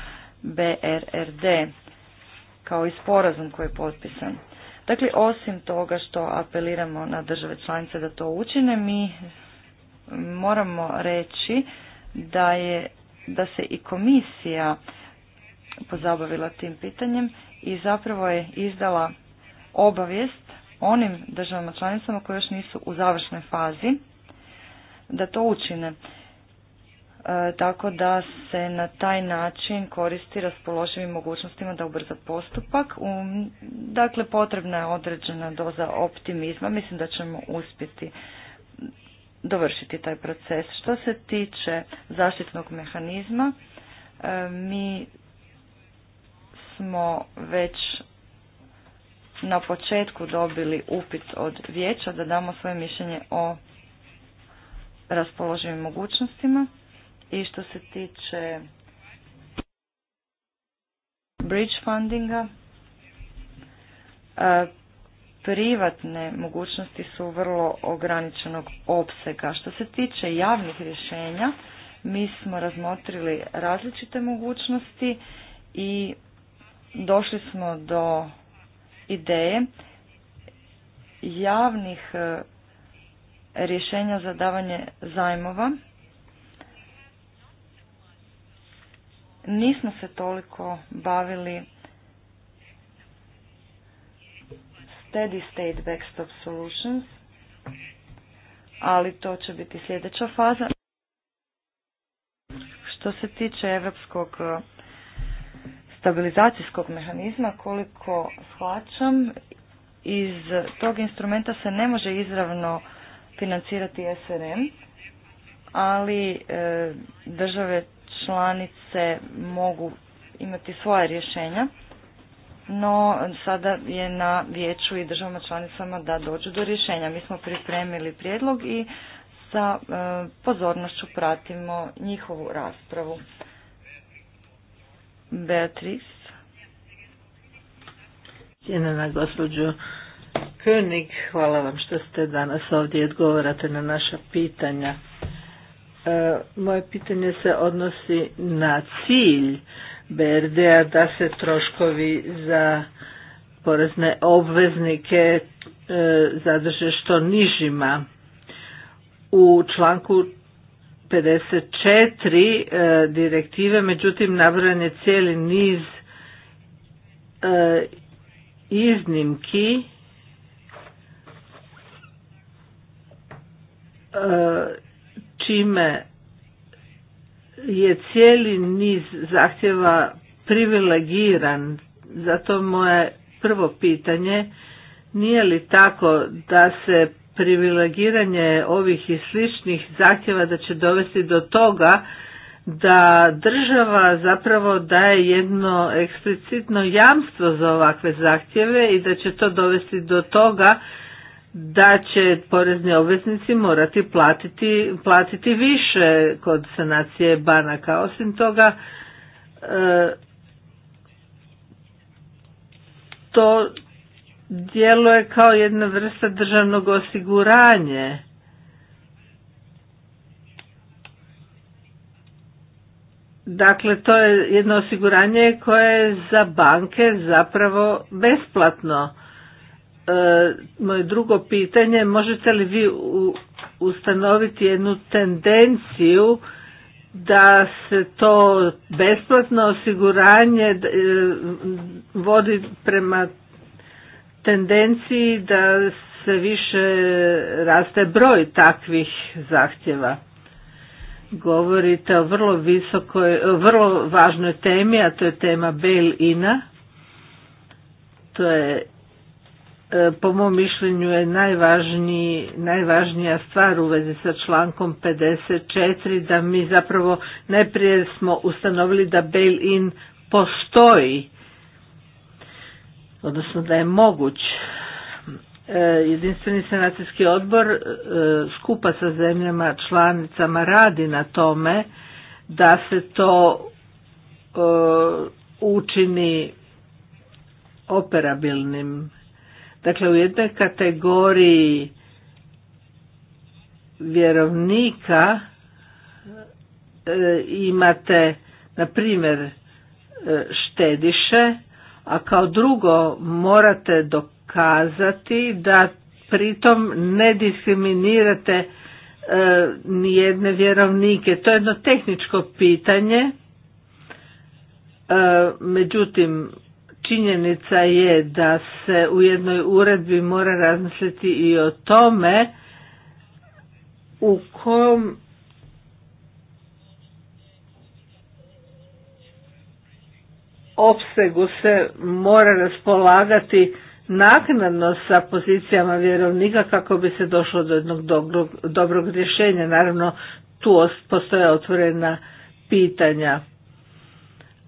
BRRD kao i sporazum koji je potpisan. Dakle, osim toga što apeliramo na države članice da to učine, mi moramo reći da je da se i komisija pozabavila tim pitanjem i zapravo je izdala obavijest onim državama članicama koje još nisu u završnoj fazi da to učine. E, tako da se na taj način koristi raspoloživim mogućnostima da ubrza postupak. dakle, potrebna je određena doza optimizma. Mislim da ćemo uspjeti dovršiti taj proces. Što se tiče zaštitnog mehanizma, e, mi smo već na početku dobili upit od vijeća da damo svoje mišljenje o raspoloživim mogućnostima i što se tiče bridge fundinga e, privatne mogućnosti su vrlo ograničenog opsega. Što se tiče javnih rješenja, mi smo razmotrili različite mogućnosti i došli smo do ideje javnih e, rješenja za davanje zajmova. Nismo se toliko bavili steady state backstop solutions, ali to će biti sljedeća faza. Što se tiče Europskog e, stabilizacijskog mehanizma, koliko shvaćam, iz tog instrumenta se ne može izravno financirati SRM, ali e, države članice mogu imati svoje rješenja, no sada je na vijeću i državama članicama da dođu do rješenja. Mi smo pripremili prijedlog i sa e, pozornošću pratimo njihovu raspravu. Beatrice? Cijenjena gospođo König, hvala vam što ste danas ovdje i odgovarate na naša pitanja. E, moje pitanje se odnosi na cilj BRD-a da se troškovi za porezne obveznike e, zadrže što nižima. U članku 54 e, direktive, međutim nabran je cijeli niz e, iznimki e, čime je cijeli niz zahtjeva privilegiran. Zato moje prvo pitanje nije li tako da se privilegiranje ovih i sličnih zahtjeva da će dovesti do toga da država zapravo daje jedno eksplicitno jamstvo za ovakve zahtjeve i da će to dovesti do toga da će porezni obveznici morati platiti, platiti više kod sanacije banaka. Osim toga, e, to djeluje kao jedna vrsta državnog osiguranje. Dakle, to je jedno osiguranje koje je za banke zapravo besplatno. E, moje drugo pitanje, možete li vi ustanoviti jednu tendenciju da se to besplatno osiguranje e, vodi prema tendenciji da se više raste broj takvih zahtjeva. Govorite o vrlo visokoj, vrlo važnoj temi, a to je tema bail-ina. To je e, po mom mišljenju je najvažnija stvar u vezi sa člankom 54 da mi zapravo najprije smo ustanovili da bail-in postoji odnosno da je moguć e, Jedinstveni sanacijski odbor e, skupa sa zemljama članicama radi na tome da se to e, učini operabilnim. Dakle, u jednoj kategoriji vjerovnika imate, na primjer, štediše, a kao drugo morate dokazati da pritom ne diskriminirate e, nijedne vjerovnike. To je jedno tehničko pitanje, e, međutim činjenica je da se u jednoj uredbi mora razmisliti i o tome u kom opsegu se mora raspolagati naknadno sa pozicijama vjerovnika kako bi se došlo do jednog dobrog, dobrog rješenja. Naravno, tu postoje otvorena pitanja.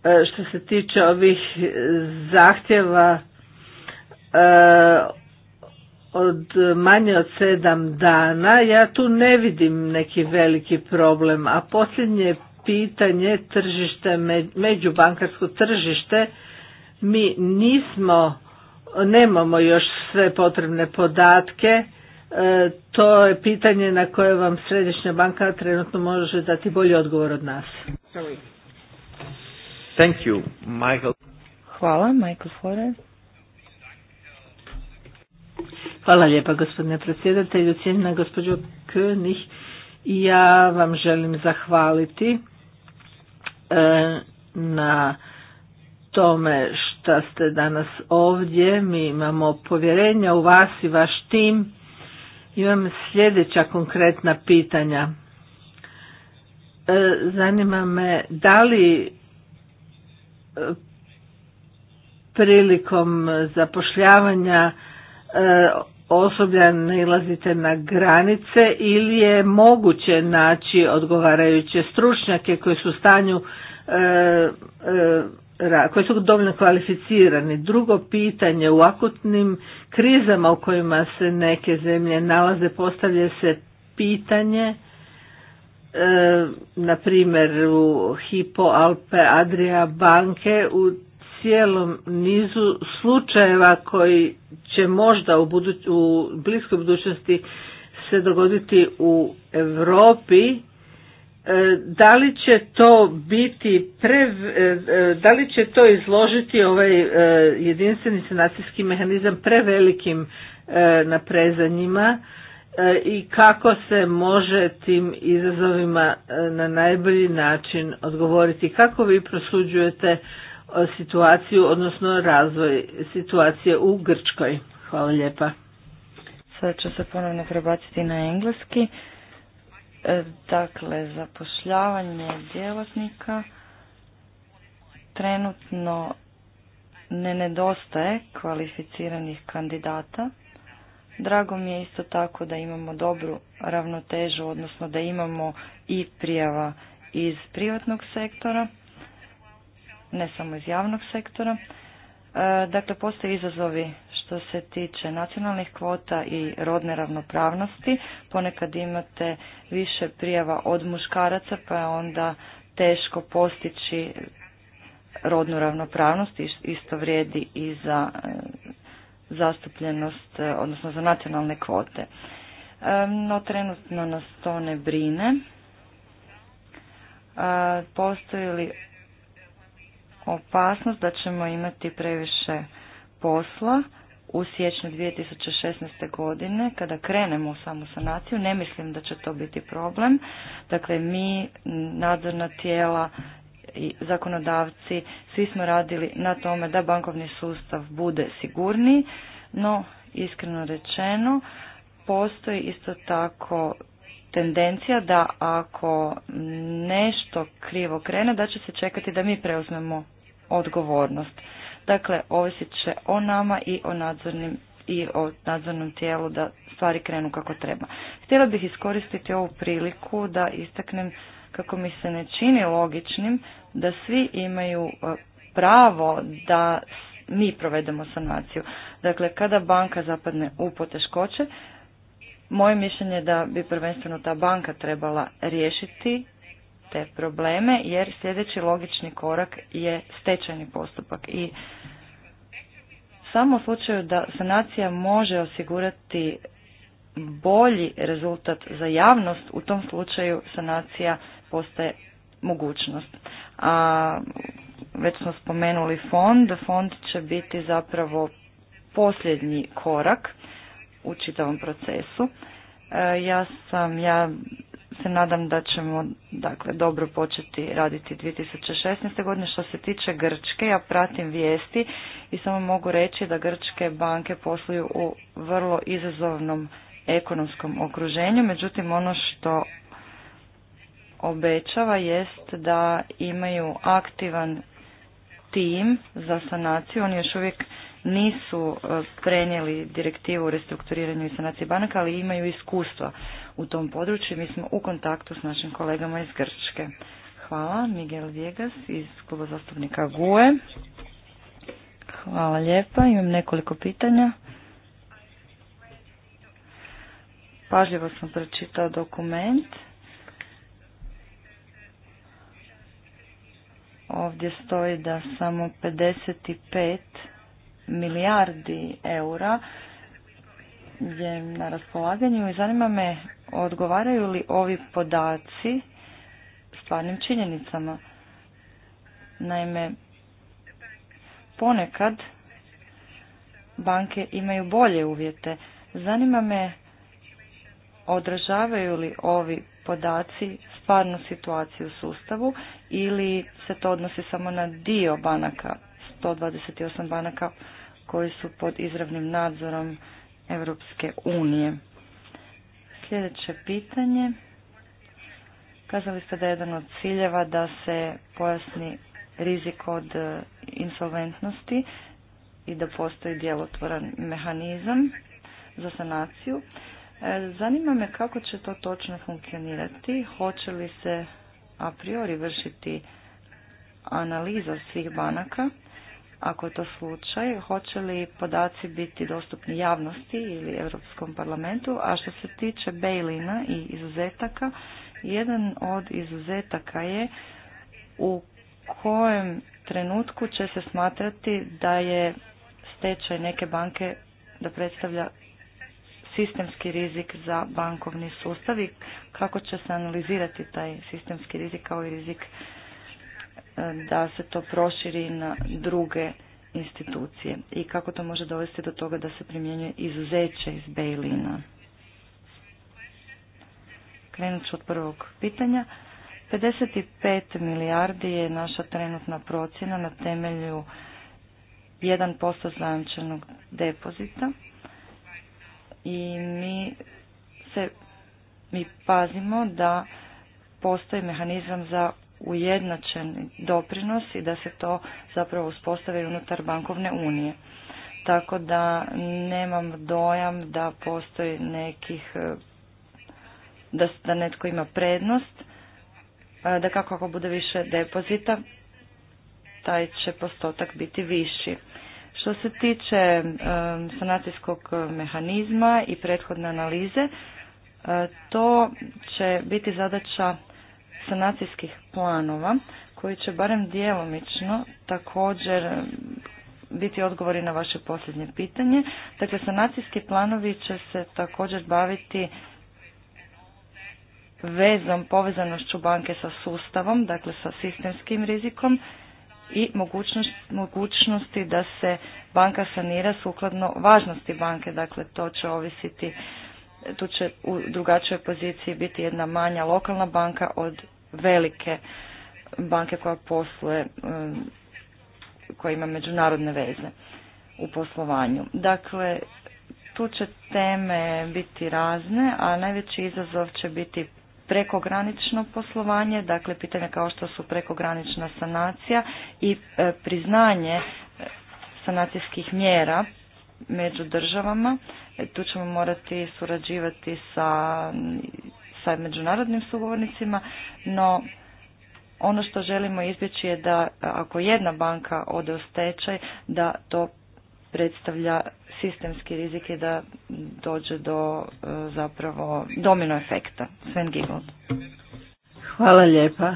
E, što se tiče ovih zahtjeva e, od manje od sedam dana, ja tu ne vidim neki veliki problem, a posljednje pitanje tržište, međubankarsko tržište, mi nismo, nemamo još sve potrebne podatke, e, to je pitanje na koje vam Središnja banka trenutno može dati bolji odgovor od nas. Thank you, Michael. Hvala, Michael Flores. Hvala lijepa gospodine predsjedatelju, cijenjena gospođo König. Ja vam želim zahvaliti E, na tome šta ste danas ovdje. Mi imamo povjerenja u vas i vaš tim. Imam sljedeća konkretna pitanja. E, zanima me da li e, prilikom zapošljavanja osoblja nalazite na granice ili je moguće naći odgovarajuće stručnjake koji su u stanju e, e, koji su dovoljno kvalificirani. Drugo pitanje, u akutnim krizama u kojima se neke zemlje nalaze postavlja se pitanje, e, na primjer u Hipo Alpe Adria banke u cijelom nizu slučajeva koji će možda u, u bliskoj budućnosti se dogoditi u Europi e, da li će to biti e, e, da li će to izložiti ovaj jedinstveni sanacijski mehanizam prevelikim naprezanjima i kako se može tim izazovima na najbolji način odgovoriti kako vi prosuđujete situaciju, odnosno razvoj situacije u Grčkoj. Hvala lijepa. Sada ću se ponovno prebaciti na engleski. E, dakle, zapošljavanje djelatnika trenutno ne nedostaje kvalificiranih kandidata. Drago mi je isto tako da imamo dobru ravnotežu, odnosno da imamo i prijava iz privatnog sektora ne samo iz javnog sektora. E, dakle, postoje izazovi što se tiče nacionalnih kvota i rodne ravnopravnosti. Ponekad imate više prijava od muškaraca, pa je onda teško postići rodnu ravnopravnost. Isto vrijedi i za e, zastupljenost, e, odnosno za nacionalne kvote. No, trenutno nas to ne brine. Postoji li opasnost da ćemo imati previše posla u siječnju 2016. godine kada krenemo u samu sanaciju. Ne mislim da će to biti problem. Dakle, mi, nadzorna tijela i zakonodavci, svi smo radili na tome da bankovni sustav bude sigurniji, no iskreno rečeno, postoji isto tako tendencija da ako nešto krivo krene, da će se čekati da mi preuzmemo odgovornost. Dakle, ovisit će o nama i o nadzornim i o nadzornom tijelu da stvari krenu kako treba. Htjela bih iskoristiti ovu priliku da istaknem kako mi se ne čini logičnim da svi imaju e, pravo da mi provedemo sanaciju. Dakle, kada banka zapadne u poteškoće, moje mišljenje je da bi prvenstveno ta banka trebala riješiti te probleme jer sljedeći logični korak je stečajni postupak i samo u slučaju da sanacija može osigurati bolji rezultat za javnost, u tom slučaju sanacija postaje mogućnost. A već smo spomenuli fond, fond će biti zapravo posljednji korak u čitavom procesu. E, ja sam, ja se nadam da ćemo dakle dobro početi raditi 2016. godine. Što se tiče Grčke, ja pratim vijesti i samo mogu reći da grčke banke posluju u vrlo izazovnom ekonomskom okruženju, međutim ono što obećava jest da imaju aktivan tim za sanaciju, oni još uvijek nisu e, prenijeli direktivu o restrukturiranju i sanaciji banaka, ali imaju iskustva u tom području. Mi smo u kontaktu s našim kolegama iz Grčke. Hvala. Miguel Viegas iz kluba zastupnika GUE. Hvala lijepa. Imam nekoliko pitanja. Pažljivo sam pročitao dokument. Ovdje stoji da samo 55 milijardi eura je na raspolaganju i zanima me odgovaraju li ovi podaci stvarnim činjenicama. Naime, ponekad banke imaju bolje uvjete. Zanima me odražavaju li ovi podaci stvarnu situaciju u sustavu ili se to odnosi samo na dio banaka 128 banaka koji su pod izravnim nadzorom Europske unije. Sljedeće pitanje. Kazali ste da je jedan od ciljeva da se pojasni rizik od e, insolventnosti i da postoji djelotvoran mehanizam za sanaciju. E, zanima me kako će to točno funkcionirati, hoće li se a priori vršiti analiza svih banaka ako je to slučaj, hoće li podaci biti dostupni javnosti ili Europskom parlamentu? A što se tiče bailina i izuzetaka, jedan od izuzetaka je u kojem trenutku će se smatrati da je stečaj neke banke da predstavlja sistemski rizik za bankovni sustav i kako će se analizirati taj sistemski rizik kao i rizik da se to proširi na druge institucije i kako to može dovesti do toga da se primjenjuje izuzeće iz Bejlina. Krenut ću od prvog pitanja. 55 milijardi je naša trenutna procjena na temelju 1% zajamčenog depozita i mi se mi pazimo da postoji mehanizam za ujednačen doprinos i da se to zapravo uspostavi unutar bankovne unije. Tako da nemam dojam da postoji nekih, e, da, da netko ima prednost, e, da kako ako bude više depozita, taj će postotak biti viši. Što se tiče e, sanacijskog mehanizma i prethodne analize, to će biti zadaća sanacijskih planova koji će barem djelomično također biti odgovori na vaše posljednje pitanje. Dakle, sanacijski planovi će se također baviti vezom, povezanošću banke sa sustavom, dakle sa sistemskim rizikom i mogućnosti da se banka sanira sukladno važnosti banke, dakle to će ovisiti, tu će u drugačijoj poziciji biti jedna manja lokalna banka od velike banke koja posluje, um, koja ima međunarodne veze u poslovanju. Dakle, tu će teme biti razne, a najveći izazov će biti prekogranično poslovanje, dakle pitanja kao što su prekogranična sanacija i e, priznanje e, sanacijskih mjera među državama. E, tu ćemo morati surađivati sa sa međunarodnim sugovornicima, no ono što želimo izbjeći je da ako jedna banka ode u stečaj, da to predstavlja sistemski rizik i da dođe do e, zapravo domino efekta. Sven Hvala lijepa.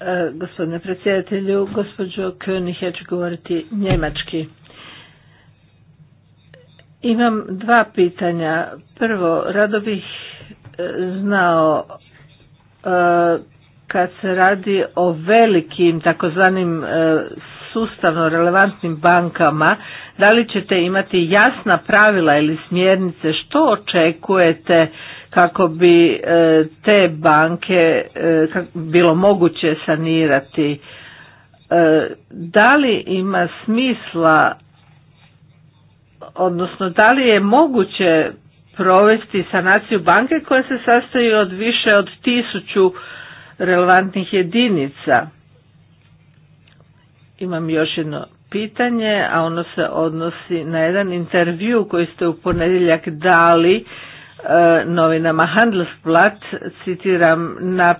E, gospodine predsjedatelju, gospođo König, ja ću govoriti njemački. Imam dva pitanja. Prvo, rado bih znao e, kad se radi o velikim takozvanim e, sustavno relevantnim bankama, da li ćete imati jasna pravila ili smjernice što očekujete kako bi e, te banke bilo moguće sanirati? Da li ima smisla, odnosno da li je moguće provesti sanaciju banke koja se sastoji od više od tisuću relevantnih jedinica. Imam još jedno pitanje, a ono se odnosi na jedan intervju koji ste u ponedjeljak dali e, novinama Handelsblatt, citiram, na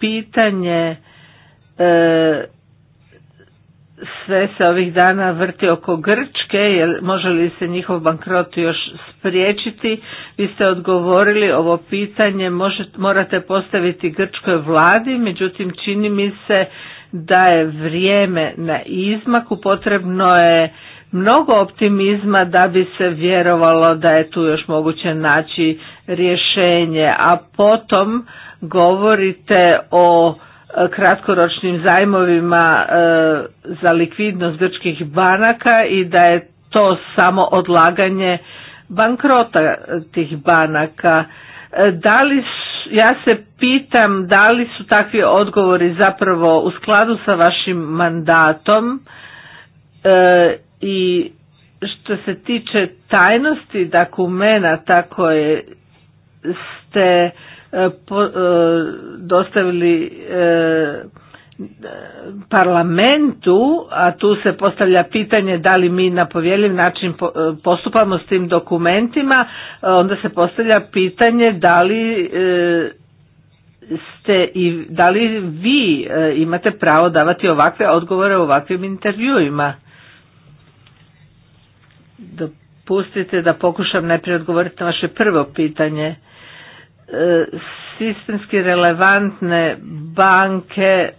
pitanje e, sve se ovih dana vrti oko Grčke, jer može li se njihov bankrot još spriječiti? Vi ste odgovorili ovo pitanje, morate postaviti Grčkoj vladi, međutim čini mi se da je vrijeme na izmaku, potrebno je mnogo optimizma da bi se vjerovalo da je tu još moguće naći rješenje, a potom govorite o kratkoročnim zajmovima e, za likvidnost grčkih banaka i da je to samo odlaganje bankrota tih banaka. E, da li ja se pitam da li su takvi odgovori zapravo u skladu sa vašim mandatom e, i što se tiče tajnosti dokumenata koje ste E, e, dostavili e, parlamentu, a tu se postavlja pitanje da li mi na povjeljiv način postupamo s tim dokumentima, onda se postavlja pitanje da li ste i da li vi imate pravo davati ovakve odgovore u ovakvim intervjuima. Dopustite da pokušam najprije odgovoriti na vaše prvo pitanje. E, sistemski relevantne banke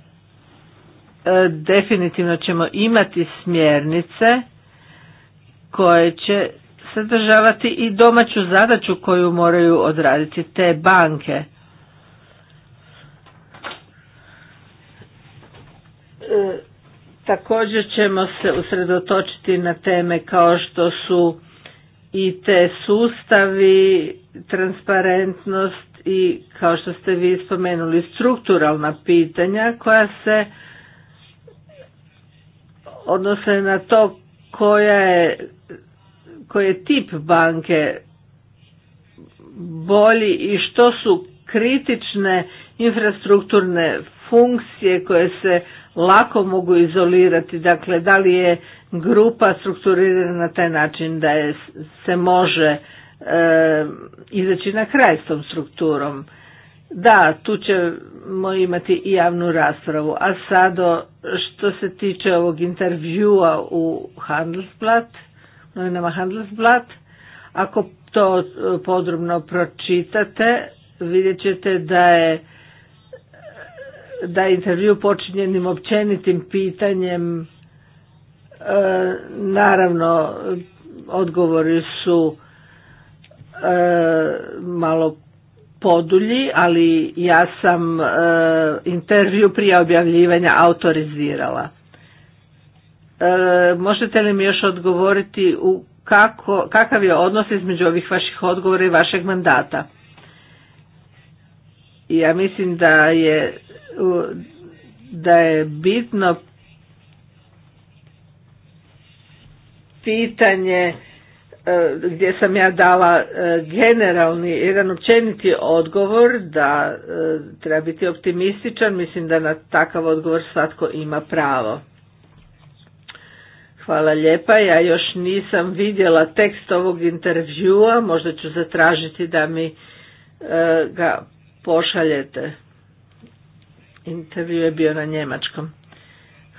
e, definitivno ćemo imati smjernice koje će sadržavati i domaću zadaću koju moraju odraditi te banke. E, također ćemo se usredotočiti na teme kao što su i te sustavi transparentnost i kao što ste vi spomenuli strukturalna pitanja koja se odnose na to koja je, koji je tip banke bolji i što su kritične infrastrukturne funkcije koje se lako mogu izolirati, dakle da li je grupa strukturirana na taj način da je, se može E, izaći na kraj s tom strukturom. Da, tu ćemo imati i javnu raspravu. A sada što se tiče ovog intervjua u Handelsblatt, novinama Handelsblatt, ako to e, podrobno pročitate, vidjet ćete da je da intervju počinjenim općenitim pitanjem e, naravno odgovori su E, malo podulji, ali ja sam e, intervju prije objavljivanja autorizirala. E, možete li mi još odgovoriti u kako, kakav je odnos između ovih vaših odgovora i vašeg mandata? Ja mislim da je da je bitno pitanje E, gdje sam ja dala e, generalni, jedan općeniti odgovor da e, treba biti optimističan, mislim da na takav odgovor svatko ima pravo. Hvala lijepa, ja još nisam vidjela tekst ovog intervjua, možda ću zatražiti da mi ga pošaljete. Intervju je bio na njemačkom.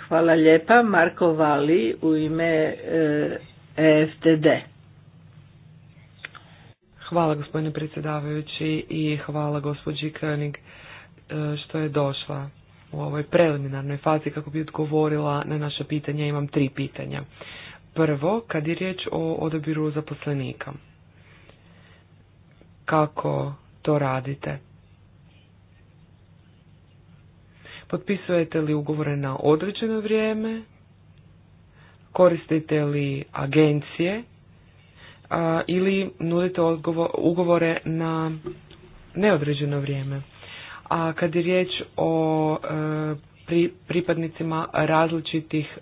Hvala lijepa, Marko Vali u ime EFTD. Hvala gospodine predsjedavajući i hvala gospođi König e, što je došla u ovoj preliminarnoj fazi kako bi odgovorila na naše pitanja. Imam tri pitanja. Prvo, kad je riječ o odabiru zaposlenika. Kako to radite? Potpisujete li ugovore na određeno vrijeme? Koristite li agencije ili nudite ugovore na neodređeno vrijeme. A kad je riječ o e, pri, pripadnicima različitih e,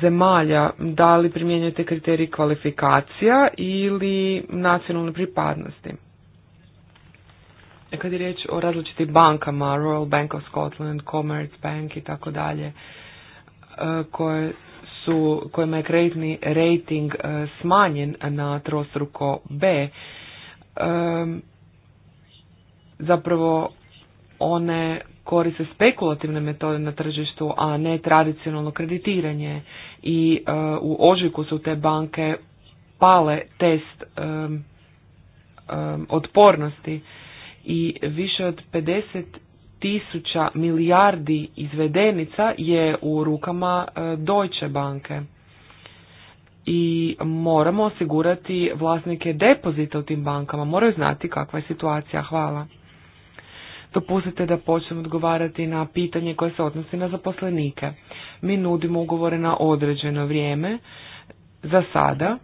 zemalja, da li primjenjujete kriterij kvalifikacija ili nacionalne pripadnosti? E, kad je riječ o različitim bankama, Royal Bank of Scotland, Commerce Bank i tako dalje, koje su, kojima je kreditni rating e, smanjen na trostruko B, e, zapravo one koriste spekulativne metode na tržištu, a ne tradicionalno kreditiranje i e, u ožujku su te banke pale test otpornosti i više od 50 tisuća milijardi izvedenica je u rukama e, Deutsche banke i moramo osigurati vlasnike depozita u tim bankama. Moraju znati kakva je situacija. Hvala. Dopustite da počnem odgovarati na pitanje koje se odnosi na zaposlenike. Mi nudimo ugovore na određeno vrijeme za sada,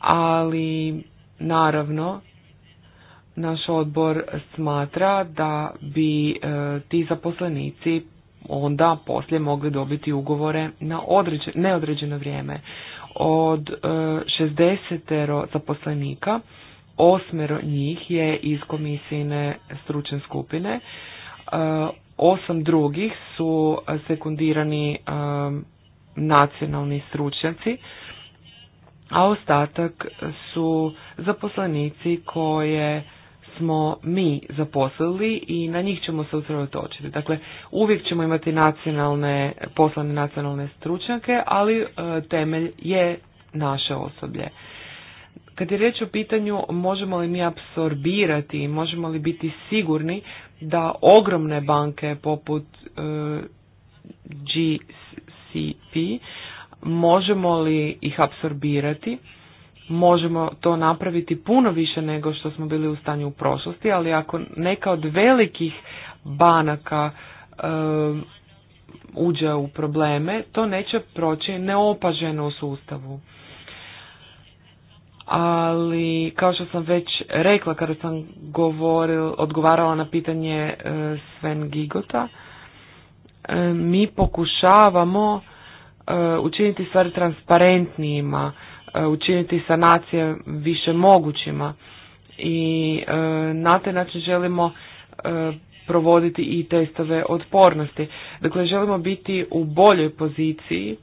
ali naravno naš odbor smatra da bi e, ti zaposlenici onda poslije mogli dobiti ugovore na neodređeno vrijeme. Od e, 60 zaposlenika, osmero njih je iz komisijne stručne skupine, e, osam drugih su sekundirani e, nacionalni stručnjaci, a ostatak su zaposlenici koje smo mi zaposlili i na njih ćemo se usredotočiti. Dakle, uvijek ćemo imati nacionalne, poslane nacionalne stručnjake, ali e, temelj je naše osoblje. Kad je riječ o pitanju možemo li mi apsorbirati, možemo li biti sigurni da ogromne banke poput e, GCP možemo li ih apsorbirati, možemo to napraviti puno više nego što smo bili u stanju u prošlosti, ali ako neka od velikih banaka e, uđe u probleme, to neće proći neopaženo u sustavu. Ali, kao što sam već rekla kada sam govoril, odgovarala na pitanje e, Sven Gigota, e, mi pokušavamo e, učiniti stvari transparentnijima, E, učiniti sanacije više mogućima i e, na taj način želimo e, provoditi i testove otpornosti. Dakle, želimo biti u boljoj poziciji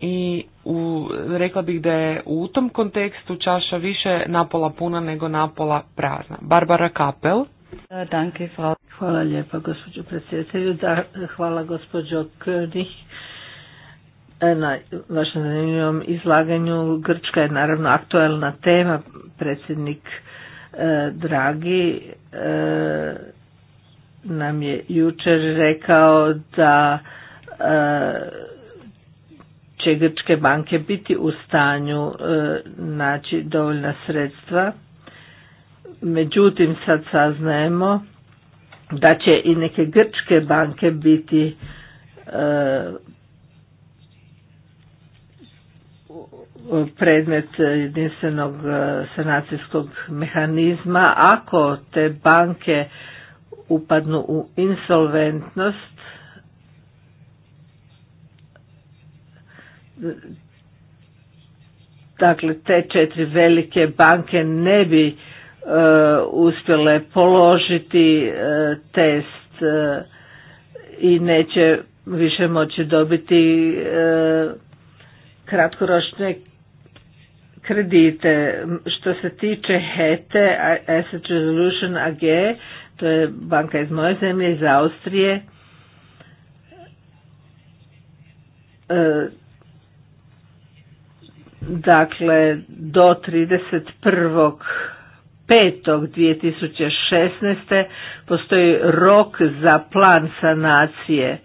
i u, rekla bih da je u tom kontekstu čaša više napola puna nego napola prazna. Barbara Kapel. Danke, hvala. Hvala lijepa gospođo predsjedatelju. Da, hvala gospođo Krnih. E, na vašem zanimljivom izlaganju. Grčka je naravno aktualna tema, predsjednik e, Dragi e, nam je jučer rekao da će grčke banke biti u stanju naći dovoljna sredstva. Međutim, sad saznajemo da će i neke grčke banke biti predmet jedinstvenog e, sanacijskog mehanizma. Ako te banke upadnu u insolventnost, dakle te četiri velike banke ne bi e, uspjele položiti e, test i neće više moći dobiti kratkoročne kredite. Što se tiče HETE, Asset Resolution AG, to je banka iz moje zemlje, iz Austrije, e, dakle do 31. 5.2016. postoji rok za plan sanacije.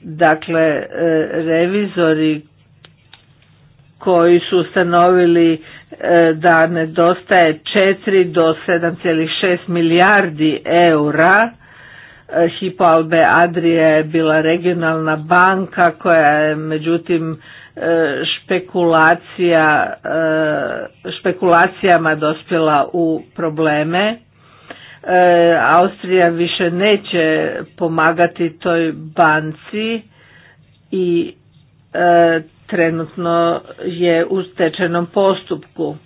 Dakle, e, revizori koji su ustanovili e, da nedostaje 4 do 7,6 milijardi eura. E, Hipo Albe Adria je bila regionalna banka koja je međutim e, špekulacija, špekulacijama dospjela u probleme. Austrija više neće pomagati toj banci i E, trenutno je u stečajnom postupku.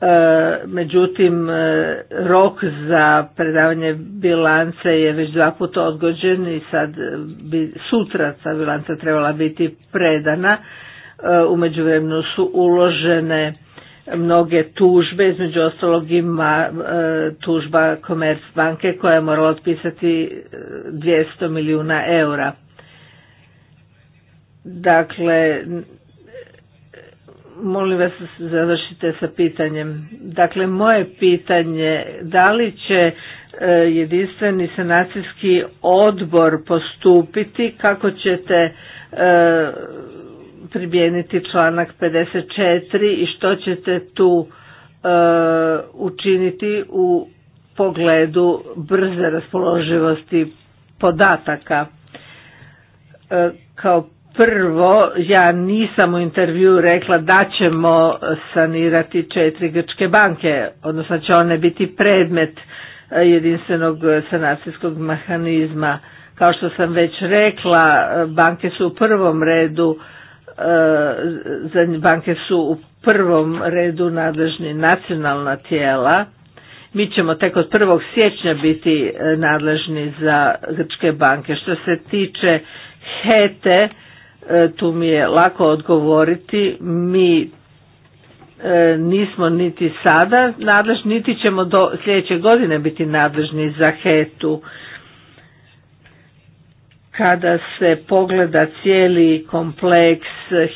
E, međutim, e, rok za predavanje bilance je već dva puta odgođen i sad bi sutra ta bilanca trebala biti predana. U međuvremenu su uložene mnoge tužbe, između ostalog ima tužba banke koja je morala otpisati 200 milijuna eura. Dakle, molim vas da završite sa pitanjem. Dakle, moje pitanje, da li će e, jedinstveni sanacijski odbor postupiti, kako ćete e, primijeniti članak 54 i što ćete tu e, učiniti u pogledu brze raspoloživosti podataka. Kao Prvo, ja nisam u intervju rekla da ćemo sanirati četiri grčke banke, odnosno će one biti predmet e, jedinstvenog sanacijskog mehanizma. Kao što sam već rekla, e, banke su u prvom redu e, banke su u prvom redu nadležni nacionalna tijela. Mi ćemo tek od 1. siječnja biti nadležni za grčke banke. Što se tiče HETE, E, tu mi je lako odgovoriti. Mi e, nismo niti sada nadležni, niti ćemo do sljedeće godine biti nadležni za hetu. Kada se pogleda cijeli kompleks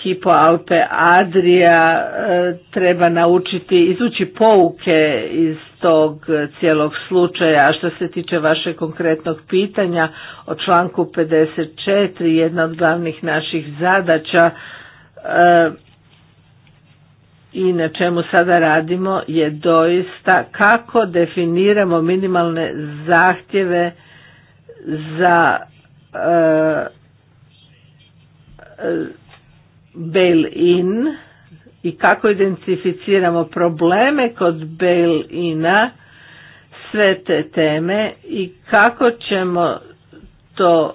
Hipoalpe Adria, e, treba naučiti, izući pouke iz tog e, cijelog slučaja. A što se tiče vaše konkretnog pitanja o članku 54, jedna od glavnih naših zadaća e, i na čemu sada radimo je doista kako definiramo minimalne zahtjeve za e, e bail-in i kako identificiramo probleme kod bail-ina, sve te teme i kako ćemo to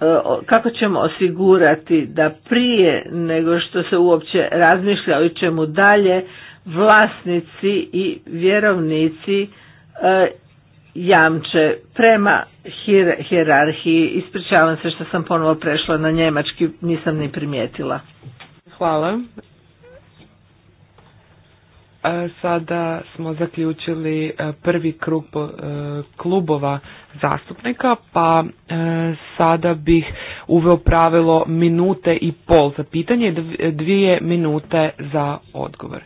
e, kako ćemo osigurati da prije nego što se uopće razmišlja o čemu dalje vlasnici i vjerovnici e, jamče prema hierarhiji. Ispričavam se što sam ponovo prešla na njemački, nisam ni primijetila. Hvala. Sada smo zaključili e, prvi krug e, klubova zastupnika, pa e, sada bih uveo pravilo minute i pol za pitanje i dvije minute za odgovor.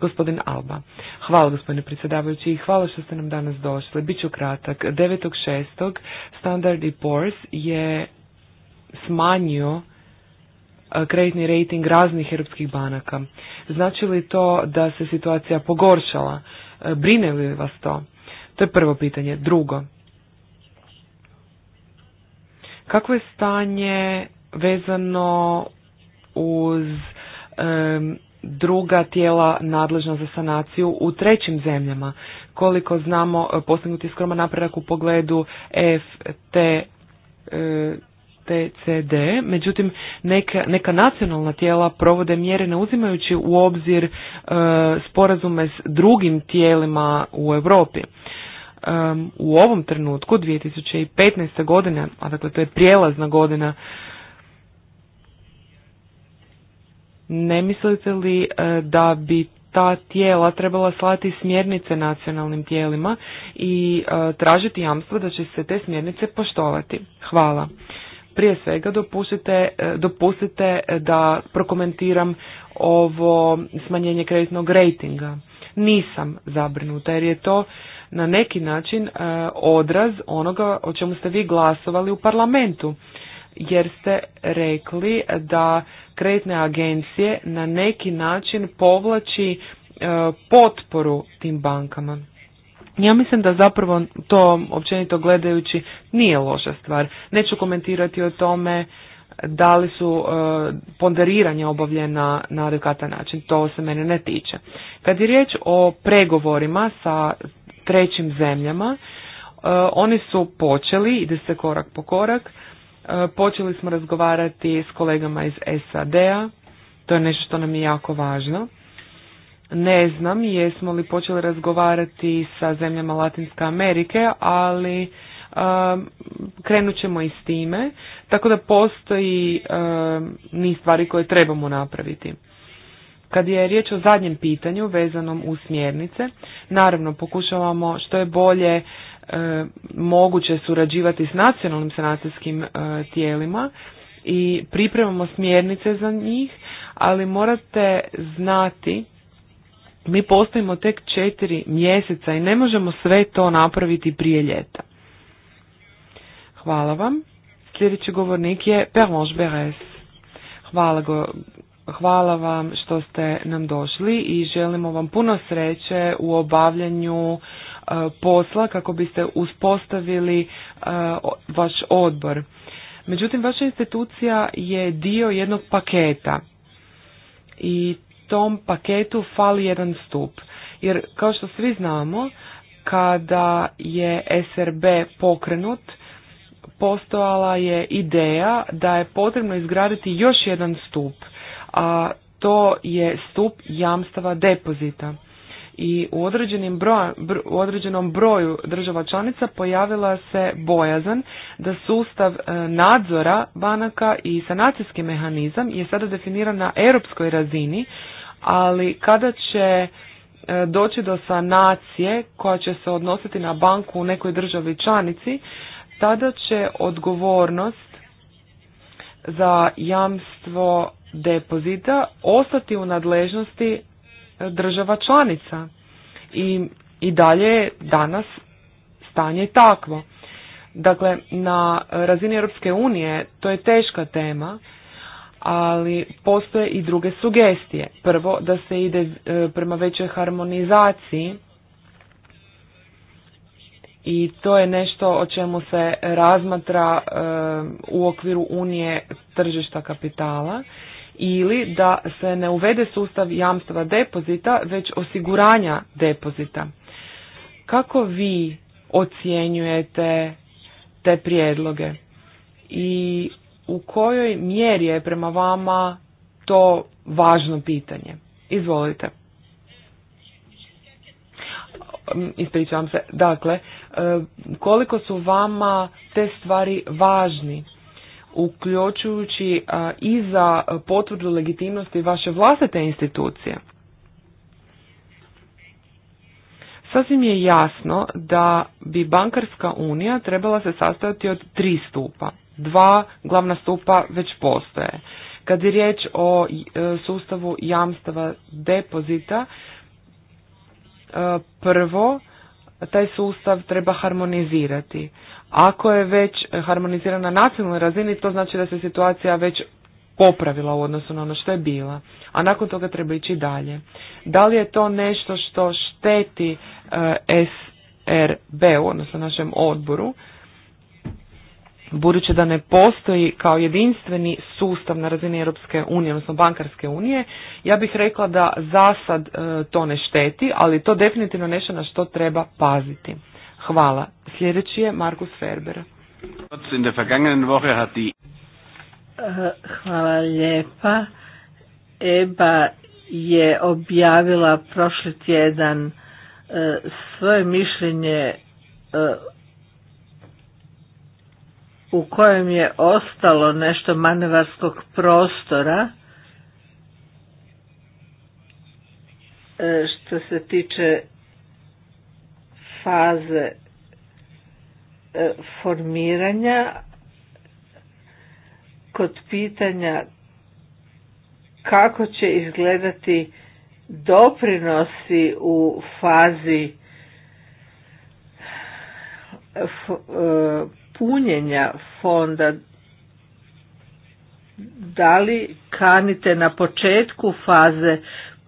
Gospodin Alba, hvala gospodine predsjedavajući i hvala što ste nam danas došli. Biću kratak. 9.6. Standard Poor's je smanjio kreditni rating raznih europskih banaka. Znači li to da se situacija pogoršala? E, brine li vas to? To je prvo pitanje. Drugo, kakvo je stanje vezano uz druga tijela nadležna za sanaciju u trećim zemljama. Koliko znamo, e, postignuti skroma skroman napredak u pogledu EFT e, TCD, međutim neka, neka nacionalna tijela provode mjere ne uzimajući u obzir e, sporazume s drugim tijelima u Europi. E, u ovom trenutku 2015. godine, a dakle to je prijelazna godina, ne mislite li e, da bi ta tijela trebala slati smjernice nacionalnim tijelima i tražiti jamstvo da će se te smjernice poštovati? Hvala. Prije svega dopustite, e, e, da prokomentiram ovo smanjenje kreditnog rejtinga. Nisam zabrinuta jer je to na neki način e, odraz onoga o čemu ste vi glasovali u parlamentu jer ste rekli da kreditne agencije na neki način povlači potporu tim bankama. Ja mislim da zapravo to općenito gledajući nije loša stvar. Neću komentirati o tome da li su e, ponderiranja obavljena na adekvatan način. To se mene ne tiče. Kad je riječ o pregovorima sa trećim zemljama, e, oni su počeli, ide se korak po korak, e, počeli smo razgovarati s kolegama iz SAD-a, to je nešto što nam je jako važno. Ne znam jesmo li počeli razgovarati sa zemljama Latinske Amerike, ali um, krenut ćemo i s time, tako da postoji um, niz stvari koje trebamo napraviti. Kad je riječ o zadnjem pitanju vezanom u smjernice, naravno pokušavamo što je bolje um, moguće surađivati s nacionalnim sanacijskim uh, tijelima i pripremamo smjernice za njih, ali morate znati mi postojimo tek četiri mjeseca i ne možemo sve to napraviti prije ljeta. Hvala vam. Sljedeći govornik je Permoš Beres. Hvala, go, hvala vam što ste nam došli i želimo vam puno sreće u obavljanju e, posla kako biste uspostavili e, vaš odbor. Međutim, vaša institucija je dio jednog paketa i tom paketu fali jedan stup. Jer kao što svi znamo, kada je SRB pokrenut, postojala je ideja da je potrebno izgraditi još jedan stup, a to je stup jamstava depozita. I u, određenim u određenom broju država članica pojavila se bojazan da sustav e, nadzora banaka i sanacijski mehanizam je sada definiran na europskoj razini, ali kada će e, doći do sanacije koja će se odnositi na banku u nekoj državi članici, tada će odgovornost za jamstvo depozita ostati u nadležnosti e, država članica. I, i dalje je danas stanje takvo. Dakle, na razini Europske unije to je teška tema ali postoje i druge sugestije. Prvo, da se ide e, prema većoj harmonizaciji i to je nešto o čemu se razmatra e, u okviru Unije tržišta kapitala ili da se ne uvede sustav jamstva depozita, već osiguranja depozita. Kako vi ocjenjujete te prijedloge i u kojoj mjeri je prema vama to važno pitanje? Izvolite. Mm, ispričavam se. Dakle, e, koliko su vama te stvari važni? uključujući e, i za potvrdu legitimnosti vaše vlastite institucije. Sasvim je jasno da bi bankarska unija trebala se sastaviti od tri stupa dva glavna stupa već postoje. Kad je riječ o e, sustavu jamstava depozita, e, prvo taj sustav treba harmonizirati. Ako je već harmoniziran na nacionalnoj razini, to znači da se situacija već popravila u odnosu na ono što je bila, a nakon toga treba ići dalje. Da li je to nešto što šteti e, SRB, odnosno našem odboru, budući da ne postoji kao jedinstveni sustav na razini Europske unije, odnosno bankarske unije, ja bih rekla da zasad e, to ne šteti, ali to definitivno nešto na što treba paziti. Hvala. Sljedeći je Markus Ferber. E, hvala lijepa. EBA je objavila prošli tjedan e, svoje mišljenje e, u kojem je ostalo nešto manevarskog prostora e, što se tiče faze e, formiranja kod pitanja kako će izgledati doprinosi u fazi e, punjenja fonda da li kanite na početku faze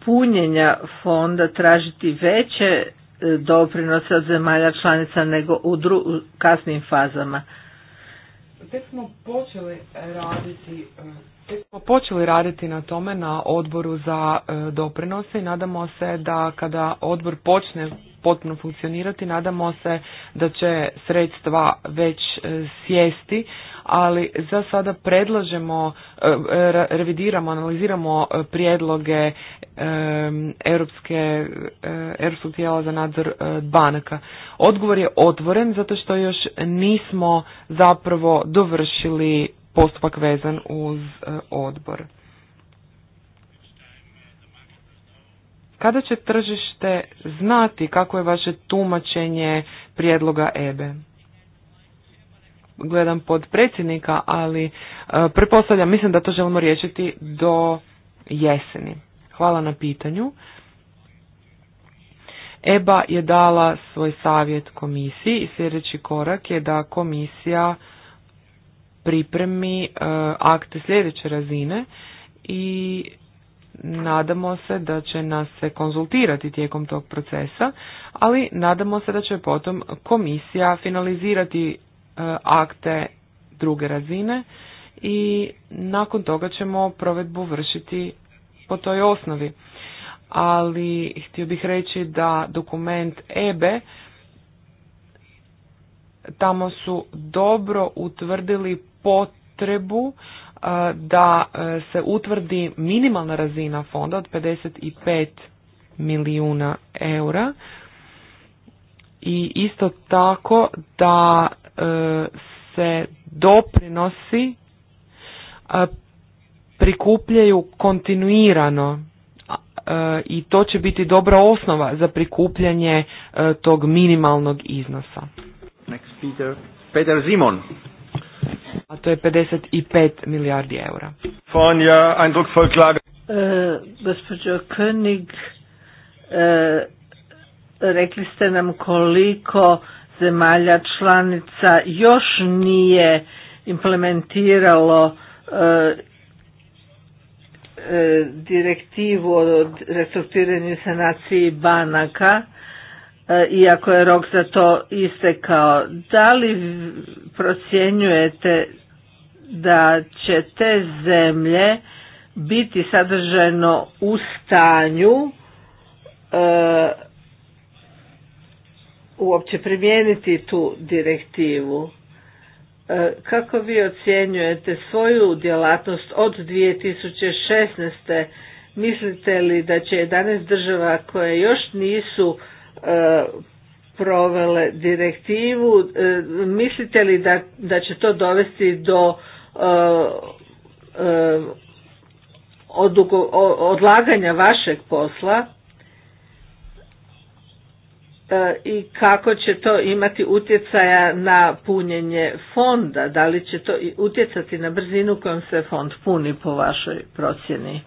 punjenja fonda tražiti veće e, doprinose od zemalja članica nego u, kasnim fazama? Tek smo počeli raditi e, smo počeli raditi na tome na odboru za e, doprinose i nadamo se da kada odbor počne potpuno funkcionirati, nadamo se da će sredstva već e, sjesti, ali za sada predlažemo, e, revidiramo, analiziramo prijedloge Europske, Europskog tijela za nadzor banaka. Odgovor je otvoren zato što još nismo zapravo dovršili postupak vezan uz e, odbor. Kada će tržište znati kako je vaše tumačenje prijedloga EBE? E? Gledam pod predsjednika, ali e, pretpostavljam, mislim da to želimo riješiti do jeseni. Hvala na pitanju. EBA je dala svoj savjet komisiji i sljedeći korak je da komisija pripremi e, akte sljedeće razine i nadamo se da će nas se konzultirati tijekom tog procesa, ali nadamo se da će potom komisija finalizirati e, akte druge razine i nakon toga ćemo provedbu vršiti po toj osnovi. Ali htio bih reći da dokument EBE tamo su dobro utvrdili potrebu e, da e, se utvrdi minimalna razina fonda od 55 milijuna eura i isto tako da e, se doprinosi prikupljaju kontinuirano i to će biti dobra osnova za prikupljanje tog minimalnog iznosa. Next Peter. Peter a to je 55 milijardi eura. Von ja, eindrucksvoll Klage. E, gospođo König, e, rekli ste nam koliko zemalja članica još nije implementiralo e, direktivu o restrukturiranju sanaciji banaka iako je rok za to istekao. Da li procjenjujete da će te zemlje biti sadržajno u stanju e, uopće primijeniti tu direktivu. E, kako vi ocjenjujete svoju djelatnost od 2016. Mislite li da će 11 država koje još nisu e, provele direktivu, e, mislite li da, da će to dovesti do E, e, odlaganja vašeg posla e, i kako će to imati utjecaja na punjenje fonda, da li će to utjecati na brzinu kojom se fond puni po vašoj procjeni?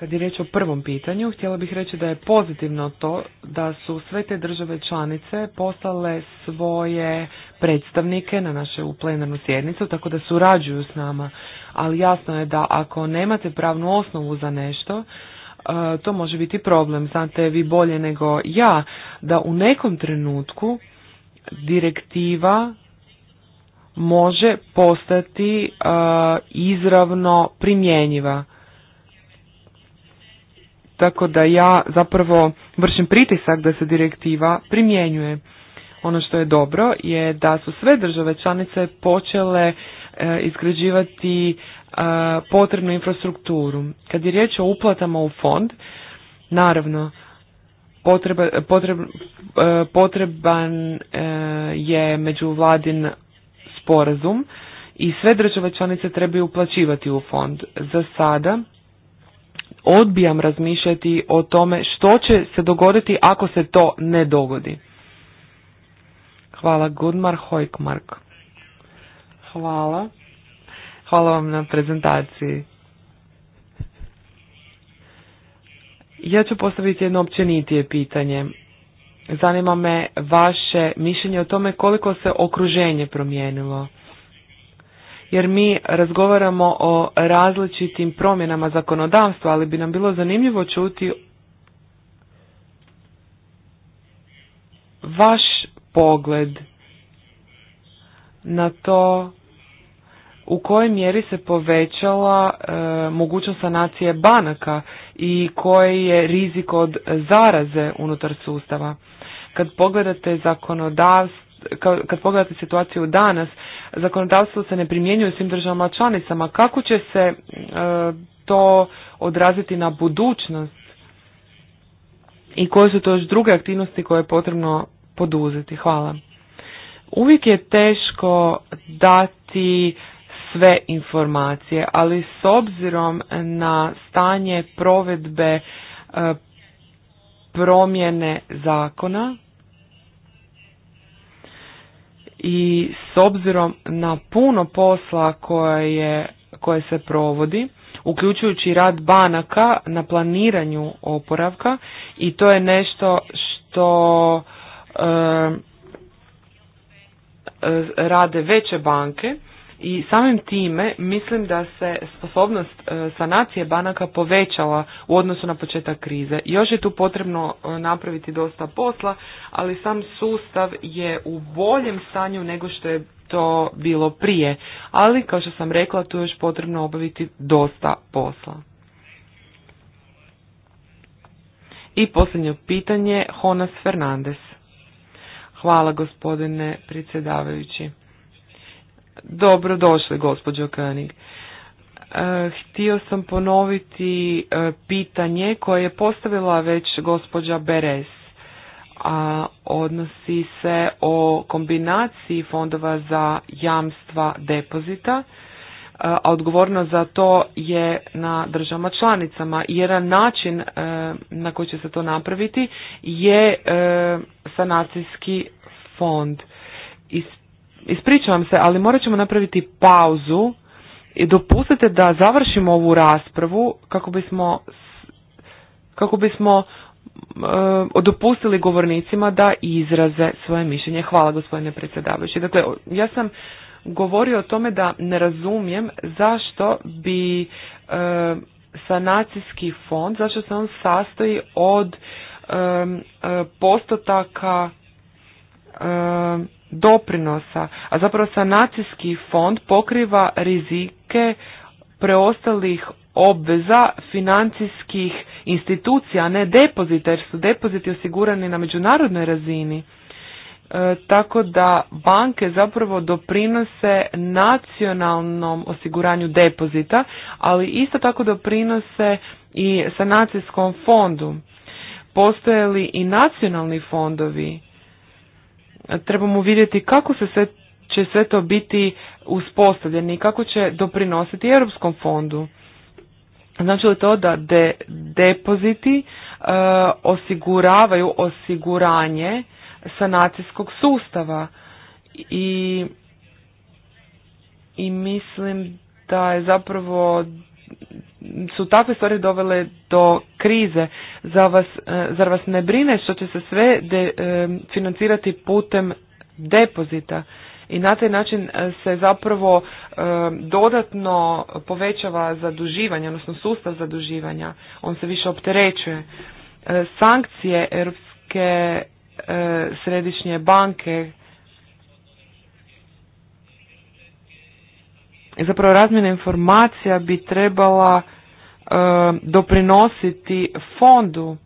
Kad je riječ o prvom pitanju, htjela bih reći da je pozitivno to da su sve te države članice poslale svoje predstavnike na našu plenarnu sjednicu, tako da surađuju s nama. Ali jasno je da ako nemate pravnu osnovu za nešto, e, to može biti problem. Znate vi bolje nego ja da u nekom trenutku direktiva može postati e, izravno primjenjiva tako da ja zapravo vršim pritisak da se direktiva primjenjuje. Ono što je dobro je da su sve države članice počele e, izgrađivati e, potrebnu infrastrukturu. Kad je riječ o uplatama u fond, naravno, potreba, e, potreban je međuvladin sporazum i sve države članice trebaju uplaćivati u fond. Za sada odbijam razmišljati o tome što će se dogoditi ako se to ne dogodi. Hvala Gudmar Hojkmark. Hvala. Hvala vam na prezentaciji. Ja ću postaviti jedno općenitije pitanje. Zanima me vaše mišljenje o tome koliko se okruženje promijenilo jer mi razgovaramo o različitim promjenama zakonodavstva, ali bi nam bilo zanimljivo čuti vaš pogled na to u kojoj mjeri se povećala e, mogućnost sanacije banaka i koji je rizik od zaraze unutar sustava. Kad pogledate zakonodavstvo, kad pogledate situaciju danas, zakonodavstvo se ne primjenjuje u svim državama članicama. Kako će se e, to odraziti na budućnost i koje su to još druge aktivnosti koje je potrebno poduzeti? Hvala. Uvijek je teško dati sve informacije, ali s obzirom na stanje provedbe e, promjene zakona, i s obzirom na puno posla koje, je, koje se provodi, uključujući rad banaka na planiranju oporavka i to je nešto što e, e rade veće banke i samim time mislim da se sposobnost e, sanacije banaka povećala u odnosu na početak krize. Još je tu potrebno e, napraviti dosta posla, ali sam sustav je u boljem stanju nego što je to bilo prije, ali kao što sam rekla tu je još potrebno obaviti dosta posla. I posljednje pitanje, Jonas Fernandez. Hvala gospodine predsjedavajući. Dobro došli, gospođo Koenig. E, htio sam ponoviti e, pitanje koje je postavila već gospođa Beres, a odnosi se o kombinaciji fondova za jamstva depozita, e, a odgovornost za to je na državama članicama. Jedan način na koji će se to napraviti je sanacijski fond. Iz Ispričavam se, ali morat ćemo napraviti pauzu i dopustite da završimo ovu raspravu kako bismo kako bismo e, eh, dopustili govornicima da izraze svoje mišljenje. Hvala gospodine predsjedavajući. Dakle, ja sam govorio o tome da ne razumijem zašto bi eh, sanacijski fond, zašto se on sastoji od eh, postotaka doprinosa, a zapravo sanacijski fond pokriva rizike preostalih obveza financijskih institucija, ne depozita, jer su depoziti osigurani na međunarodnoj razini. E, tako da banke zapravo doprinose nacionalnom osiguranju depozita, ali isto tako doprinose i sanacijskom fondu. Postoje li i nacionalni fondovi trebamo vidjeti kako se sve, će sve to biti uspostavljeni i kako će doprinositi Europskom fondu. Znači li to da depoziti e, osiguravaju osiguranje sanacijskog sustava i, i mislim da je zapravo su takve stvari dovele do krize za vas, e, zar vas ne brine što će se sve de, e, financirati putem depozita? I na taj način e, se zapravo dodatno povećava zaduživanje, odnosno sustav zaduživanja. On se više opterećuje. Sankcije Europske središnje banke zapravo razmjena informacija bi trebala Eh, doprinositi fondu.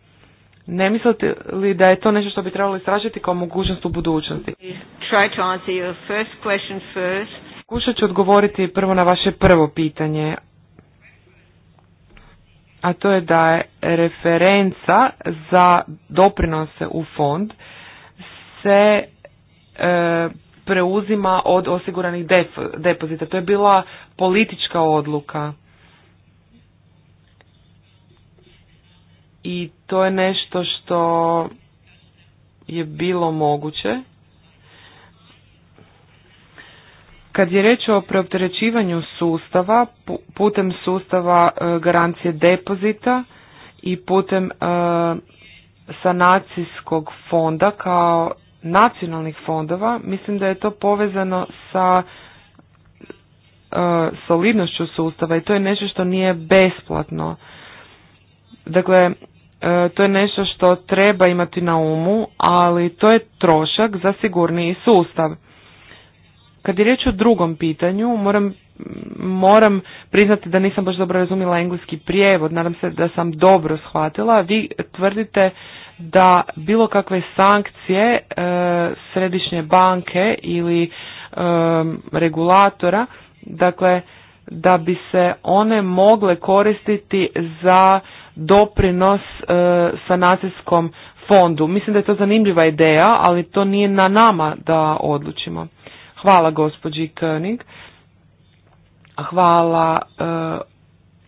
Ne mislite li da je to nešto što bi trebalo istražiti kao mogućnost u budućnosti? Kušat ću odgovoriti prvo na vaše prvo pitanje, a to je da je referenca za doprinose u fond se eh, preuzima od osiguranih depozita. To je bila politička odluka i to je nešto što je bilo moguće. Kad je riječ o preopterećivanju sustava, putem sustava e, garancije depozita i putem e, sanacijskog fonda kao nacionalnih fondova, mislim da je to povezano sa e, solidnošću sustava i to je nešto što nije besplatno. Dakle, E, to je nešto što treba imati na umu, ali to je trošak za sigurniji sustav. Kad je riječ o drugom pitanju, moram, moram priznati da nisam baš dobro razumjela engleski prijevod, nadam se da sam dobro shvatila. Vi tvrdite da bilo kakve sankcije e, središnje banke ili e, regulatora, dakle da bi se one mogle koristiti za doprinos e, sanacijskom fondu. Mislim da je to zanimljiva ideja, ali to nije na nama da odlučimo. Hvala gospođi König. Hvala e,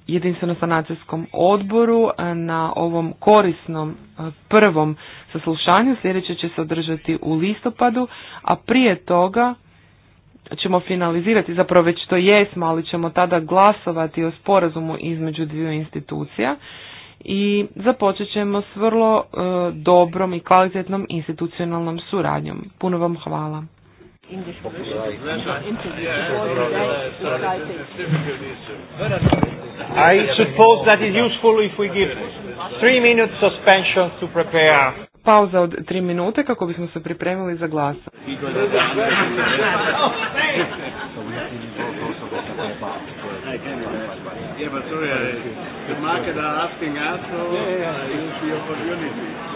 jedinstvenom sanacijskom odboru e, na ovom korisnom e, prvom saslušanju. Sljedeće će se održati u listopadu, a prije toga ćemo finalizirati, zapravo već to jesmo, ali ćemo tada glasovati o sporazumu između dviju institucija i započet ćemo s vrlo e, dobrom i kvalitetnom institucionalnom suradnjom. Puno vam hvala. I suppose that is useful if we give three minutes suspension to prepare pauza od tri minute kako bismo se pripremili za glas. Yeah, but sorry, uh, the market are asking us, so yeah, uh, yeah, yeah. use the opportunity.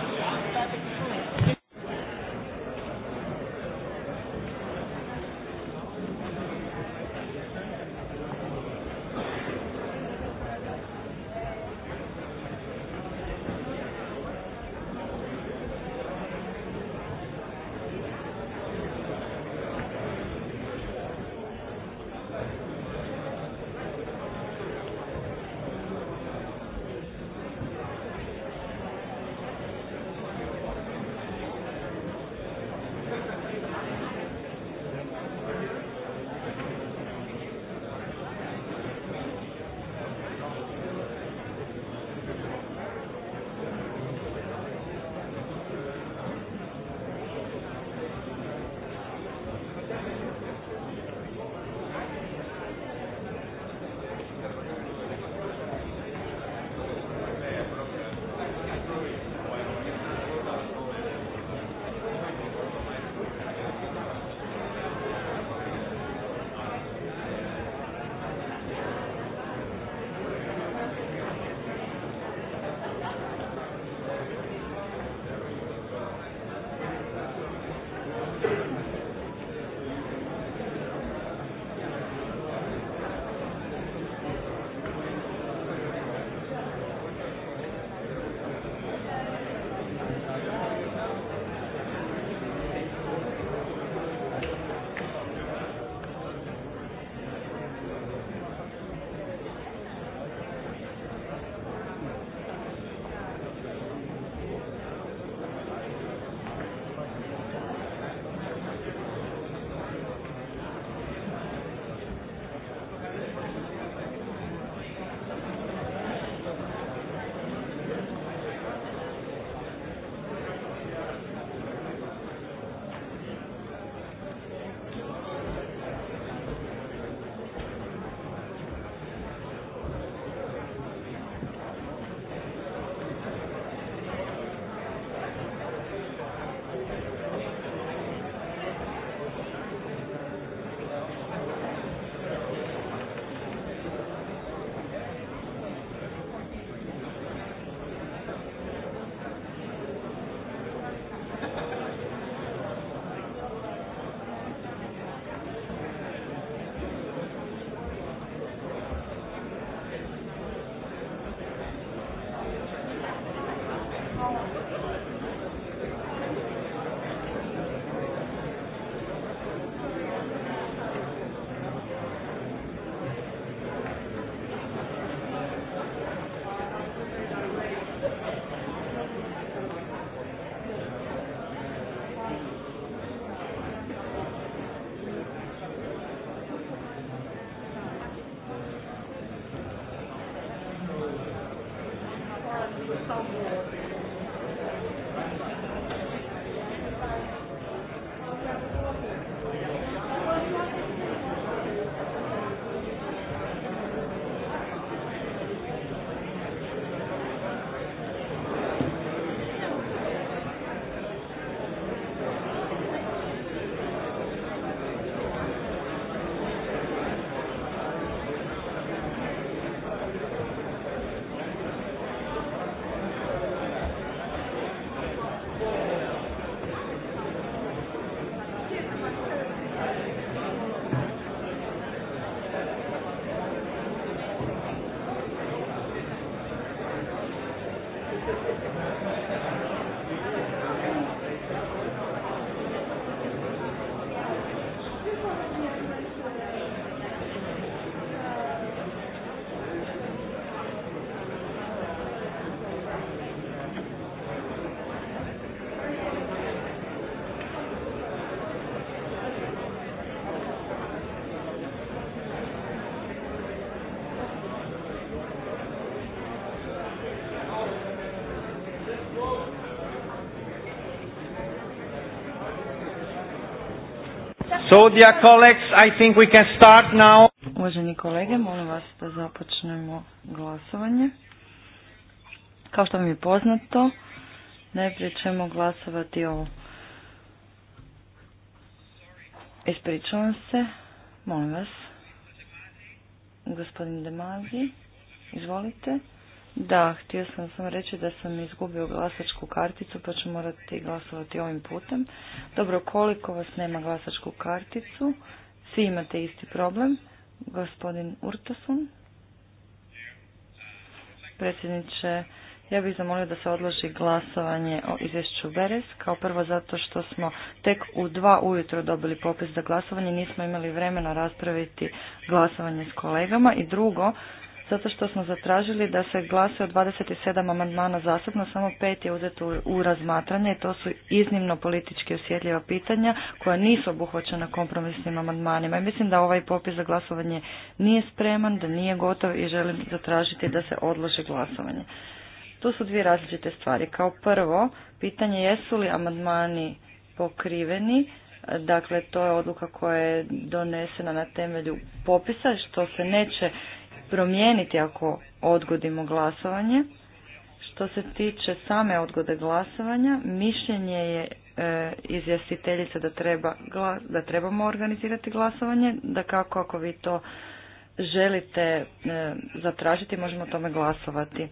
So, I think we can start now. Uvaženi kolege, molim vas da započnemo glasovanje. Kao što mi je poznato, najprije ćemo glasovati o... Ispričavam se, molim vas. Gospodin Demazi, izvolite. Da, htio sam sam reći da sam izgubio glasačku karticu pa ću morati glasovati ovim putem. Dobro, koliko vas nema glasačku karticu? Svi imate isti problem. Gospodin Urtasun. Predsjedniče, ja bih zamolio da se odloži glasovanje o izvješću Beres, kao prvo zato što smo tek u dva ujutro dobili popis za glasovanje, nismo imali vremena raspraviti glasovanje s kolegama i drugo, zato što smo zatražili da se glase od 27 amandmana zasebno, samo pet je uzeto u razmatranje i to su iznimno politički osjetljiva pitanja koja nisu obuhvaćena kompromisnim amandmanima. I mislim da ovaj popis za glasovanje nije spreman, da nije gotov i želim zatražiti da se odloži glasovanje. Tu su dvije različite stvari. Kao prvo, pitanje jesu li amandmani pokriveni, dakle to je odluka koja je donesena na temelju popisa što se neće promijeniti ako odgodimo glasovanje. Što se tiče same odgode glasovanja, mišljenje je e, izvjestiteljice da, treba, da trebamo organizirati glasovanje, da kako ako vi to želite e, zatražiti možemo o tome glasovati.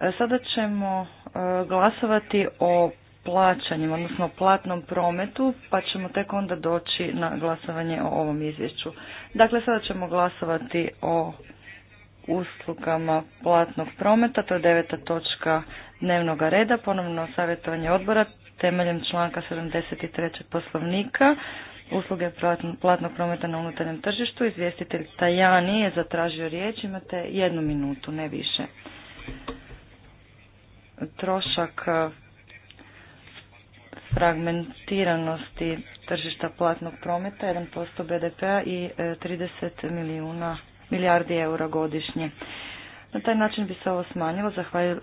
E, sada ćemo e, glasovati o plaćanjem, odnosno o platnom prometu, pa ćemo tek onda doći na glasovanje o ovom izvješću. Dakle, sada ćemo glasovati o uslugama platnog prometa, to je deveta točka dnevnog reda, ponovno savjetovanje odbora temeljem članka 73. poslovnika usluge platnog prometa na unutarnjem tržištu. Izvjestitelj Tajani je zatražio riječ, imate jednu minutu, ne više. Trošak e, fragmentiranosti tržišta platnog prometa, 1% BDP-a i 30 e, milijuna milijardi eura godišnje. Na taj način bi se ovo smanjilo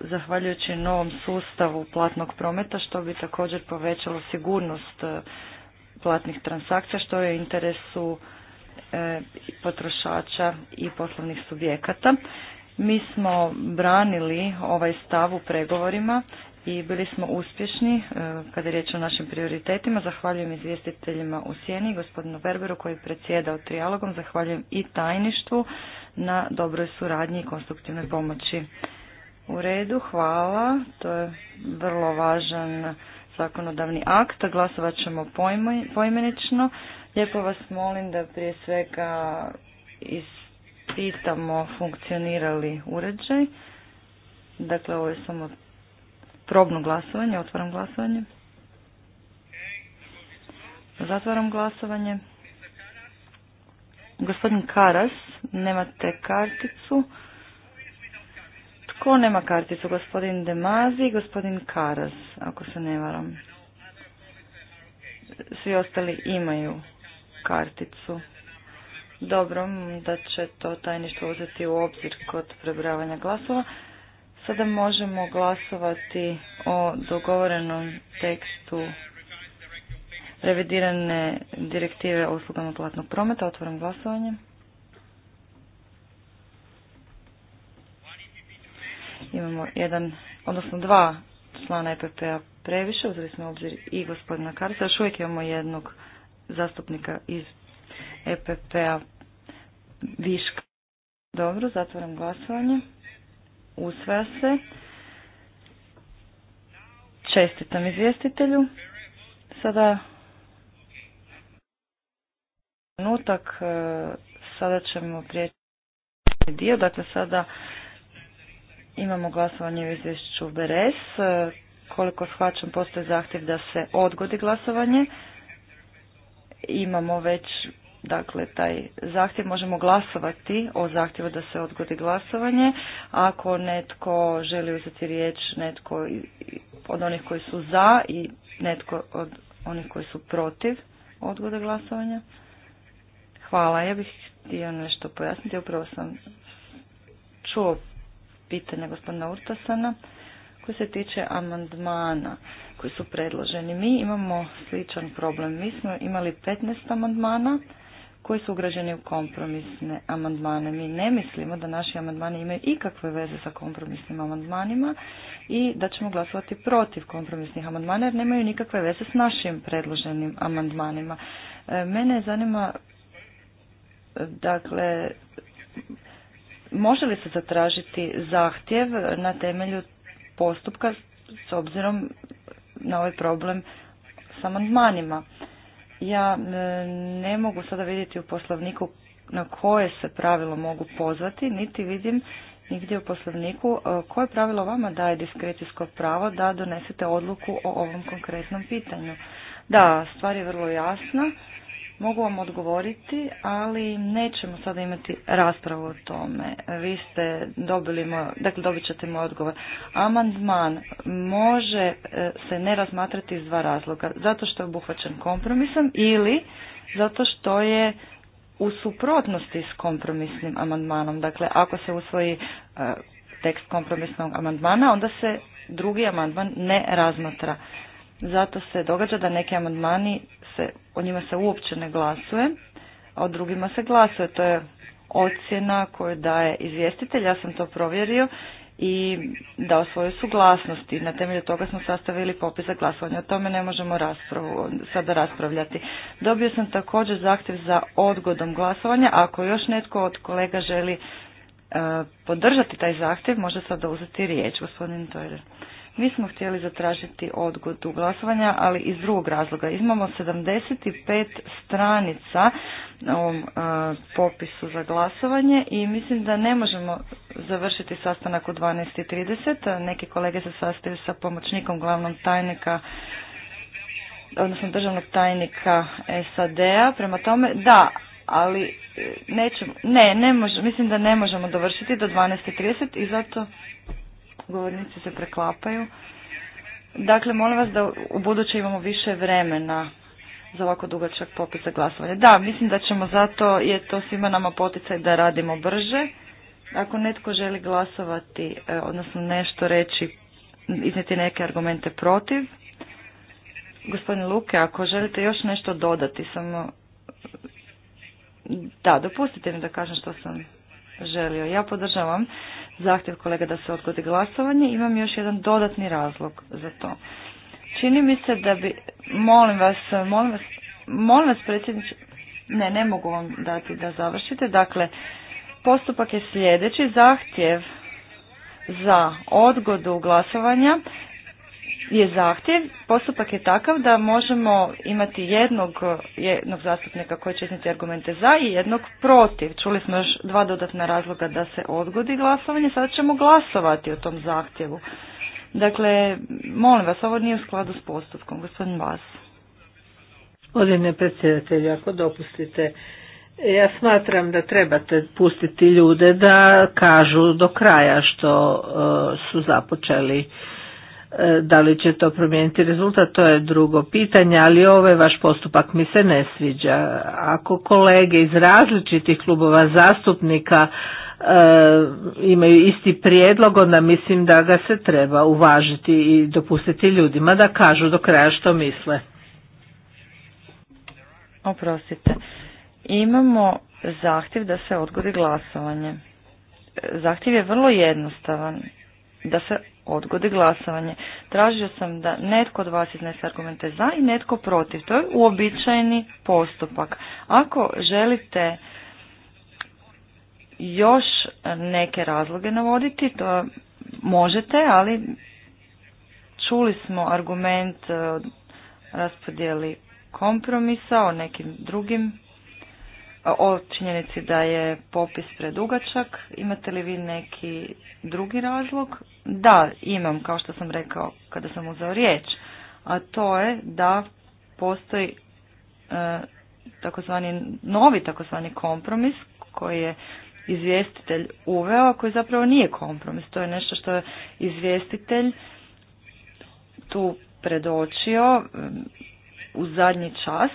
zahvaljujući novom sustavu platnog prometa što bi također povećalo sigurnost e, platnih transakcija što je u interesu e, potrošača i poslovnih subjekata. Mi smo branili ovaj stav u pregovorima i bili smo uspješni e, kada je riječ o našim prioritetima. Zahvaljujem izvjestiteljima u Sjeni, gospodinu Berberu koji je predsjedao trijalogom, zahvaljujem i tajništvu na dobroj suradnji i konstruktivnoj pomoći. U redu, hvala. To je vrlo važan zakonodavni akt. Glasovat ćemo poimenično. Lijepo vas molim da prije svega ispitamo funkcionirali uređaj. Dakle, ovo je samo probno glasovanje, otvaram glasovanje. Zatvaram glasovanje. Gospodin Karas, nemate karticu. Tko nema karticu? Gospodin Demazi i gospodin Karas, ako se ne varam. Svi ostali imaju karticu. Dobro, da će to tajništvo uzeti u obzir kod prebravanja glasova. Sada možemo glasovati o dogovorenom tekstu revidirane direktive o uslugama platnog prometa. Otvorim glasovanje. Imamo jedan, odnosno dva člana EPP-a previše. Uzeli smo obzir i gospodina Karca. Još uvijek imamo jednog zastupnika iz EPP-a viška. Dobro, zatvoram glasovanje. Usvaja se. Čestitam izvjestitelju. Sada trenutak, e, sada ćemo prijeći dio, dakle sada imamo glasovanje u izvješću BRS. E, koliko shvaćam, postoji zahtjev da se odgodi glasovanje. Imamo već dakle taj zahtjev možemo glasovati o zahtjevu da se odgodi glasovanje. Ako netko želi uzeti riječ, netko od onih koji su za i netko od onih koji su protiv odgode glasovanja. Hvala, ja bih htio nešto pojasniti. Upravo sam čuo pitanje gospodina Urtasana koji se tiče amandmana koji su predloženi. Mi imamo sličan problem. Mi smo imali 15 amandmana koji su ugrađeni u kompromisne amandmane. Mi ne mislimo da naši amandmani imaju ikakve veze sa kompromisnim amandmanima i da ćemo glasovati protiv kompromisnih amandmana jer nemaju nikakve veze s našim predloženim amandmanima. E, mene zanima, dakle, može li se zatražiti zahtjev na temelju postupka s obzirom na ovaj problem s amandmanima? Ja e, ne mogu sada vidjeti u poslovniku na koje se pravilo mogu pozvati, niti vidim nigdje u poslovniku e, koje pravilo vama daje diskrecijsko pravo da donesete odluku o ovom konkretnom pitanju. Da, stvar je vrlo jasna. Mogu vam odgovoriti, ali nećemo sada imati raspravu o tome. Vi ste dobili, dakle dobit ćete moj odgovor. Amandman može e, se ne razmatrati iz dva razloga. Zato što je obuhvaćen kompromisom ili zato što je u suprotnosti s kompromisnim amandmanom. Dakle, ako se usvoji e, tekst kompromisnog amandmana, onda se drugi amandman ne razmatra. Zato se događa da neki amandmani se, o njima se uopće ne glasuje, a o drugima se glasuje. To je ocjena koju daje izvjestitelj, ja sam to provjerio i dao svoju suglasnost i na temelju toga smo sastavili popis za glasovanje. O tome ne možemo raspravu, sada raspravljati. Dobio sam također zahtjev za odgodom glasovanja. Ako još netko od kolega želi e, podržati taj zahtjev, može sada uzeti riječ, gospodin Tojler. Mi smo htjeli zatražiti odgodu glasovanja, ali iz drugog razloga. Imamo 75 stranica na ovom e, popisu za glasovanje i mislim da ne možemo završiti sastanak u 12.30. Neki kolege se sastaju sa pomoćnikom glavnog tajnika odnosno državnog tajnika SAD-a. Prema tome, da, ali e, nećemo, ne, ne možemo, mislim da ne možemo dovršiti do 12.30 i zato govornici se preklapaju. Dakle, molim vas da u buduće imamo više vremena za ovako dugačak popis za glasovanje. Da, mislim da ćemo zato, je to svima nama poticaj da radimo brže. Ako netko želi glasovati, e, odnosno nešto reći, iznijeti neke argumente protiv, gospodine Luke, ako želite još nešto dodati, samo da, dopustite mi da kažem što sam želio. Ja podržavam zahtjev kolega da se odgodi glasovanje. Imam još jedan dodatni razlog za to. Čini mi se da bi, molim vas, molim vas, molim vas predsjedniče, ne, ne mogu vam dati da završite. Dakle, postupak je sljedeći. Zahtjev za odgodu glasovanja je zahtjev, postupak je takav da možemo imati jednog, jednog zastupnika koji će iznijeti argumente za i jednog protiv. Čuli smo još dva dodatna razloga da se odgodi glasovanje, sada ćemo glasovati o tom zahtjevu. Dakle, molim vas, ovo nije u skladu s postupkom, gospodin Vas. Gospodine predsjedatelju, ako dopustite, ja smatram da trebate pustiti ljude da kažu do kraja što e, su započeli E, da li će to promijeniti rezultat, to je drugo pitanje, ali ovaj vaš postupak mi se ne sviđa. Ako kolege iz različitih klubova zastupnika e, imaju isti prijedlog, onda mislim da ga se treba uvažiti i dopustiti ljudima da kažu do kraja što misle. Oprostite, imamo zahtjev da se odgodi glasovanje. E, zahtjev je vrlo jednostavan da se odgodi glasovanje. Tražio sam da netko od vas iznese argumente za i netko protiv. To je uobičajeni postupak. Ako želite još neke razloge navoditi, to možete, ali čuli smo argument eh, raspodjeli kompromisa o nekim drugim o činjenici da je popis predugačak. Imate li vi neki drugi razlog? Da, imam, kao što sam rekao kada sam uzeo riječ, a to je da postoji e, takozvani novi takozvani kompromis koji je izvjestitelj uveo, a koji zapravo nije kompromis. To je nešto što je izvjestitelj tu predočio e, u zadnji čas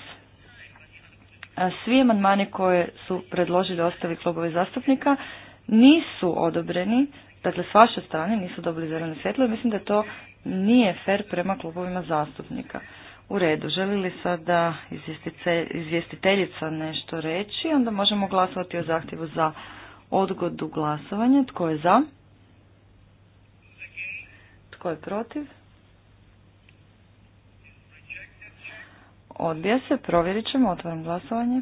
svi amandmani koje su predložili ostali klubovi zastupnika nisu odobreni, dakle s vaše strane nisu dobili zeleno svjetlo i mislim da to nije fer prema klubovima zastupnika. U redu, želi li sada izvjestiteljica nešto reći, onda možemo glasovati o zahtjevu za odgodu glasovanja. Tko je za? Tko je protiv? odbija se, provjerit ćemo, otvaram glasovanje.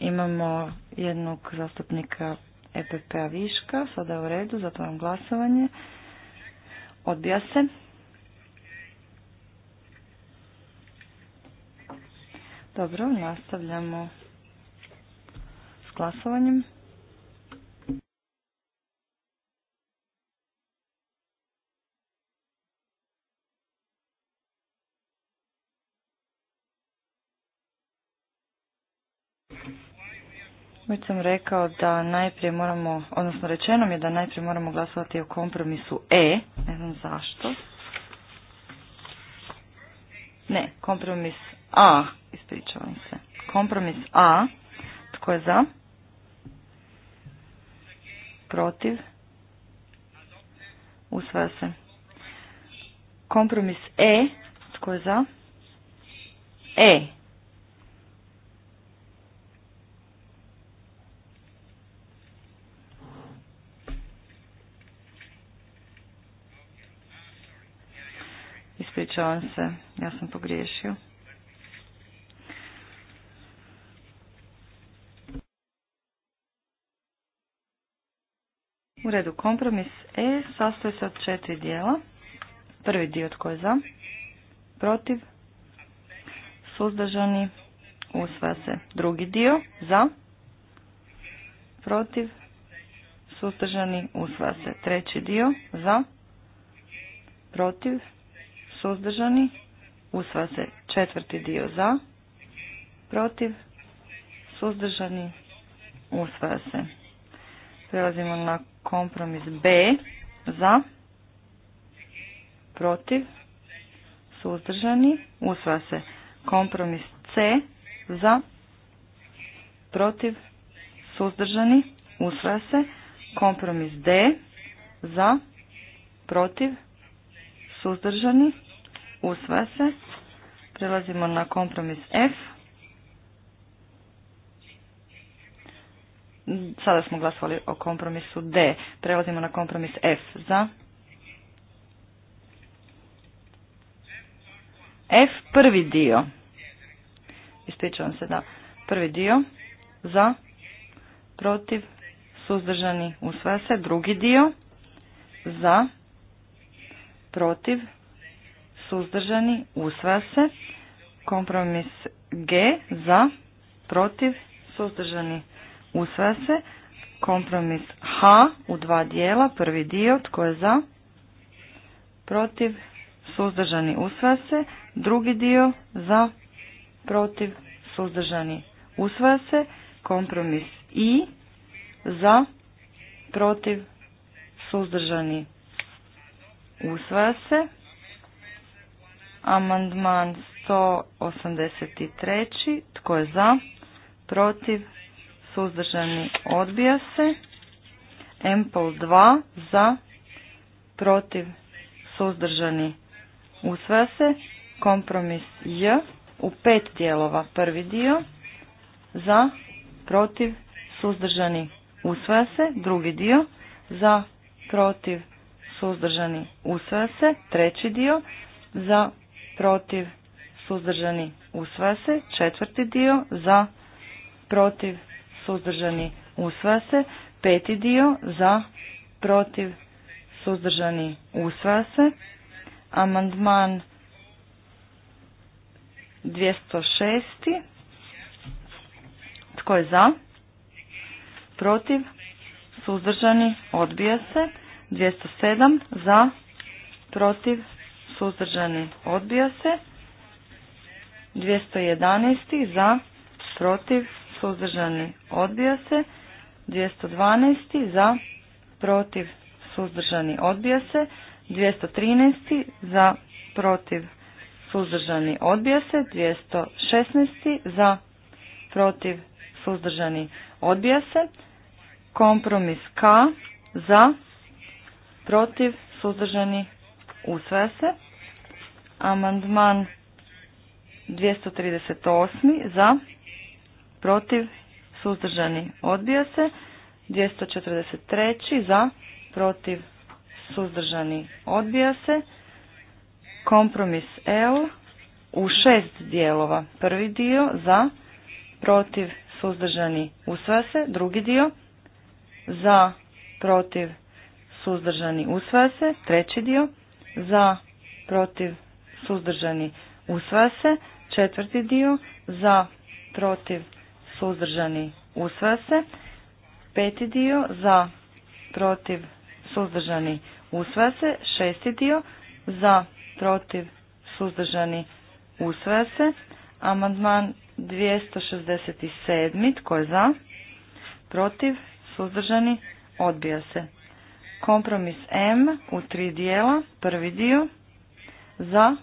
Imamo jednog zastupnika EPP-a Viška, sada je u redu, zatvaram glasovanje. Odbija se. Dobro, nastavljamo glasovanjem. Već sam rekao da najprije moramo, odnosno rečeno mi je da najprije moramo glasovati o kompromisu E, ne znam zašto. Ne, kompromis A, ispričavam se. Kompromis A, tko je za? protiv, usvaja se. Kompromis E, tko je za? E. Ispričavam se, ja sam pogriješio. redu, kompromis E sastoji se od četiri dijela. Prvi dio tko je za, protiv, suzdržani, usvaja se. Drugi dio za, protiv, suzdržani, usvaja se. Treći dio za, protiv, suzdržani, usvaja se. Četvrti dio za, protiv, suzdržani, usvaja se. Prelazimo na kompromis B. Za. Protiv. Suzdržani. Usvaja se. Kompromis C. Za. Protiv. Suzdržani. Usvaja se. Kompromis D. Za. Protiv. Suzdržani. Usvaja se. Prelazimo na kompromis F. Sada smo glasovali o kompromisu D. Prelazimo na kompromis F. Za. F prvi dio. Ispričavam se da. Prvi dio. Za. Protiv. Suzdržani. Usvaja se. Drugi dio. Za. Protiv. Suzdržani. Usvaja se. Kompromis G. Za. Protiv. Suzdržani. Usvaja se. Kompromis H u dva dijela. Prvi dio. Tko je za? Protiv. Suzdržani. Usvaja se. Drugi dio. Za. Protiv. Suzdržani. Usvaja se. Kompromis I. Za. Protiv. Suzdržani. Usvaja se. Amandman 183. Tko je za? Protiv? suzdržani, odbija se. Empol 2 za, protiv, suzdržani, usvaja se. Kompromis J u pet dijelova. Prvi dio za, protiv, suzdržani, usvaja se. Drugi dio za, protiv, suzdržani, usvaja se. Treći dio za, protiv, suzdržani, usvaja se. Četvrti dio za, protiv, suzdržani, usvaja se. Peti dio za, protiv, suzdržani, usvaja se. Amandman 206. Tko je za? Protiv? Suzdržani? Odbija se. 207. Za? Protiv? Suzdržani? Odbija se. 211. Za? Protiv? suzdržani, odbija se. 212. za, protiv, suzdržani, odbija se. 213. za, protiv, suzdržani, odbija se. 216. za, protiv, suzdržani, odbija se. Kompromis K za, protiv, suzdržani, usvaja se. Amandman 238. za, protiv, suzdržani, odbija se. 243. za, protiv, suzdržani, odbija se. Kompromis L u šest dijelova. Prvi dio za, protiv, suzdržani, usvaja se. Drugi dio za, protiv, suzdržani, usvaja se. Treći dio za, protiv, suzdržani, usvaja se. Četvrti dio za, protiv, suzdržani, usvaja se. Peti dio za, protiv, suzdržani, usvaja se. Šesti dio za, protiv, suzdržani, usvaja se. Amandman 267. Tko je za? Protiv, suzdržani, odbija se. Kompromis M u tri dijela. Prvi dio za,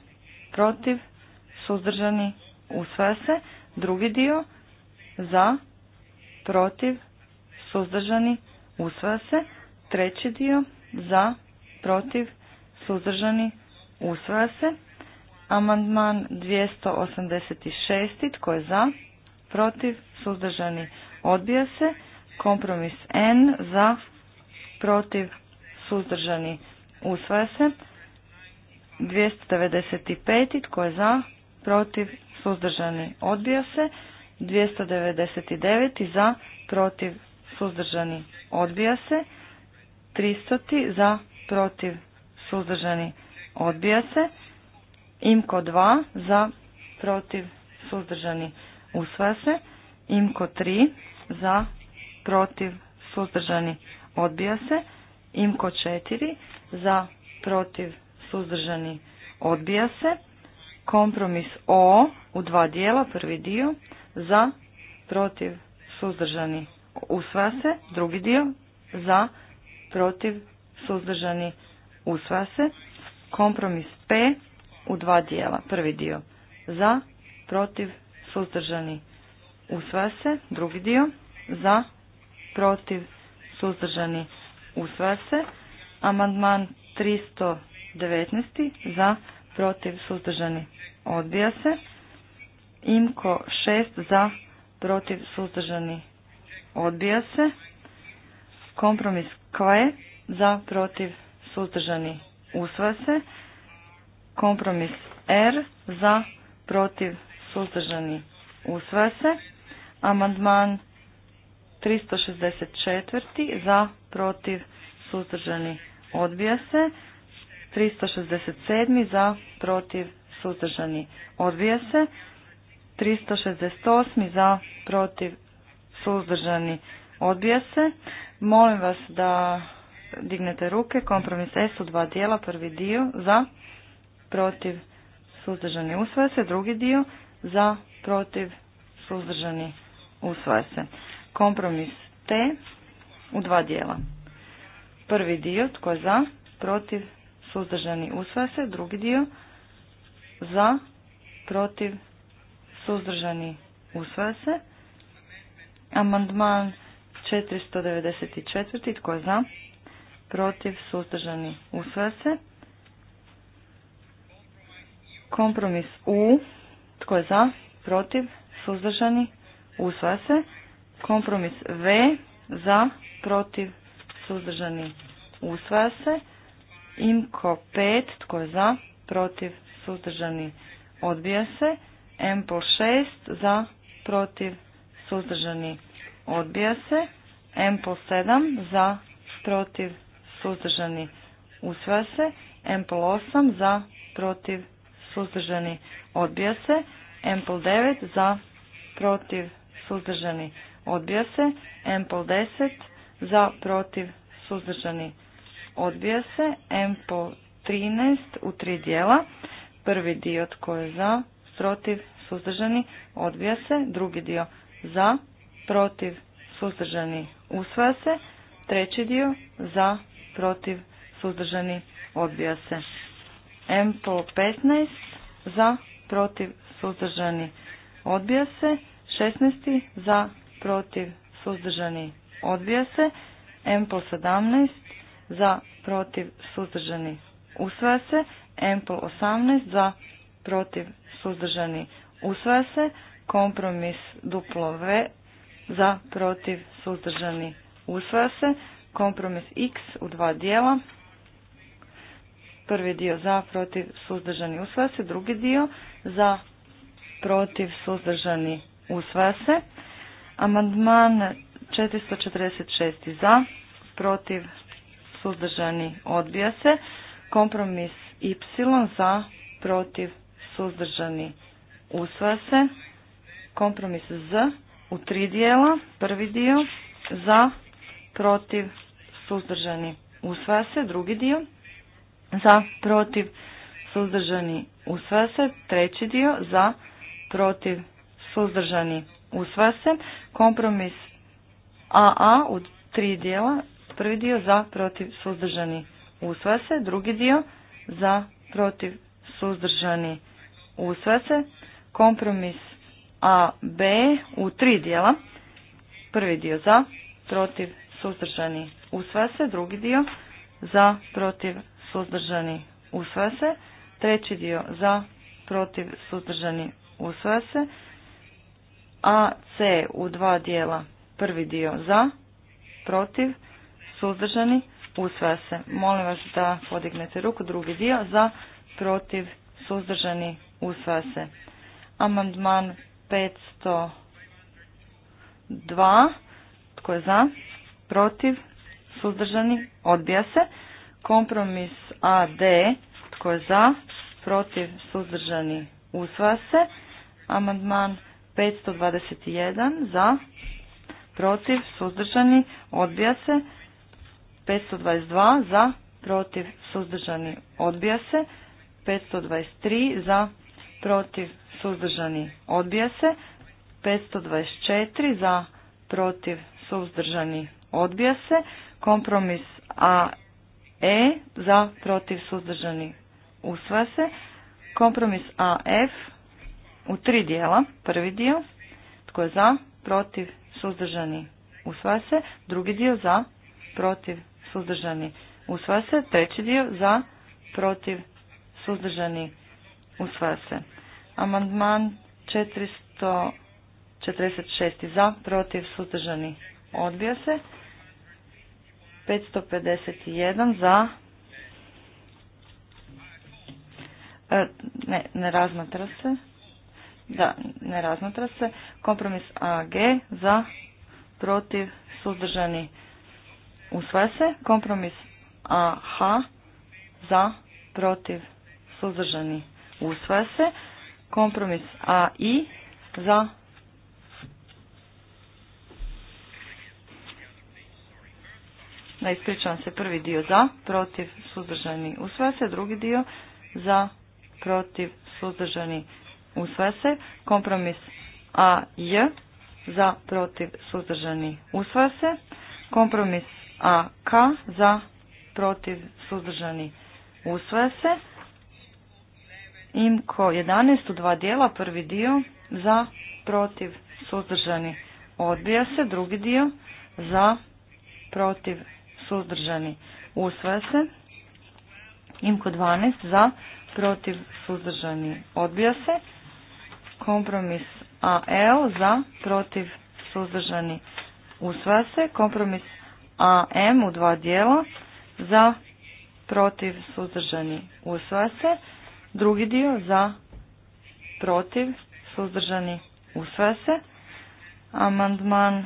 protiv, suzdržani, usvaja se. Drugi dio za, protiv, suzdržani, usvaja se. Treći dio za, protiv, suzdržani, usvaja se. Amandman 286. Tko je za? Protiv? Suzdržani? Odbija se. Kompromis N. Za? Protiv? Suzdržani? Usvaja se. 295. Tko je za? Protiv? Suzdržani? Odbija se. 299. za, protiv, suzdržani, odbija se. 300. za, protiv, suzdržani, odbija se. Imko 2 za, protiv, suzdržani, usvaja se. Imko 3 za, protiv, suzdržani, odbija se. Imko 4 za, protiv, suzdržani, odbija se. Kompromis O u dva dijela, prvi dio za, protiv, suzdržani, usvaja se. Drugi dio, za, protiv, suzdržani, usvaja se. Kompromis P u dva dijela. Prvi dio, za, protiv, suzdržani, usvaja se. Drugi dio, za, protiv, suzdržani, usvaja se. Amandman 319. za, protiv, suzdržani, odbija se. Imko 6 za, protiv, suzdržani, odbija se. Kompromis KVE za, protiv, suzdržani, usvaja se. Kompromis R za, protiv, suzdržani, usvaja se. Amandman 364 za, protiv, suzdržani, odbija se. 367 za, protiv, suzdržani, odbija se. 368 za, protiv, suzdržani, odbija se. Molim vas da dignete ruke. Kompromis S u dva dijela. Prvi dio za, protiv, suzdržani, usvaja se. Drugi dio za, protiv, suzdržani, usvaja se. Kompromis T u dva dijela. Prvi dio tko je za, protiv, suzdržani, usvaja se. Drugi dio za, protiv, suzdržani, usvaja se. Amandman 494. Tko je za? Protiv, suzdržani, usvaja se. Kompromis U. Tko je za? Protiv, suzdržani, usvaja se. Kompromis V. Za, protiv, suzdržani, usvaja se. Imko 5. Tko je za? Protiv, suzdržani, odbija se. MPOL 6 za, protiv, suzdržani, odbija se. MPOL 7 za, protiv, suzdržani, usvaja se. po 8 za, protiv, suzdržani, odbija se. po 9 za, protiv, suzdržani, odbija se. po 10 za, protiv, suzdržani, odbija se. po 13 u tri dijela. Prvi dio tko je za, protiv, suzdržani, odbija se. Drugi dio za, protiv, suzdržani, usvaja se. Treći dio za, protiv, suzdržani, odbija se. MPO 15 za, protiv, suzdržani, odbija se. 16 za, protiv, suzdržani, odbija se. MPO 17 za, protiv, suzdržani, usvaja se. MPO 18 za, protiv, suzdržani, usvaja se. Kompromis duplo V, za, protiv, suzdržani, usvaja se. Kompromis X u dva dijela. Prvi dio za, protiv, suzdržani, usvaja se. Drugi dio za, protiv, suzdržani, usvaja se. Amandman 446 za, protiv, suzdržani, odbija se. Kompromis Y za, protiv, suzdržani, usvaja se. Kompromis Z u tri dijela. Prvi dio za, protiv, suzdržani, usvaja se. Drugi dio za, protiv, suzdržani, usvaja se. Treći dio za, protiv, suzdržani, usvaja se. Kompromis AA u tri dijela. Prvi dio za, protiv, suzdržani, usvaja se. Drugi dio za, protiv, suzdržani, Usvaja se. Kompromis A, B u tri dijela. Prvi dio za, protiv, suzdržani. Usvaja se. Drugi dio za, protiv, suzdržani. Usvaja se. Treći dio za, protiv, suzdržani. Usvaja se. A, C u dva dijela. Prvi dio za, protiv, suzdržani. Usvaja se. Molim vas da podignete ruku. Drugi dio za, protiv, suzdržani. Usvaja se. Amandman 502. Tko je za? Protiv? Suzdržani? Odbija se. Kompromis AD. Tko je za? Protiv? Suzdržani? Usvaja se. Amandman 521. Za? Protiv? Suzdržani? Odbija se. 522. Za? Protiv? Suzdržani? Odbija se. 523. Za? protiv, suzdržani, odbija se. 524 za, protiv, suzdržani, odbija se. Kompromis A, E, za, protiv, suzdržani, usvaja se. Kompromis A, F, u tri dijela. Prvi dio, tko je za, protiv, suzdržani, usvaja se. Drugi dio za, protiv, suzdržani, usvaja se. Treći dio za, protiv, suzdržani, usvaja se. Amandman 446 za, protiv, suzdržani, odbija se. 551 za, e, ne, ne razmatra se. Da, ne razmatra se. Kompromis AG za, protiv, suzdržani, usvaja se. Kompromis AH za, protiv, suzdržani, usvaja se. Kompromis A i za Da ispričavam se prvi dio za, protiv, suzdržani, usvaja se, drugi dio za, protiv, suzdržani, usvaja se, kompromis A J za, protiv, suzdržani, usvaja se, kompromis A K za, protiv, suzdržani, usvaja se, Imko 11 u dva dijela, prvi dio za, protiv, suzdržani, odbija se, drugi dio za, protiv, suzdržani, usvaja se. Imko 12 za, protiv, suzdržani, odbija se. Kompromis AL za, protiv, suzdržani, usvaja se. Kompromis AM u dva dijela za, protiv, suzdržani, usvaja se. Drugi dio za, protiv, suzdržani, usvaja se. Amandman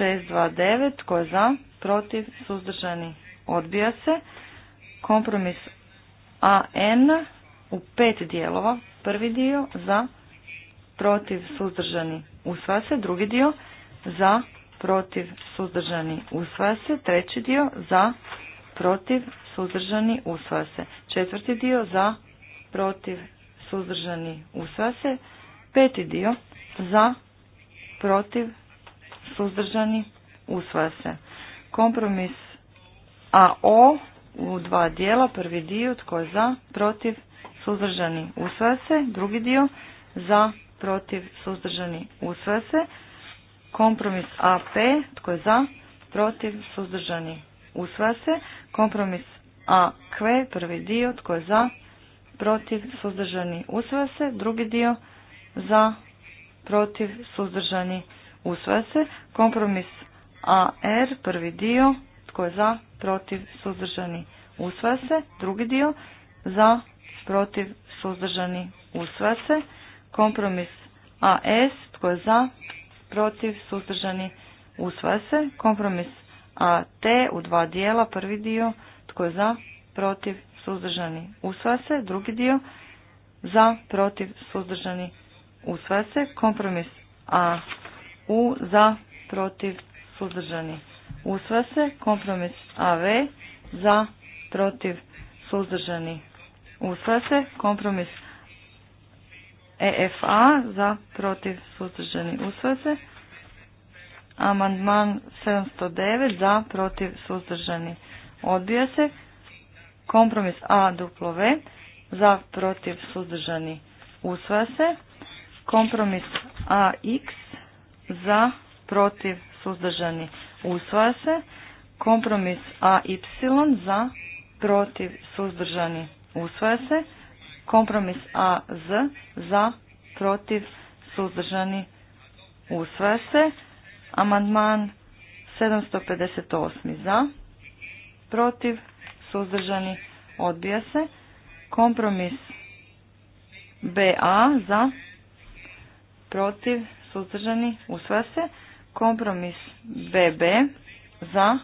629, tko je za, protiv, suzdržani, odbija se. Kompromis AN u pet dijelova. Prvi dio za, protiv, suzdržani, usvaja se. Drugi dio za, protiv, suzdržani, usvaja se. Treći dio za, protiv, suzdržani, usvaja se. Četvrti dio za, protiv, suzdržani, usva se. Peti dio, za, protiv, suzdržani, usvaja se. Kompromis AO u dva dijela, prvi dio, tko je za, protiv, suzdržani, usvaja se. Drugi dio, za, protiv, suzdržani, usva se. Kompromis AP, tko je za, protiv, suzdržani, usvaja se. Kompromis AQ, prvi dio, tko je za, protiv, suzdržani, usvaja se. Drugi dio za, protiv, suzdržani, usvaja se. Kompromis AR, prvi dio, tko je za, protiv, suzdržani, usvaja se. Drugi dio za, protiv, suzdržani, usvaja se. Kompromis AS, tko je za, protiv, suzdržani, usvaja se. Kompromis AT u dva dijela, prvi dio, tko je za, protiv, suzdržani, usvaja se. Drugi dio za, protiv, suzdržani, usvaja se. Kompromis A u, za, protiv, suzdržani, usvaja se. Kompromis AV za, protiv, suzdržani, usvaja se. Kompromis EFA za, protiv, suzdržani, usvaja Amandman 709 za, protiv, suzdržani, odbija se. Kompromis A duplo V za protiv suzdržani usvaja se. Kompromis AX za protiv suzdržani usvaja se. Kompromis AY za protiv suzdržani usvaja se. Kompromis AZ za protiv suzdržani usvaja se. Amandman 758 za protiv suzdržani, odbija se. Kompromis BA za, protiv, suzdržani, usvaja se. Kompromis BB za,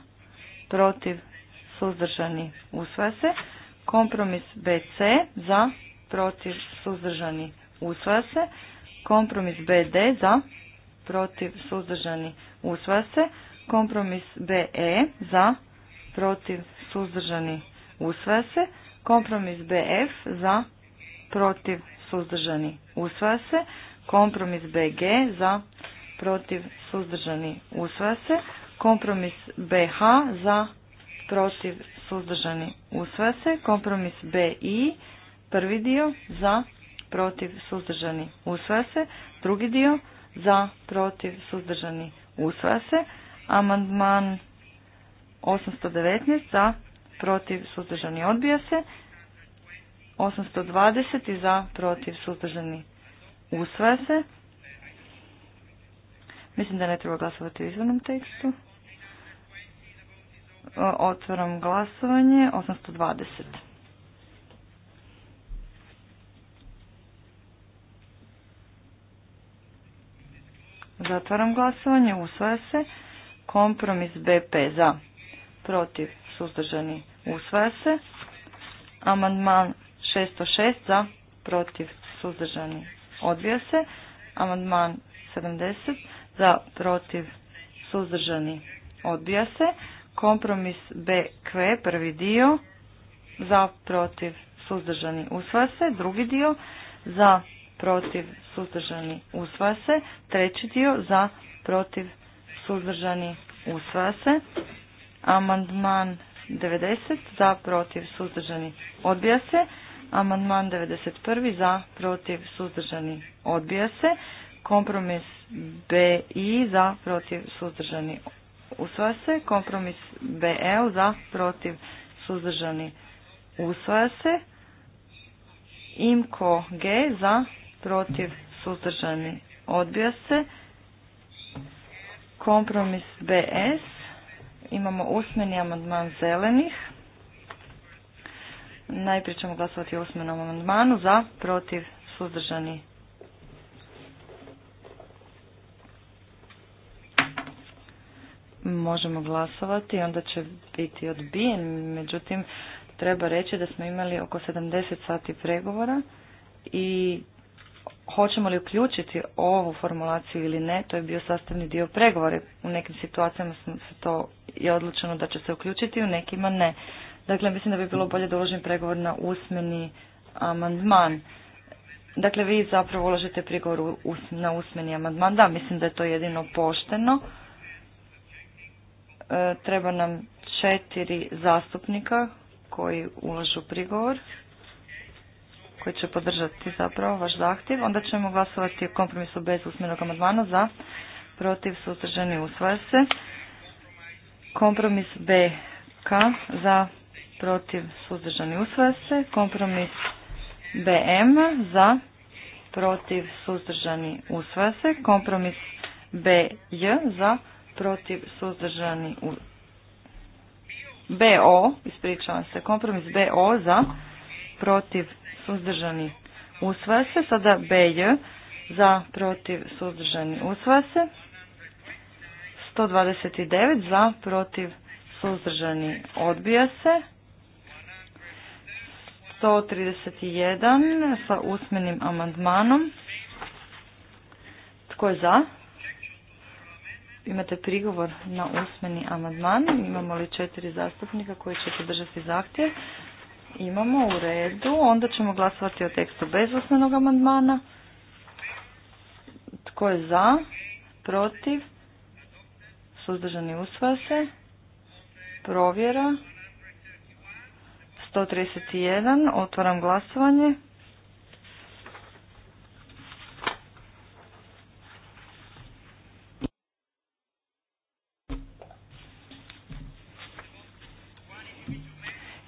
protiv, suzdržani, usvaja se. Kompromis BC za, protiv, suzdržani, usvaja se. Kompromis BD za, protiv, suzdržani, usvaja se. Kompromis BE za, protiv, suzdržani, usvaja se. Kompromis BF za, protiv, suzdržani, usvaja se. Kompromis BG za, protiv, suzdržani, usvaja se. Kompromis BH za, protiv, suzdržani, usvaja se. Kompromis BI, prvi dio, za, protiv, suzdržani, usvaja se. Drugi dio, za, protiv, suzdržani, usvaja se. Amandman 819 za, protiv, suzdržani, odbija se. 820 za, protiv, suzdržani, usvaja se. Mislim da ne treba glasovati u izvornom tekstu. Otvaram glasovanje 820. Zatvaram glasovanje, usvaja se. Kompromis BP za protiv, suzdržani, usvaja se. Amandman 606 za, protiv, suzdržani, odbija se. Amandman 70 za, protiv, suzdržani, odbija se. Kompromis BQ, prvi dio, za, protiv, suzdržani, usvaja se. Drugi dio, za, protiv, suzdržani, usvaja se. Treći dio, za, protiv, suzdržani, usvaja se. Amandman 90 za protiv suzdržani odbija se. Amandman 91 za protiv suzdržani odbija se. Kompromis BI za protiv suzdržani usvaja se. Kompromis BL za protiv suzdržani usvaja se. IMKO G za protiv suzdržani odbija se. Kompromis BS Imamo usmeni amandman zelenih. Najprije ćemo glasovati o usmenom amandmanu za, protiv, suzdržani. Možemo glasovati, onda će biti odbijen, međutim treba reći da smo imali oko 70 sati pregovora i hoćemo li uključiti ovu formulaciju ili ne, to je bio sastavni dio pregovore. U nekim situacijama se to je odlučeno da će se uključiti, u nekima ne. Dakle, mislim da bi bilo bolje da uložim pregovor na usmeni amandman. Dakle, vi zapravo uložite prigovor na usmeni amandman. Da, mislim da je to jedino pošteno. E, treba nam četiri zastupnika koji ulažu prigovor, koji će podržati zapravo vaš zahtjev. Onda ćemo glasovati o kompromisu bez usmenog amandmana za, protiv, suzdržani, usvaja se. Kompromis BK za protiv suzdržani usvaja se. Kompromis BM za protiv suzdržani usvaja se. Kompromis BJ za protiv suzdržani BO, ispričavam se, kompromis BO za protiv suzdržani usvaja se. Sada BJ za protiv suzdržani usvaja 129 za, protiv, suzdržani, odbija se. 131 sa usmenim amandmanom. Tko je za? Imate prigovor na usmeni amandman. Imamo li četiri zastupnika koji će podržati zahtjev? Imamo u redu. Onda ćemo glasovati o tekstu bez usmenog amandmana. Tko je za? Protiv? Suzdržani usvaja se. Provjera. 131. Otvaram glasovanje.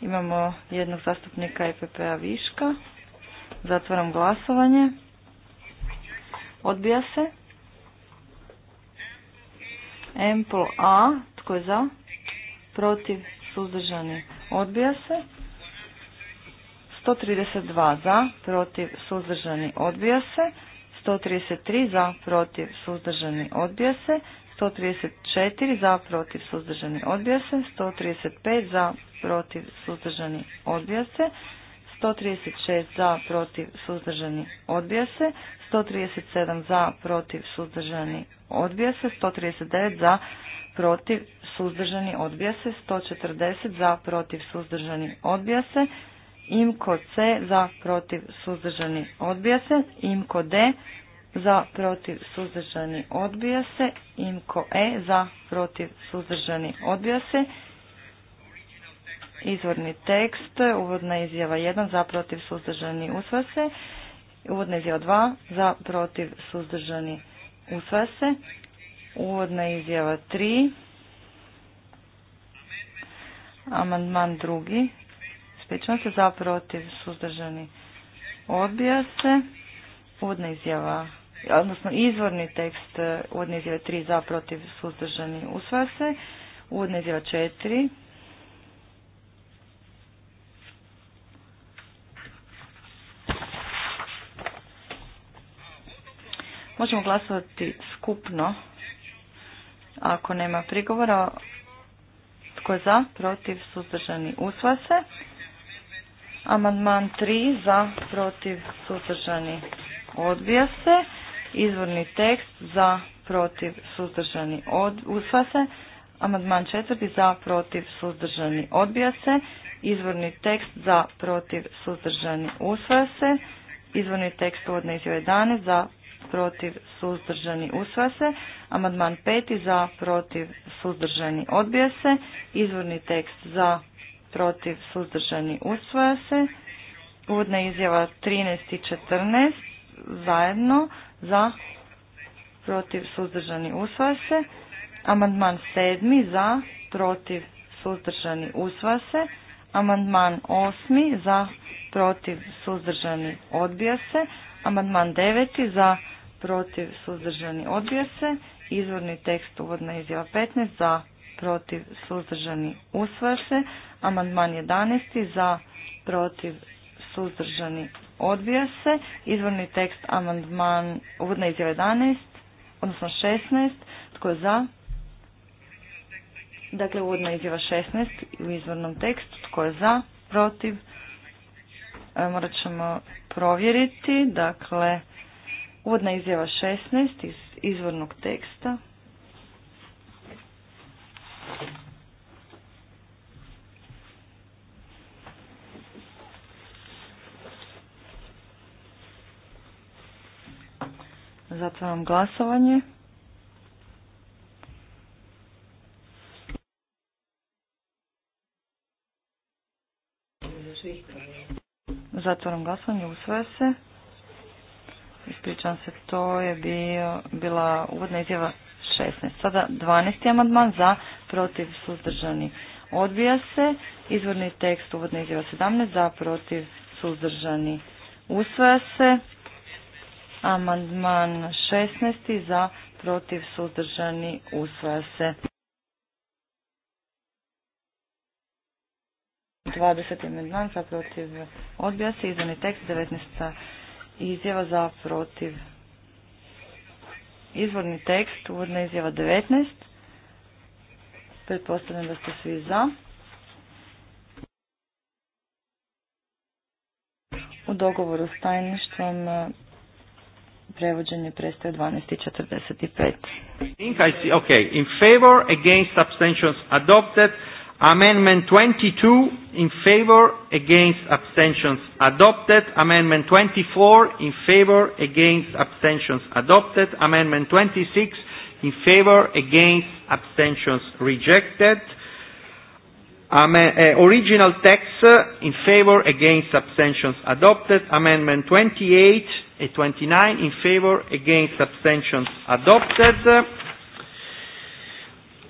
Imamo jednog zastupnika EPP-a Viška. Zatvaram glasovanje. Odbija se pol A, tko je za? Protiv, suzdržani, odbija se. 132 za, protiv, suzdržani, odbija se. 133 za, protiv, suzdržani, odbija se. 134 za, protiv, suzdržani, odbija se. 135 za, protiv, suzdržani, odbija se. 136 za, protiv, suzdržani, odbija se. 137 za, protiv, suzdržani, odbija se. 139 za, protiv, suzdržani, odbija se. 140 za, protiv, suzdržani, odbija se. Imko C za, protiv, suzdržani, odbija se. Imko D za, protiv, suzdržani, odbija se. Imko E za, protiv, suzdržani, odbija se. Izvorni tekst, uvodna izjava 1, za protiv suzdržani usvase, Uvodna izjava 2, za protiv suzdržani usva Uvodna izjava 3, amandman drugi, spričam se, za protiv suzdržani odbija se. Uvodna izjava odnosno izvorni tekst uvodna izjava 3 za protiv suzdržani usvase, se, uvodna izjava 4 Možemo glasovati skupno. Ako nema prigovora, tko je za, protiv, suzdržani, usva se. Amandman 3, za, protiv, suzdržani, odbija se. Izvorni tekst, za, protiv, suzdržani, usva se. Amandman 4, za, protiv, suzdržani, odbija se. Izvorni tekst, za, protiv, suzdržani, usvaja se. Izvorni tekst uvodne izjave 11, za, protiv, suzdržani, usvaja se. Amandman 5. za, protiv, suzdržani, odbija se. Izvorni tekst za, protiv, suzdržani, usvaja se. Uvodna izjava 13 i 14 zajedno za, protiv, suzdržani, usvaja se. Amandman 7. za, protiv, suzdržani, usvaja se. Amandman 8. za, protiv, suzdržani, odbija se. Amandman 9. za, protiv, suzdržani, odbija se. Izvorni tekst, uvodna izjava 15, za, protiv, suzdržani, usvaja se. Amandman 11, za, protiv, suzdržani, odbija se. Izvorni tekst, amandman, uvodna izjava 11, odnosno 16, tko je za? Dakle, uvodna izjava 16 u izvornom tekstu, tko je za, protiv, e, morat ćemo provjeriti, dakle, Uvodna izjava 16 iz izvornog teksta. Zatvaram glasovanje. Zatvaram glasovanje, usvaja se. Pričam se, to je bio, bila uvodna izjava 16. Sada 12. amandman za, protiv, suzdržani. Odbija se izvorni tekst uvodna izjava 17 za, protiv, suzdržani. Usvaja se amandman 16 za, protiv, suzdržani. Usvaja se. 20. amandman za, protiv, odbija se izvorni tekst 19 izjava za protiv. Izvorni tekst, uvodna izjava 19. Pretpostavljam da ste svi za. U dogovoru s tajništvom e, prevođenje prestaje 12.45. Okay. In favor, against abstentions adopted. Amendment 22 in favor against abstentions adopted. Amendment 24 in favor against abstentions adopted. Amendment 26 in favor against abstentions rejected. uh, original text uh, in favor against abstentions adopted. Amendment 28 and 29 in favor against abstentions adopted.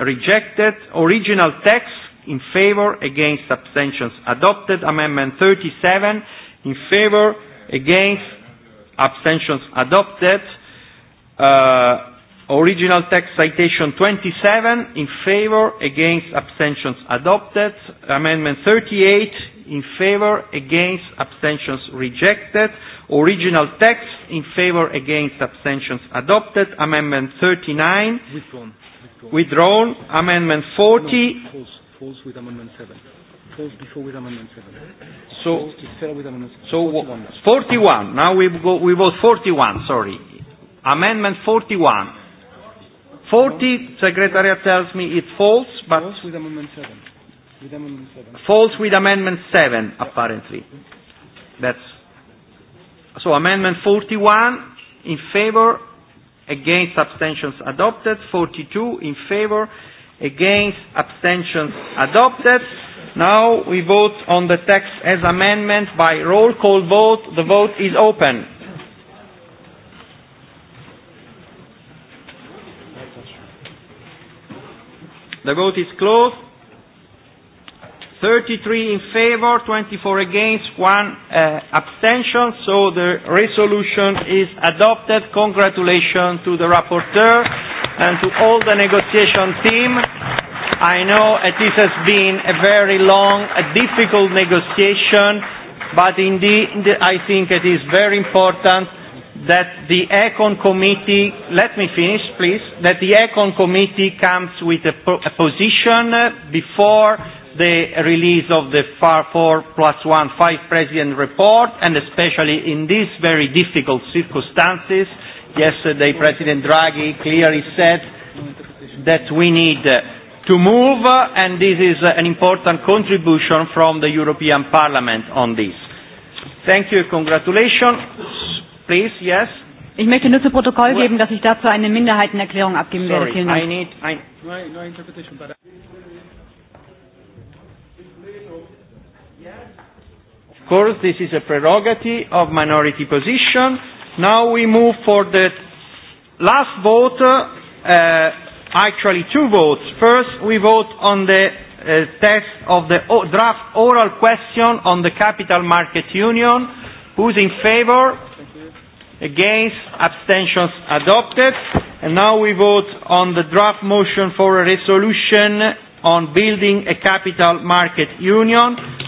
rejected original text in favor against abstentions adopted amendment 37 in favor against abstentions adopted uh, original text citation 27 in favor against abstentions adopted amendment 38 in favor against abstentions rejected original text in favor against abstentions adopted amendment 39 Which one? Withdrawn. Amendment 40. No, false, with Amendment 7. Falls before with Amendment 7. So, with amendment so 41. 41. Now we go, we vote 41, sorry. Amendment 41. 40, Secretary tells me it falls, but... False with Amendment 7. With amendment 7. Falls with Amendment 7, apparently. That's... So Amendment 41, in favor, against abstentions adopted 42 in favor against abstentions adopted now we vote on the text as amendment by roll call vote the vote is open the vote is closed 33 in favor, 24 against, one uh, abstention. So the resolution is adopted. Congratulations to the rapporteur and to all the negotiation team. I know it has been a very long, a difficult negotiation, but indeed I think it is very important that the ECON committee, let me finish please, that the ECON committee comes with a, po a position before the release of the FAR 4 plus 1 5 President report, and especially in these very difficult circumstances, yesterday President Draghi clearly said that we need to move, and this is an important contribution from the European Parliament on this. Thank you, congratulations. Please, yes. Ich möchte nur zu Protokoll geben, dass ich dazu eine Minderheitenerklärung abgeben Sorry, werde. Vielen Dank. I need, I... No, no interpretation, but Of course, this is a prerogative of minority position. Now we move for the last vote, uh, actually two votes. First, we vote on the uh, text of the o draft oral question on the Capital Market Union. Who's in favor? Against? Abstentions adopted. And now we vote on the draft motion for a resolution on building a capital market union.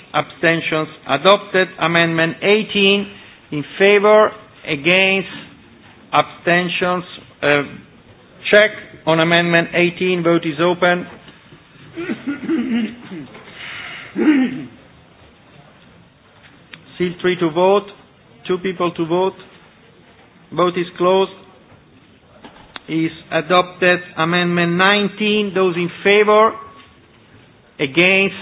abstentions adopted. Amendment 18 in favor, against, abstentions. Uh, check on Amendment 18. Vote is open. Seal 3 to vote. Two people to vote. Vote is closed. Is adopted. Amendment 19. Those in favor, against,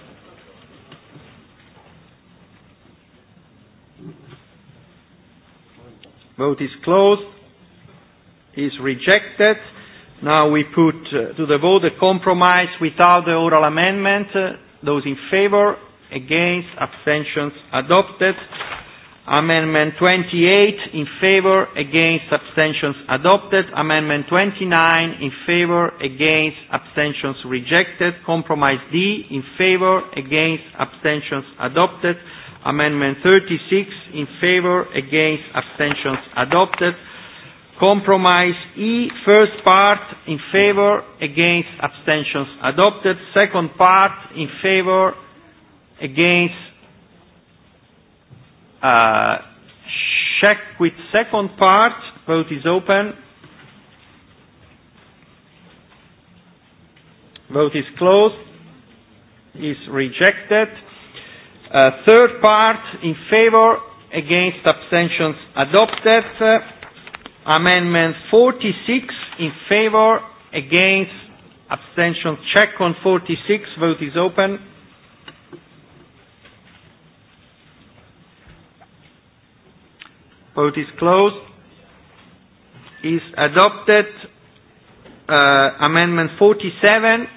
Vote is closed. Is rejected. Now we put uh, to the vote the compromise without the oral amendment. Uh, those in favor, against, abstentions adopted. Amendment 28 in favor, against, abstentions adopted. Amendment 29 in favor, against, abstentions rejected. Compromise D in favor, against, abstentions adopted. Amendment 36 in favor, against, abstentions adopted. Compromise E, first part, in favor, against, abstentions adopted. Second part, in favor, against, uh, check with second part, vote is open. Vote is closed. Is rejected. Uh, third part in favor against abstentions adopted uh, amendment 46 in favor against abstentions check on 46 vote is open vote is closed is adopted uh, amendment 47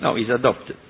no is adopted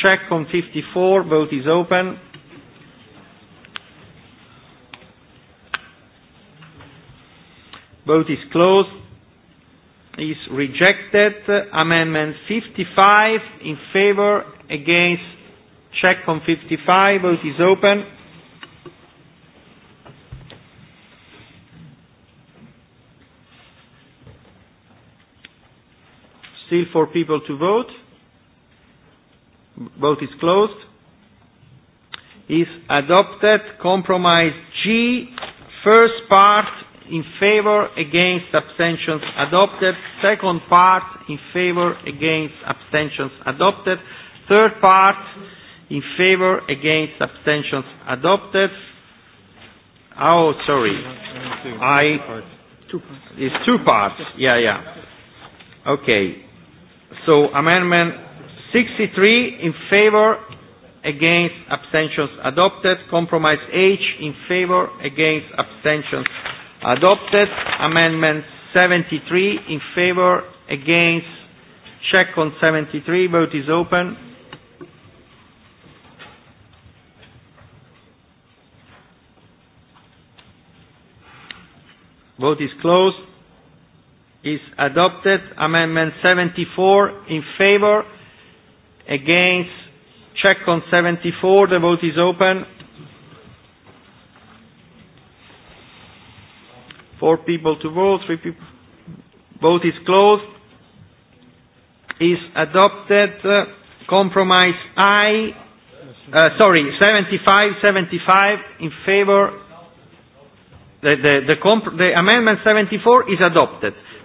Check on 54. Vote is open. Vote is closed. Is rejected. Amendment 55 in favor, against. Check on 55. Vote is open. Still for people to vote. Vote is closed. Is adopted. Compromise G. First part in favor against abstentions adopted. Second part in favor against abstentions adopted. Third part in favor against abstentions adopted. Oh, sorry. I. It's two parts. Yeah, yeah. Okay. So amendment 63 in favor against abstentions adopted. Compromise H in favor against abstentions adopted. Amendment 73 in favor against check on 73. Vote is open. Vote is closed. Is adopted. Amendment 74 in favor Against. Check on 74. The vote is open. Four people to vote. Three people. Vote is closed. Is adopted. Uh, compromise I. Uh, sorry, 75, 75 in favor. The, the, the, comp the amendment 74 is adopted.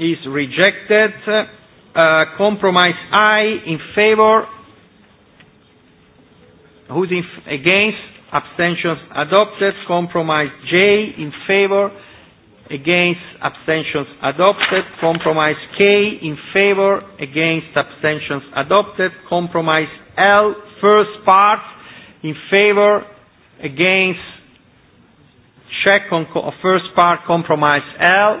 is rejected. Uh, compromise I in favor. Who's in against? Abstentions adopted. Compromise J in favor. Against abstentions adopted. Compromise K in favor. Against abstentions adopted. Compromise L first part in favor. Against check on first part compromise L.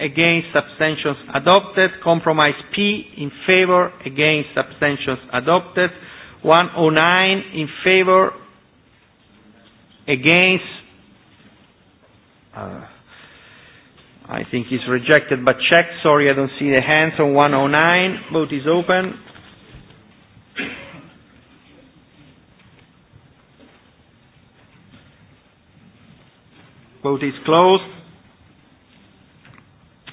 against abstentions adopted. Compromise P in favor against abstentions adopted. 109 in favor against. Uh, I think it's rejected, but check. Sorry, I don't see the hands on 109. Vote is open. Vote is closed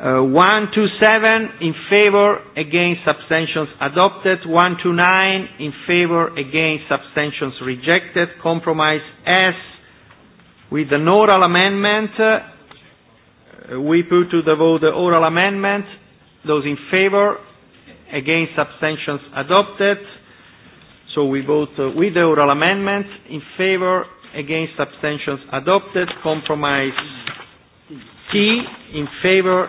Uh, to 7, in favor against abstentions adopted to 9, in favor against abstentions rejected compromise S with an oral amendment uh, we put to the vote the oral amendment those in favor against abstentions adopted so we vote uh, with the oral amendment in favor against abstentions adopted compromise T in favor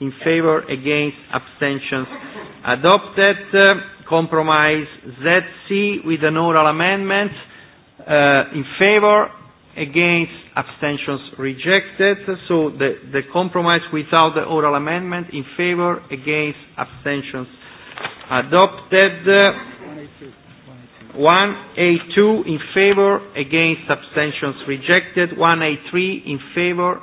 in favor against abstentions adopted uh, compromise ZC with an oral amendment uh, in favor against abstentions rejected so the, the compromise without the oral amendment in favor against abstentions adopted uh, 1A2 in favor against abstentions rejected 1A3 in favor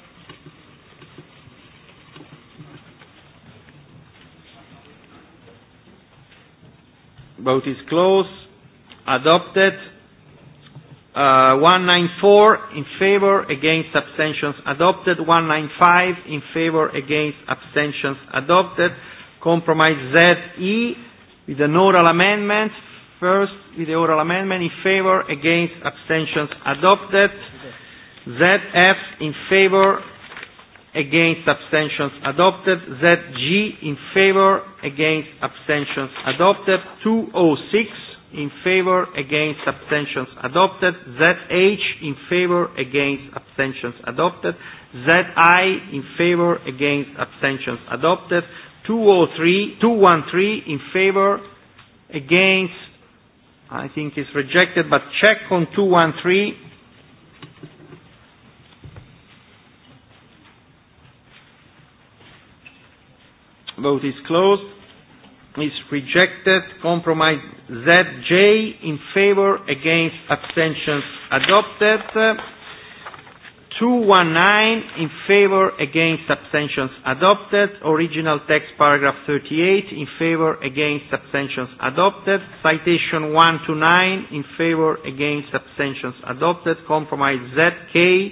Vote is closed. Adopted. Uh, 194 in favor against abstentions adopted. 195 in favor against abstentions adopted. Compromise Z E with an oral amendment. First with the oral amendment in favor against abstentions adopted. ZF in favor against abstentions adopted. ZG in favor against abstentions adopted. 206 in favor against abstentions adopted. ZH in favor against abstentions adopted. ZI in favor against abstentions adopted. 203, 213 in favor against, I think is rejected, but check on 213. Vote is closed. Is rejected. Compromise ZJ in favor against abstentions adopted. 219 in favor against abstentions adopted. Original text paragraph 38 in favor against abstentions adopted. Citation 1 to 9 in favor against abstentions adopted. Compromise ZK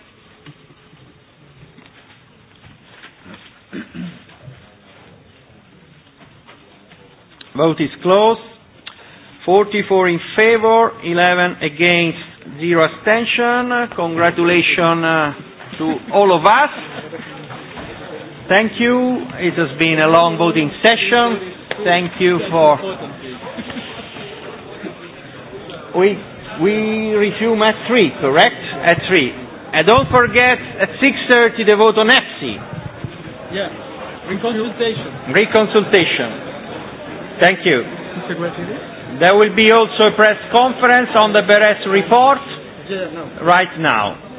*clears throat* Vote is closed. 44 in favor, 11 against, zero abstention. Congratulations uh, to all of us. Thank you. It has been a long voting session. Thank you for. We we resume at three, correct? At three. And don't forget at 6:30 the vote on EFSI. Yeah. Reconsultation. Reconsultation. Thank you. There will be also a press conference on the Beres report yeah, no. right now.